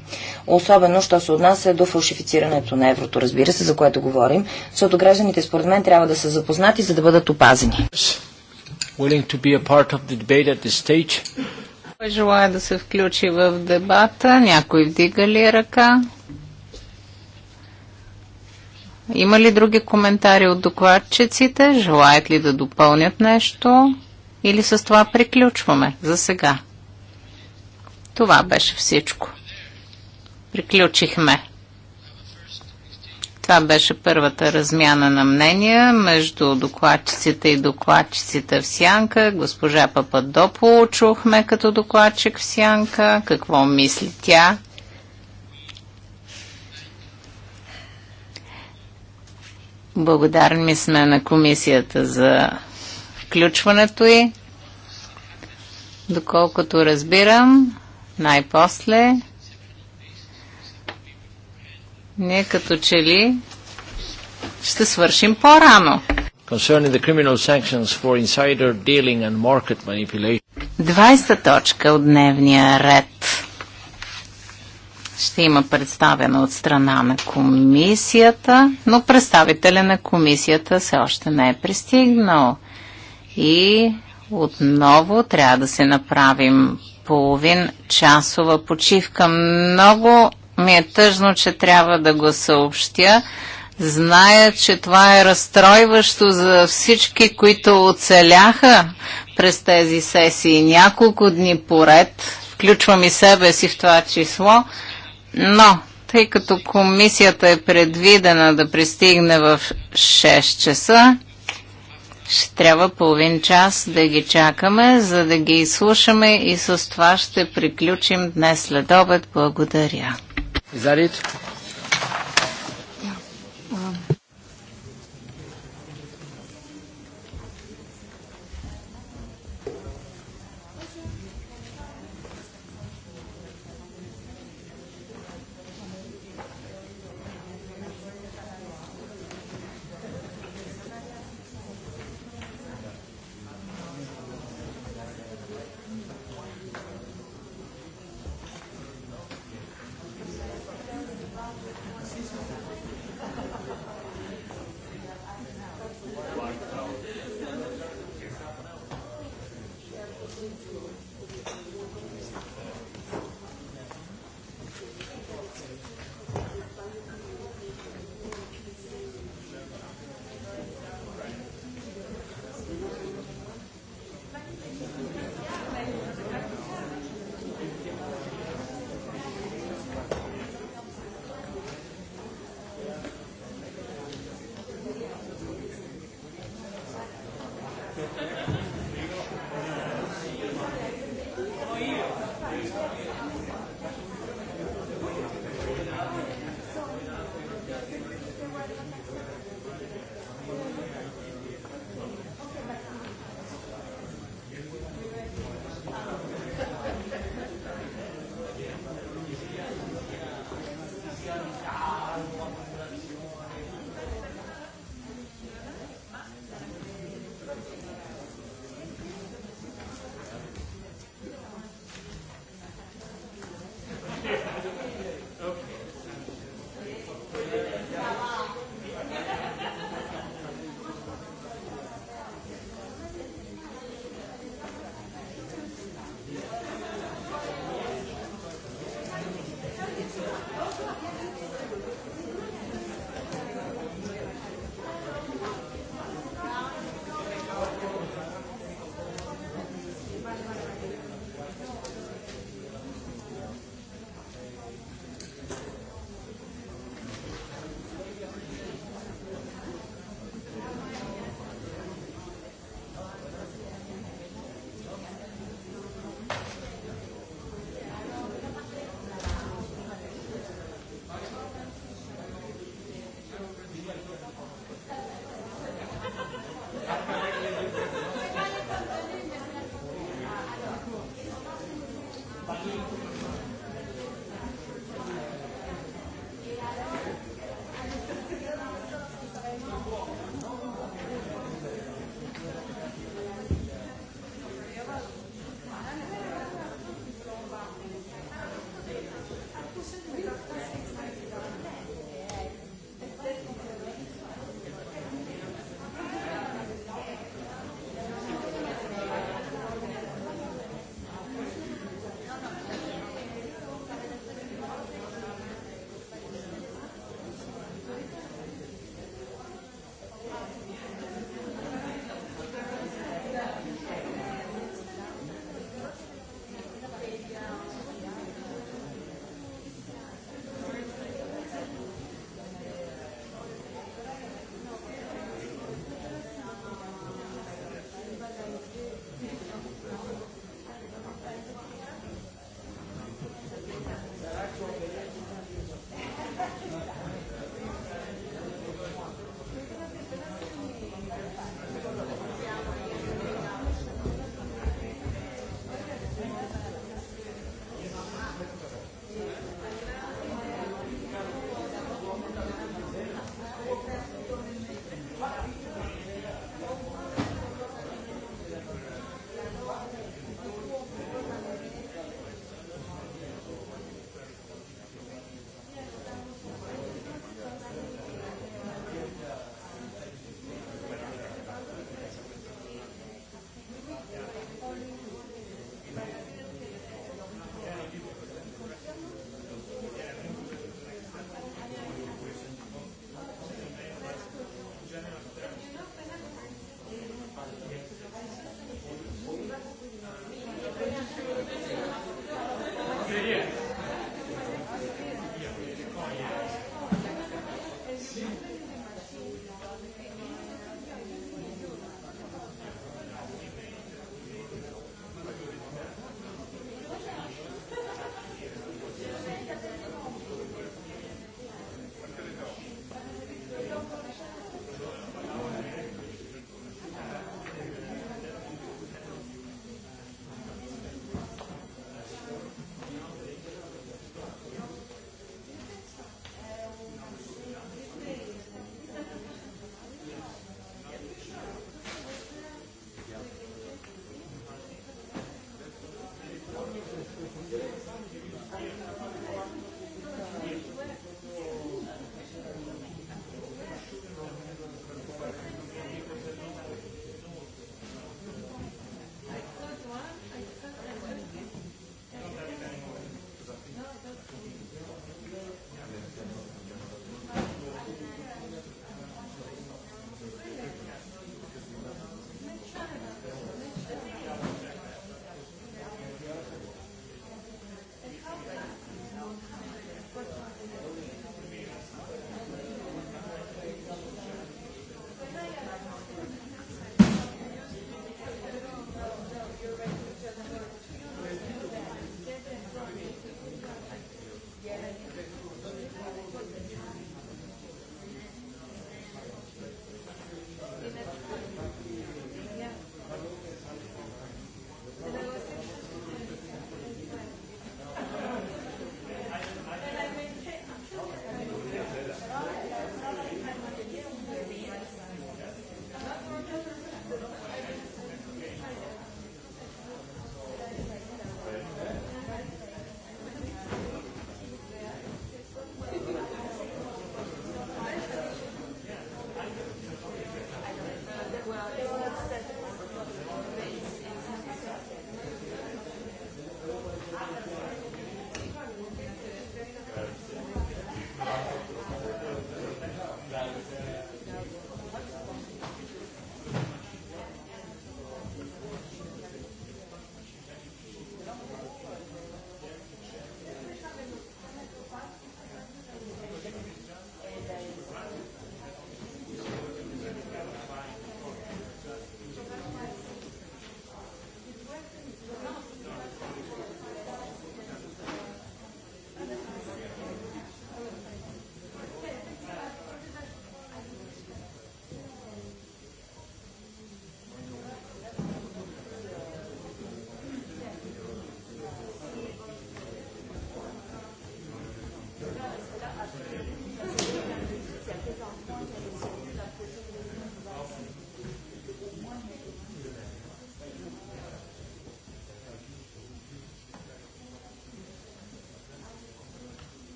особено, що се отнася до фалшифицирането на еврото, разбира се, за което говорим, защото гражданите, според мен, трябва да са запознати, за да бъдат опазени. Кой желая да се включи в дебата? Някой вдига ли ръка? Има ли други коментари от докладчиците? Желаят ли да допълнят нещо? Или с това приключваме за сега? Това беше всичко. Приключихме. Това беше първата размяна на мнения между докладчиците и докладчиците в Сянка. Госпожа Пападопо чухме като докладчик в Сянка. Какво мисли тя Благодарни сме на комисията за включването и. Доколкото разбирам, най-после ние като че ли ще свършим по-рано. Concerning the criminal sanctions for insider dealing and market manipulation. 20 точка от дневния ред ще има представена от страна на комисията, но представителя на комисията все още не е пристигнал. И отново трябва да се направим половин часова почивка. Много ми е тъжно, че трябва да го съобщя. Зная, че това е разстройващо за всички, които оцеляха през тези сесии няколко дни поред. Включвам и себе си в това число. Но, тъй като комисията е предвидена да пристигне в 6 часа, ще трябва половин час да ги чакаме, за да ги изслушаме и с това ще приключим днес след обед. Благодаря.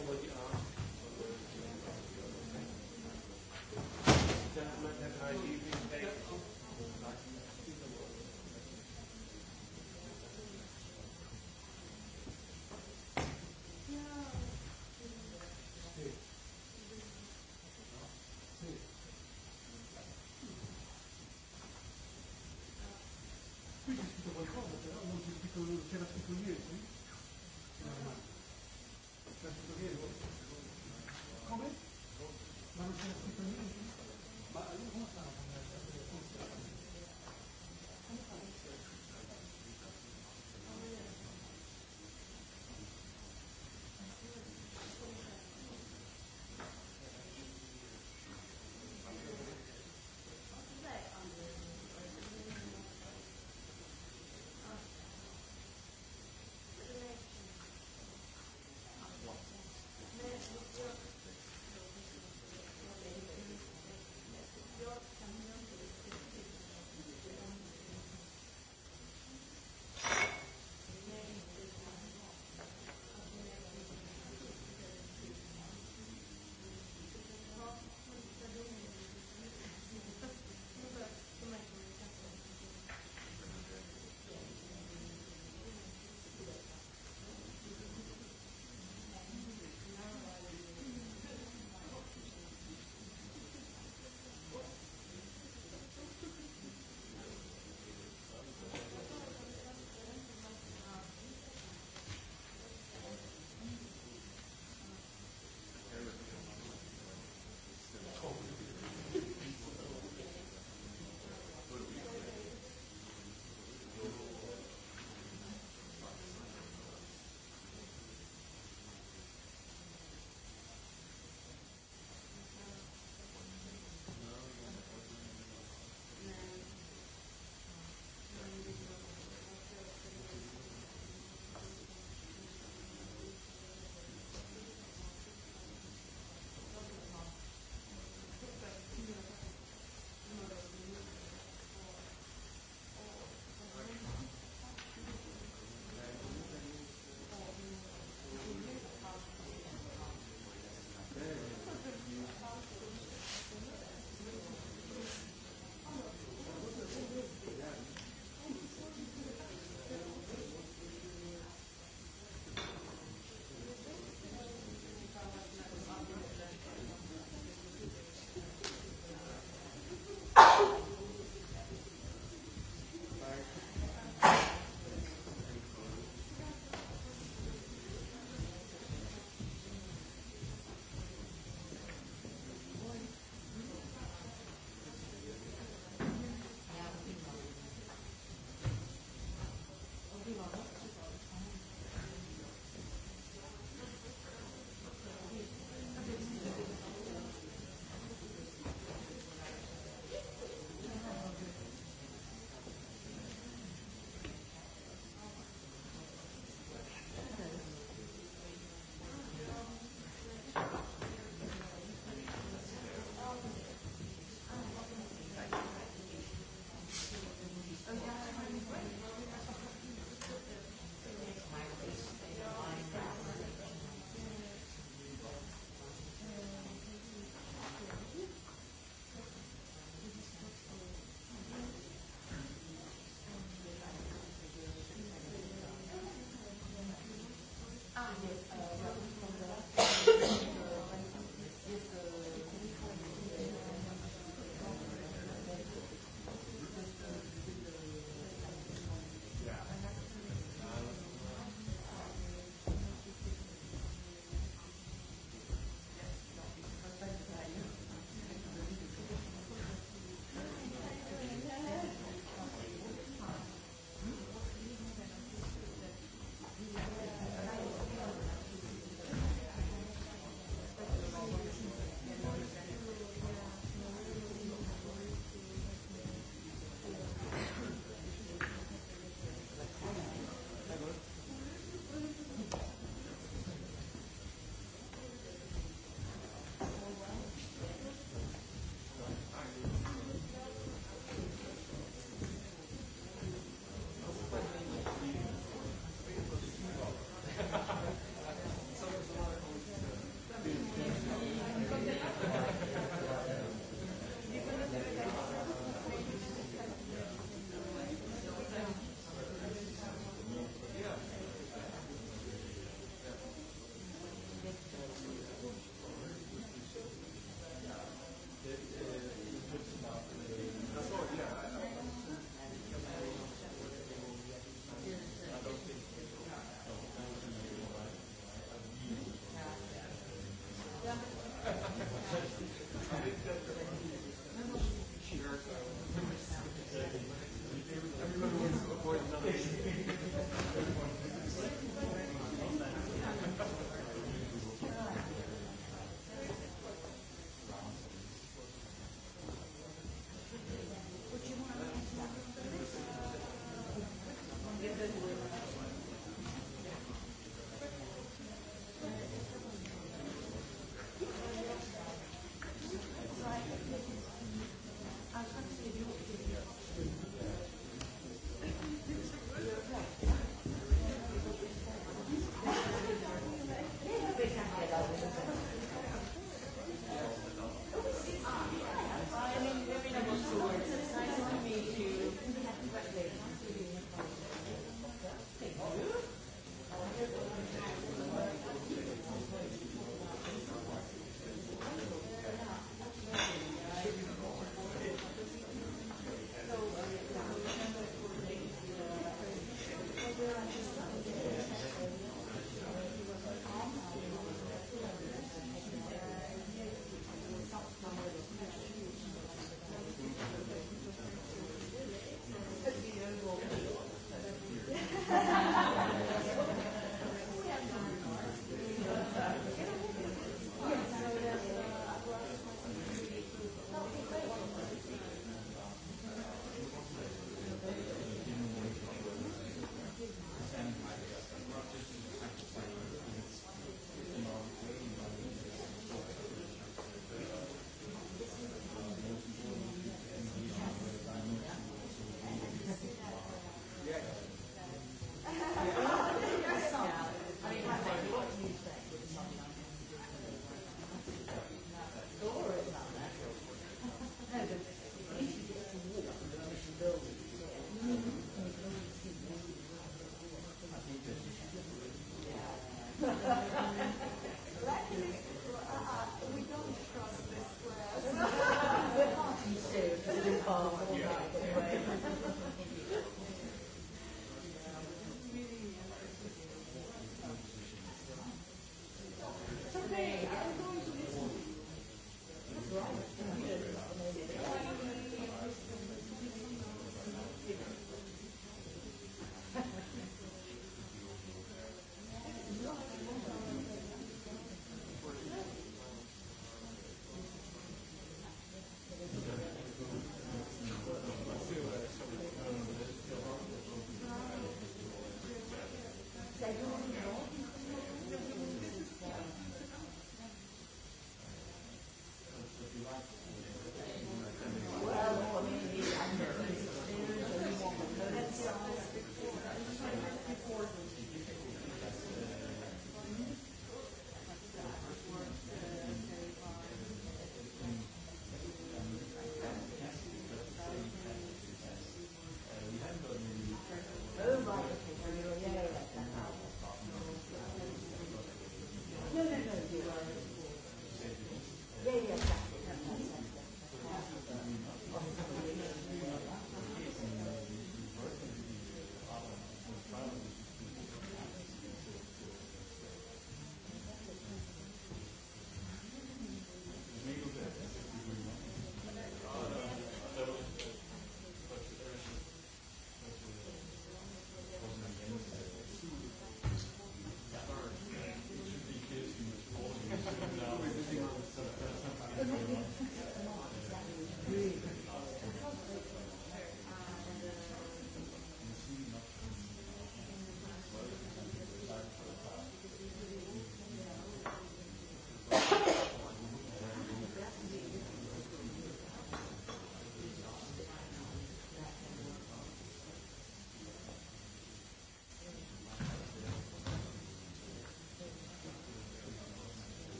Qui discută pe care, nu discută ce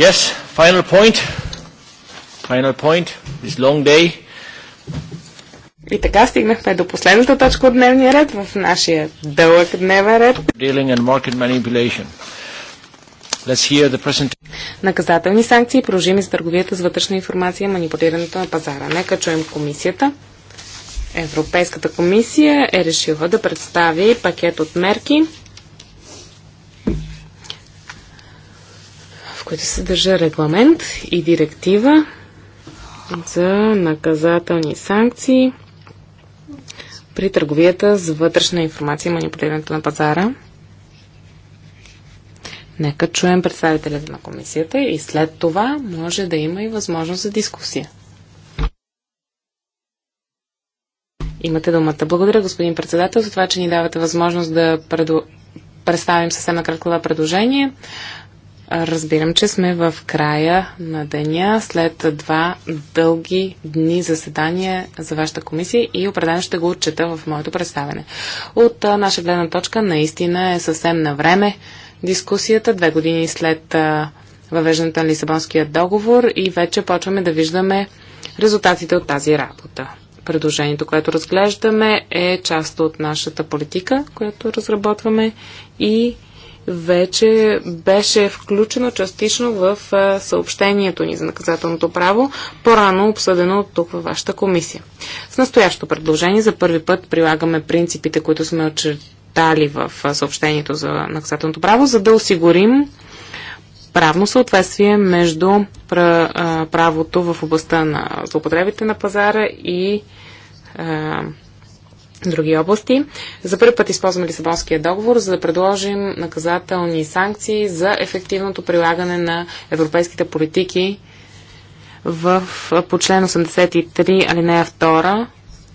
Yes, final point. Final point. This long day. И така стигнахме до последната точка от дневния ред в нашия дълъг дневен ред. Dealing and market manipulation. Let's hear the present... Наказателни санкции, прожими с търговията с вътрешна информация и манипулирането на пазара. Нека чуем комисията. Европейската комисия е решила да представи пакет от мерки които съдържа регламент и директива за наказателни санкции при търговията с вътрешна информация и манипулирането на пазара. Нека чуем представителят на комисията и след това може да има и възможност за дискусия. Имате думата. Благодаря, господин председател, за това, че ни давате възможност да предо... представим съвсем накратко това предложение. Разбирам, че сме в края на деня, след два дълги дни заседания за вашата комисия и определено ще го отчета в моето представене. От наша гледна точка наистина е съвсем на време дискусията, две години след въвеждането на Лисабонския договор и вече почваме да виждаме резултатите от тази работа. Предложението, което разглеждаме е част от нашата политика, която разработваме и вече беше включено частично в съобщението ни за наказателното право, по-рано обсъдено от тук във вашата комисия. С настоящото предложение за първи път прилагаме принципите, които сме очертали в съобщението за наказателното право, за да осигурим правно съответствие между правото в областта на злоупотребите на пазара и други области. За първи път използваме Лисабонския договор, за да предложим наказателни санкции за ефективното прилагане на европейските политики в, по член 83 алинея 2.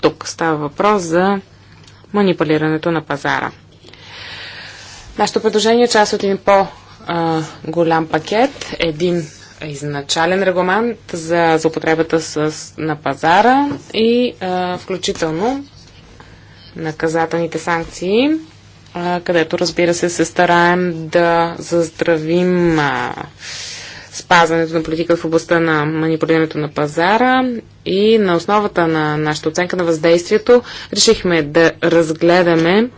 Тук става въпрос за манипулирането на пазара. Нашето предложение е част от един по-голям пакет, един изначален регламент за, за на пазара и а, включително наказателните санкции, където разбира се се стараем да заздравим спазването на политика в областта на манипулирането на пазара и на основата на нашата оценка на въздействието решихме да разгледаме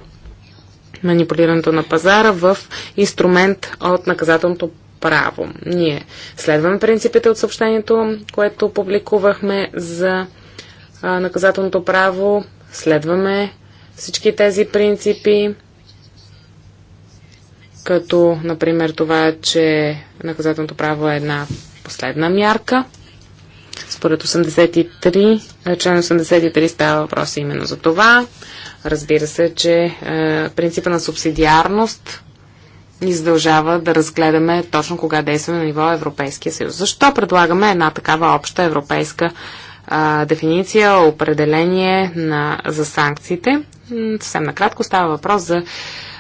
манипулирането на пазара в инструмент от наказателното право. Ние следваме принципите от съобщението, което публикувахме за наказателното право, следваме всички тези принципи, като, например, това, че наказателното право е една последна мярка. Според 83, е, член 83 става въпрос именно за това. Разбира се, че е, принципа на субсидиарност ни задължава да разгледаме точно кога действаме на ниво Европейския съюз. Защо предлагаме една такава обща европейска е, дефиниция, определение на, за санкциите? Съвсем накратко става въпрос за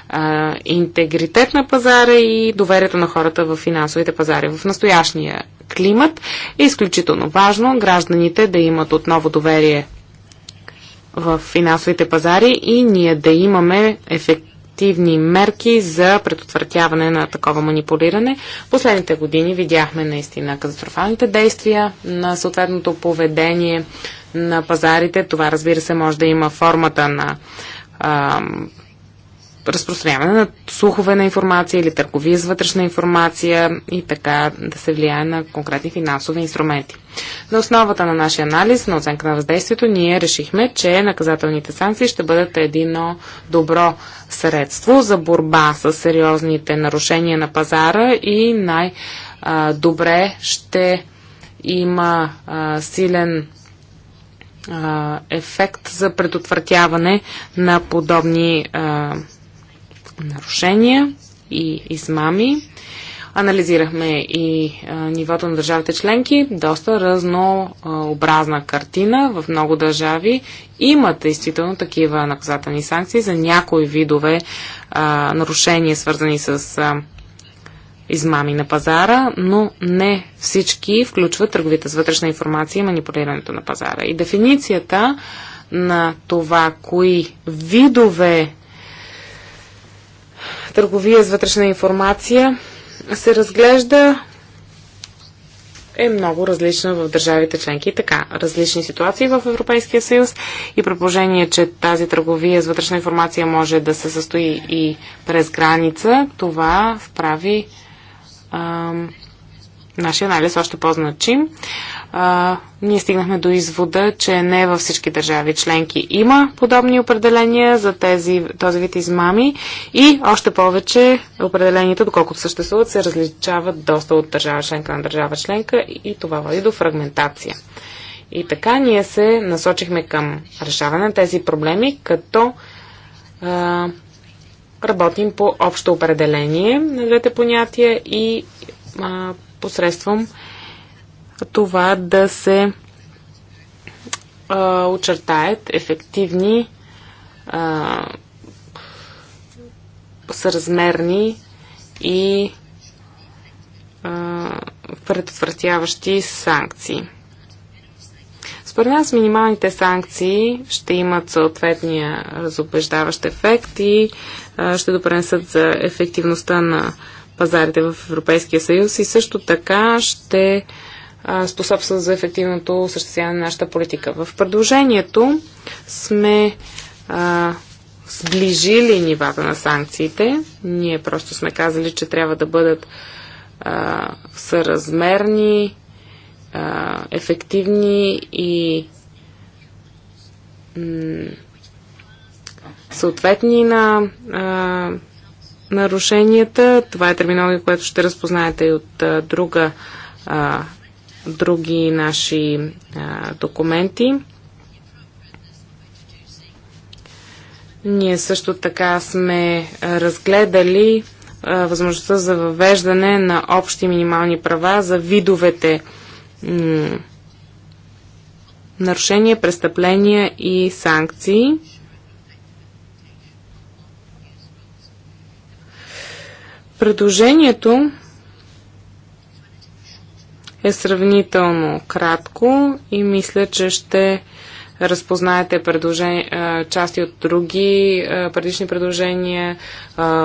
а, интегритет на пазара и доверието на хората в финансовите пазари. В настоящия климат е изключително важно гражданите да имат отново доверие в финансовите пазари и ние да имаме ефективни мерки за предотвратяване на такова манипулиране. Последните години видяхме наистина катастрофалните действия на съответното поведение на пазарите. Това, разбира се, може да има формата на а, разпространяване на слухове на информация или търговия с вътрешна информация и така да се влияе на конкретни финансови инструменти. На основата на нашия анализ на оценка на въздействието ние решихме, че наказателните санкции ще бъдат едно добро средство за борба с сериозните нарушения на пазара и най-добре ще има силен а, ефект за предотвратяване на подобни а, нарушения и измами. Анализирахме и а, нивото на държавите членки. Доста разнообразна картина в много държави. Имат действително такива наказателни санкции за някои видове а, нарушения, свързани с а, измами на пазара, но не всички включват търговията с вътрешна информация и манипулирането на пазара. И дефиницията на това, кои видове търговия с вътрешна информация се разглежда е много различна в държавите членки. така, различни ситуации в Европейския съюз и предположение, че тази търговия с вътрешна информация може да се състои и през граница, това вправи нашия анализ е още по-значим. А, ние стигнахме до извода, че не във всички държави членки има подобни определения за тези, този вид измами и още повече определенията, доколкото съществуват, се различават доста от държава членка на държава членка и това води до фрагментация. И така ние се насочихме към решаване на тези проблеми, като а, работим по общо определение на двете понятия и а, посредством това да се а, очертаят ефективни а, съразмерни и а, предотвратяващи санкции. Според нас минималните санкции ще имат съответния разобеждаващ ефект и ще допренесат за ефективността на пазарите в Европейския съюз и също така ще способства за ефективното осъществяване на нашата политика. В предложението сме а, сближили нивата на санкциите. Ние просто сме казали, че трябва да бъдат а, съразмерни, а, ефективни и съответни на а, нарушенията. Това е терминология, която ще разпознаете и от а, друга, а, други наши а, документи. Ние също така сме разгледали а, възможността за въвеждане на общи минимални права за видовете нарушения, престъпления и санкции. Предложението е сравнително кратко и мисля, че ще разпознаете части от други предишни предложения,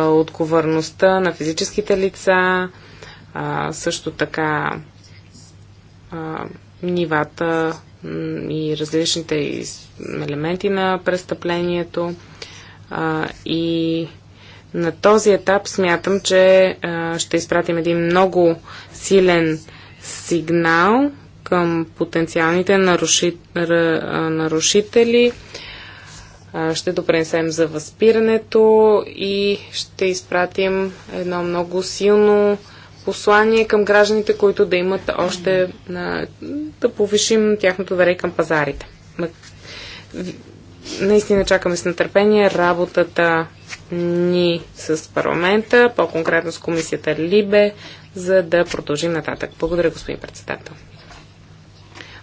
отговорността на физическите лица, също така нивата и различните елементи на престъплението и на този етап смятам, че а, ще изпратим един много силен сигнал към потенциалните наруши... нарушители. А, ще допренесем за възпирането и ще изпратим едно много силно послание към гражданите, които да имат още на, да повишим тяхното доверие към пазарите. Наистина чакаме с нетърпение работата ни с парламента, по-конкретно с комисията Либе, за да продължим нататък. Благодаря, господин председател.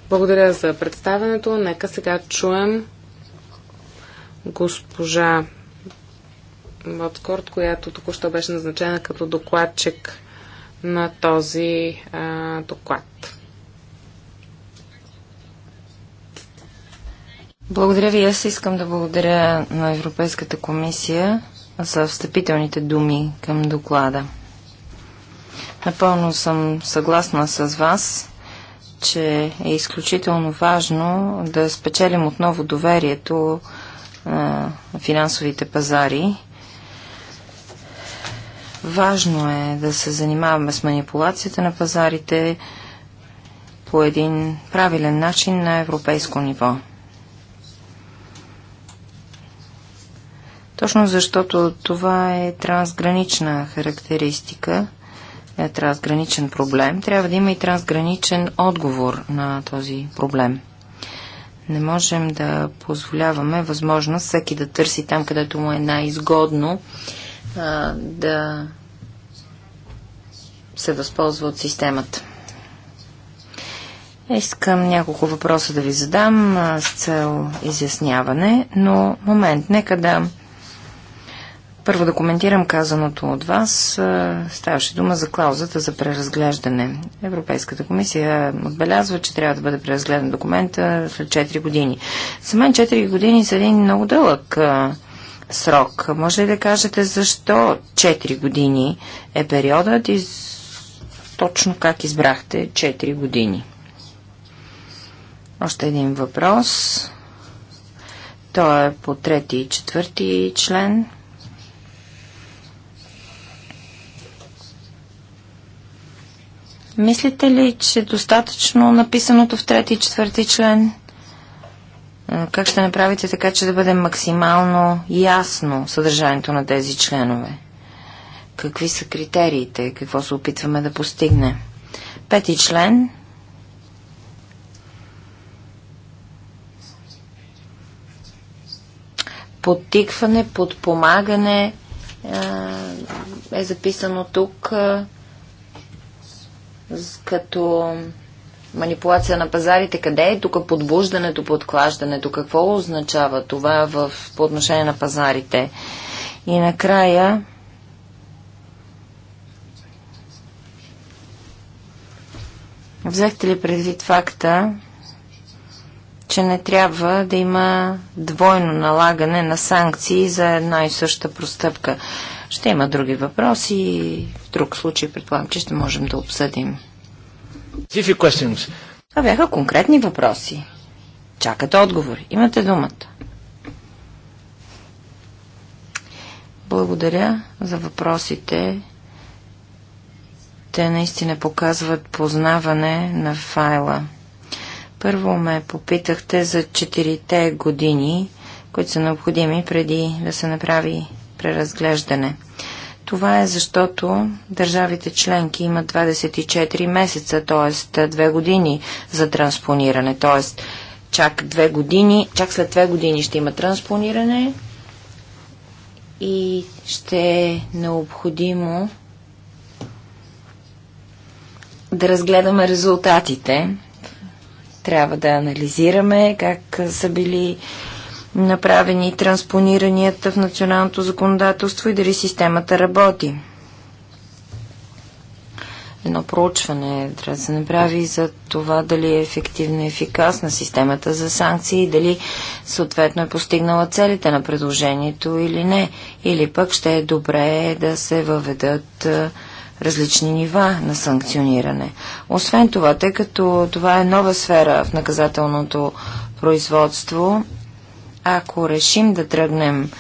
Благодаря за представенето. Нека сега чуем госпожа Боткорт, която току-що беше назначена като докладчик на този а, доклад. Благодаря ви. Аз искам да благодаря на Европейската комисия за встъпителните думи към доклада. Напълно съм съгласна с вас, че е изключително важно да спечелим отново доверието на финансовите пазари. Важно е да се занимаваме с манипулацията на пазарите по един правилен начин на европейско ниво. Точно защото това е трансгранична характеристика, е трансграничен проблем, трябва да има и трансграничен отговор на този проблем. Не можем да позволяваме възможност всеки да търси там, където му е най-изгодно да се възползва от системата. Искам няколко въпроса да ви задам с цел изясняване, но момент, нека да първо да коментирам казаното от вас. Е, ставаше дума за клаузата за преразглеждане. Европейската комисия отбелязва, че трябва да бъде преразгледан документа след 4 години. За мен 4 години са един много дълъг е, срок. Може ли да кажете защо 4 години е периодът и точно как избрахте 4 години? Още един въпрос. Той е по трети и четвърти член. Мислите ли, че достатъчно написаното в трети и четвърти член? Как ще направите така, че да бъде максимално ясно съдържанието на тези членове? Какви са критериите? Какво се опитваме да постигне? Пети член. Подтикване, подпомагане е записано тук като манипулация на пазарите. Къде е тук подбуждането, подклаждането? Какво означава това в, по отношение на пазарите? И накрая Взехте ли предвид факта, че не трябва да има двойно налагане на санкции за една и съща простъпка? Ще има други въпроси и в друг случай предполагам, че ще можем да обсъдим. Това бяха конкретни въпроси. Чакате отговори. Имате думата. Благодаря за въпросите. Те наистина показват познаване на файла. Първо ме попитахте за четирите години, които са необходими преди да се направи преразглеждане. Това е защото държавите членки имат 24 месеца, т.е. две години за транспониране, т.е. чак две години, чак след две години ще има транспониране и ще е необходимо да разгледаме резултатите. Трябва да анализираме как са били направени транспониранията в националното законодателство и дали системата работи. Едно проучване трябва да се направи за това дали е ефективна и ефикасна системата за санкции и дали съответно е постигнала целите на предложението или не. Или пък ще е добре да се въведат различни нива на санкциониране. Освен това, тъй като това е нова сфера в наказателното производство, ако решим да тръгнем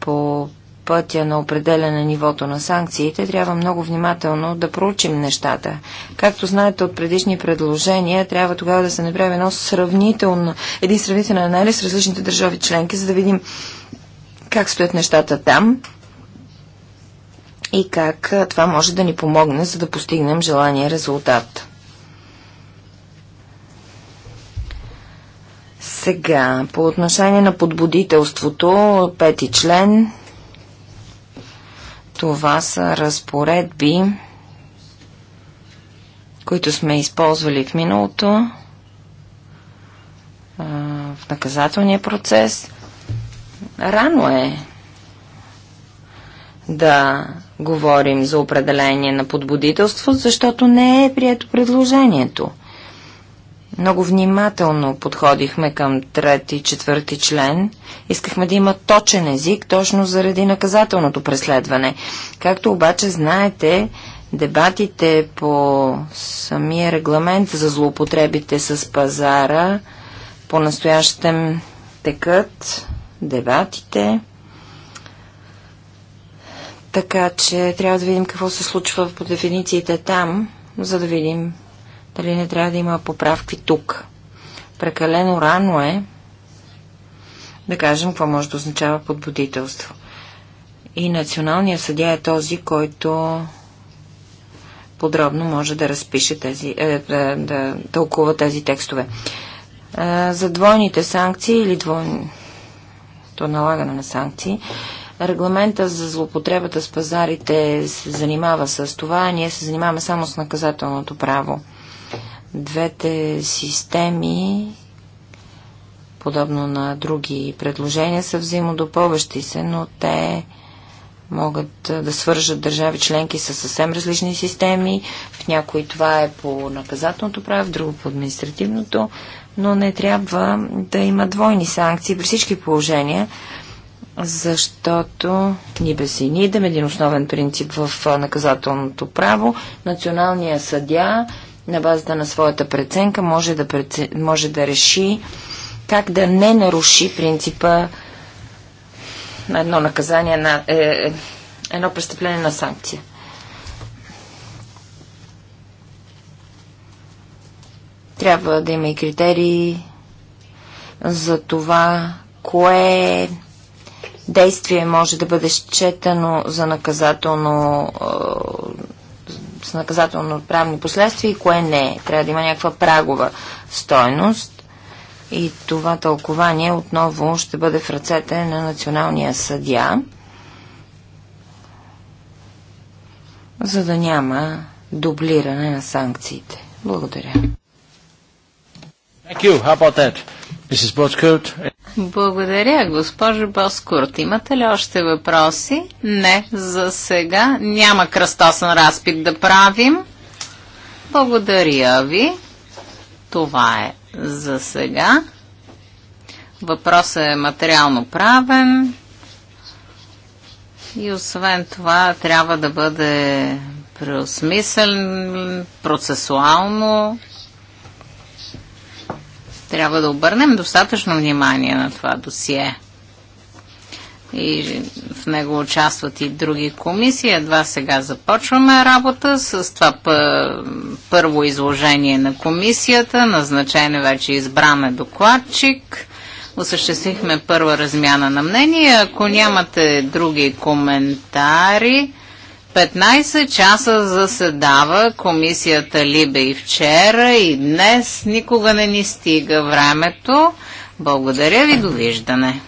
по пътя на определяне нивото на санкциите, трябва много внимателно да проучим нещата. Както знаете от предишни предложения, трябва тогава да се направи едно сравнително, един сравнителен анализ с различните държави членки, за да видим как стоят нещата там и как това може да ни помогне, за да постигнем желания резултат. Сега, по отношение на подбудителството, пети член, това са разпоредби, които сме използвали в миналото, в наказателния процес. Рано е да говорим за определение на подбудителство, защото не е прието предложението – много внимателно подходихме към трети, четвърти член. Искахме да има точен език, точно заради наказателното преследване. Както обаче знаете, дебатите по самия регламент за злоупотребите с пазара по-настоящем текат дебатите. Така че трябва да видим какво се случва по дефинициите там, за да видим дали не трябва да има поправки тук. Прекалено рано е да кажем какво може да означава подбудителство. И националният съдя е този, който подробно може да разпише тези, е, да, да тълкува тези текстове. Е, за двойните санкции или двойното налагане на санкции, регламента за злопотребата с пазарите се занимава с това, а ние се занимаваме само с наказателното право. Двете системи, подобно на други предложения, са взаимодопълващи се, но те могат да свържат държави членки с съвсем различни системи. В някои това е по наказателното право, в друго по административното, но не трябва да има двойни санкции при всички положения, защото ни идем един основен принцип в наказателното право. Националния съдя на базата на своята преценка може да, прецен... може да реши как да не наруши принципа на едно наказание, на е, едно престъпление на санкция. Трябва да има и критерии за това, кое действие може да бъде счетено за наказателно е, с наказателно-правни последствия и кое не е. Трябва да има някаква прагова стойност и това тълкование отново ще бъде в ръцете на националния съдя, за да няма дублиране на санкциите. Благодаря. Thank you. How about that? Mrs. Благодаря, госпожо Боскурт. Имате ли още въпроси? Не, за сега няма кръстосен разпит да правим. Благодаря ви. Това е за сега. Въпросът е материално правен и освен това трябва да бъде преосмислен процесуално трябва да обърнем достатъчно внимание на това досие. И в него участват и други комисии. Едва сега започваме работа с това първо изложение на комисията. Назначен е вече избран е докладчик. Осъществихме първа размяна на мнение. Ако нямате други коментари, 15 часа заседава комисията Либе и вчера и днес никога не ни стига времето. Благодаря ви, довиждане.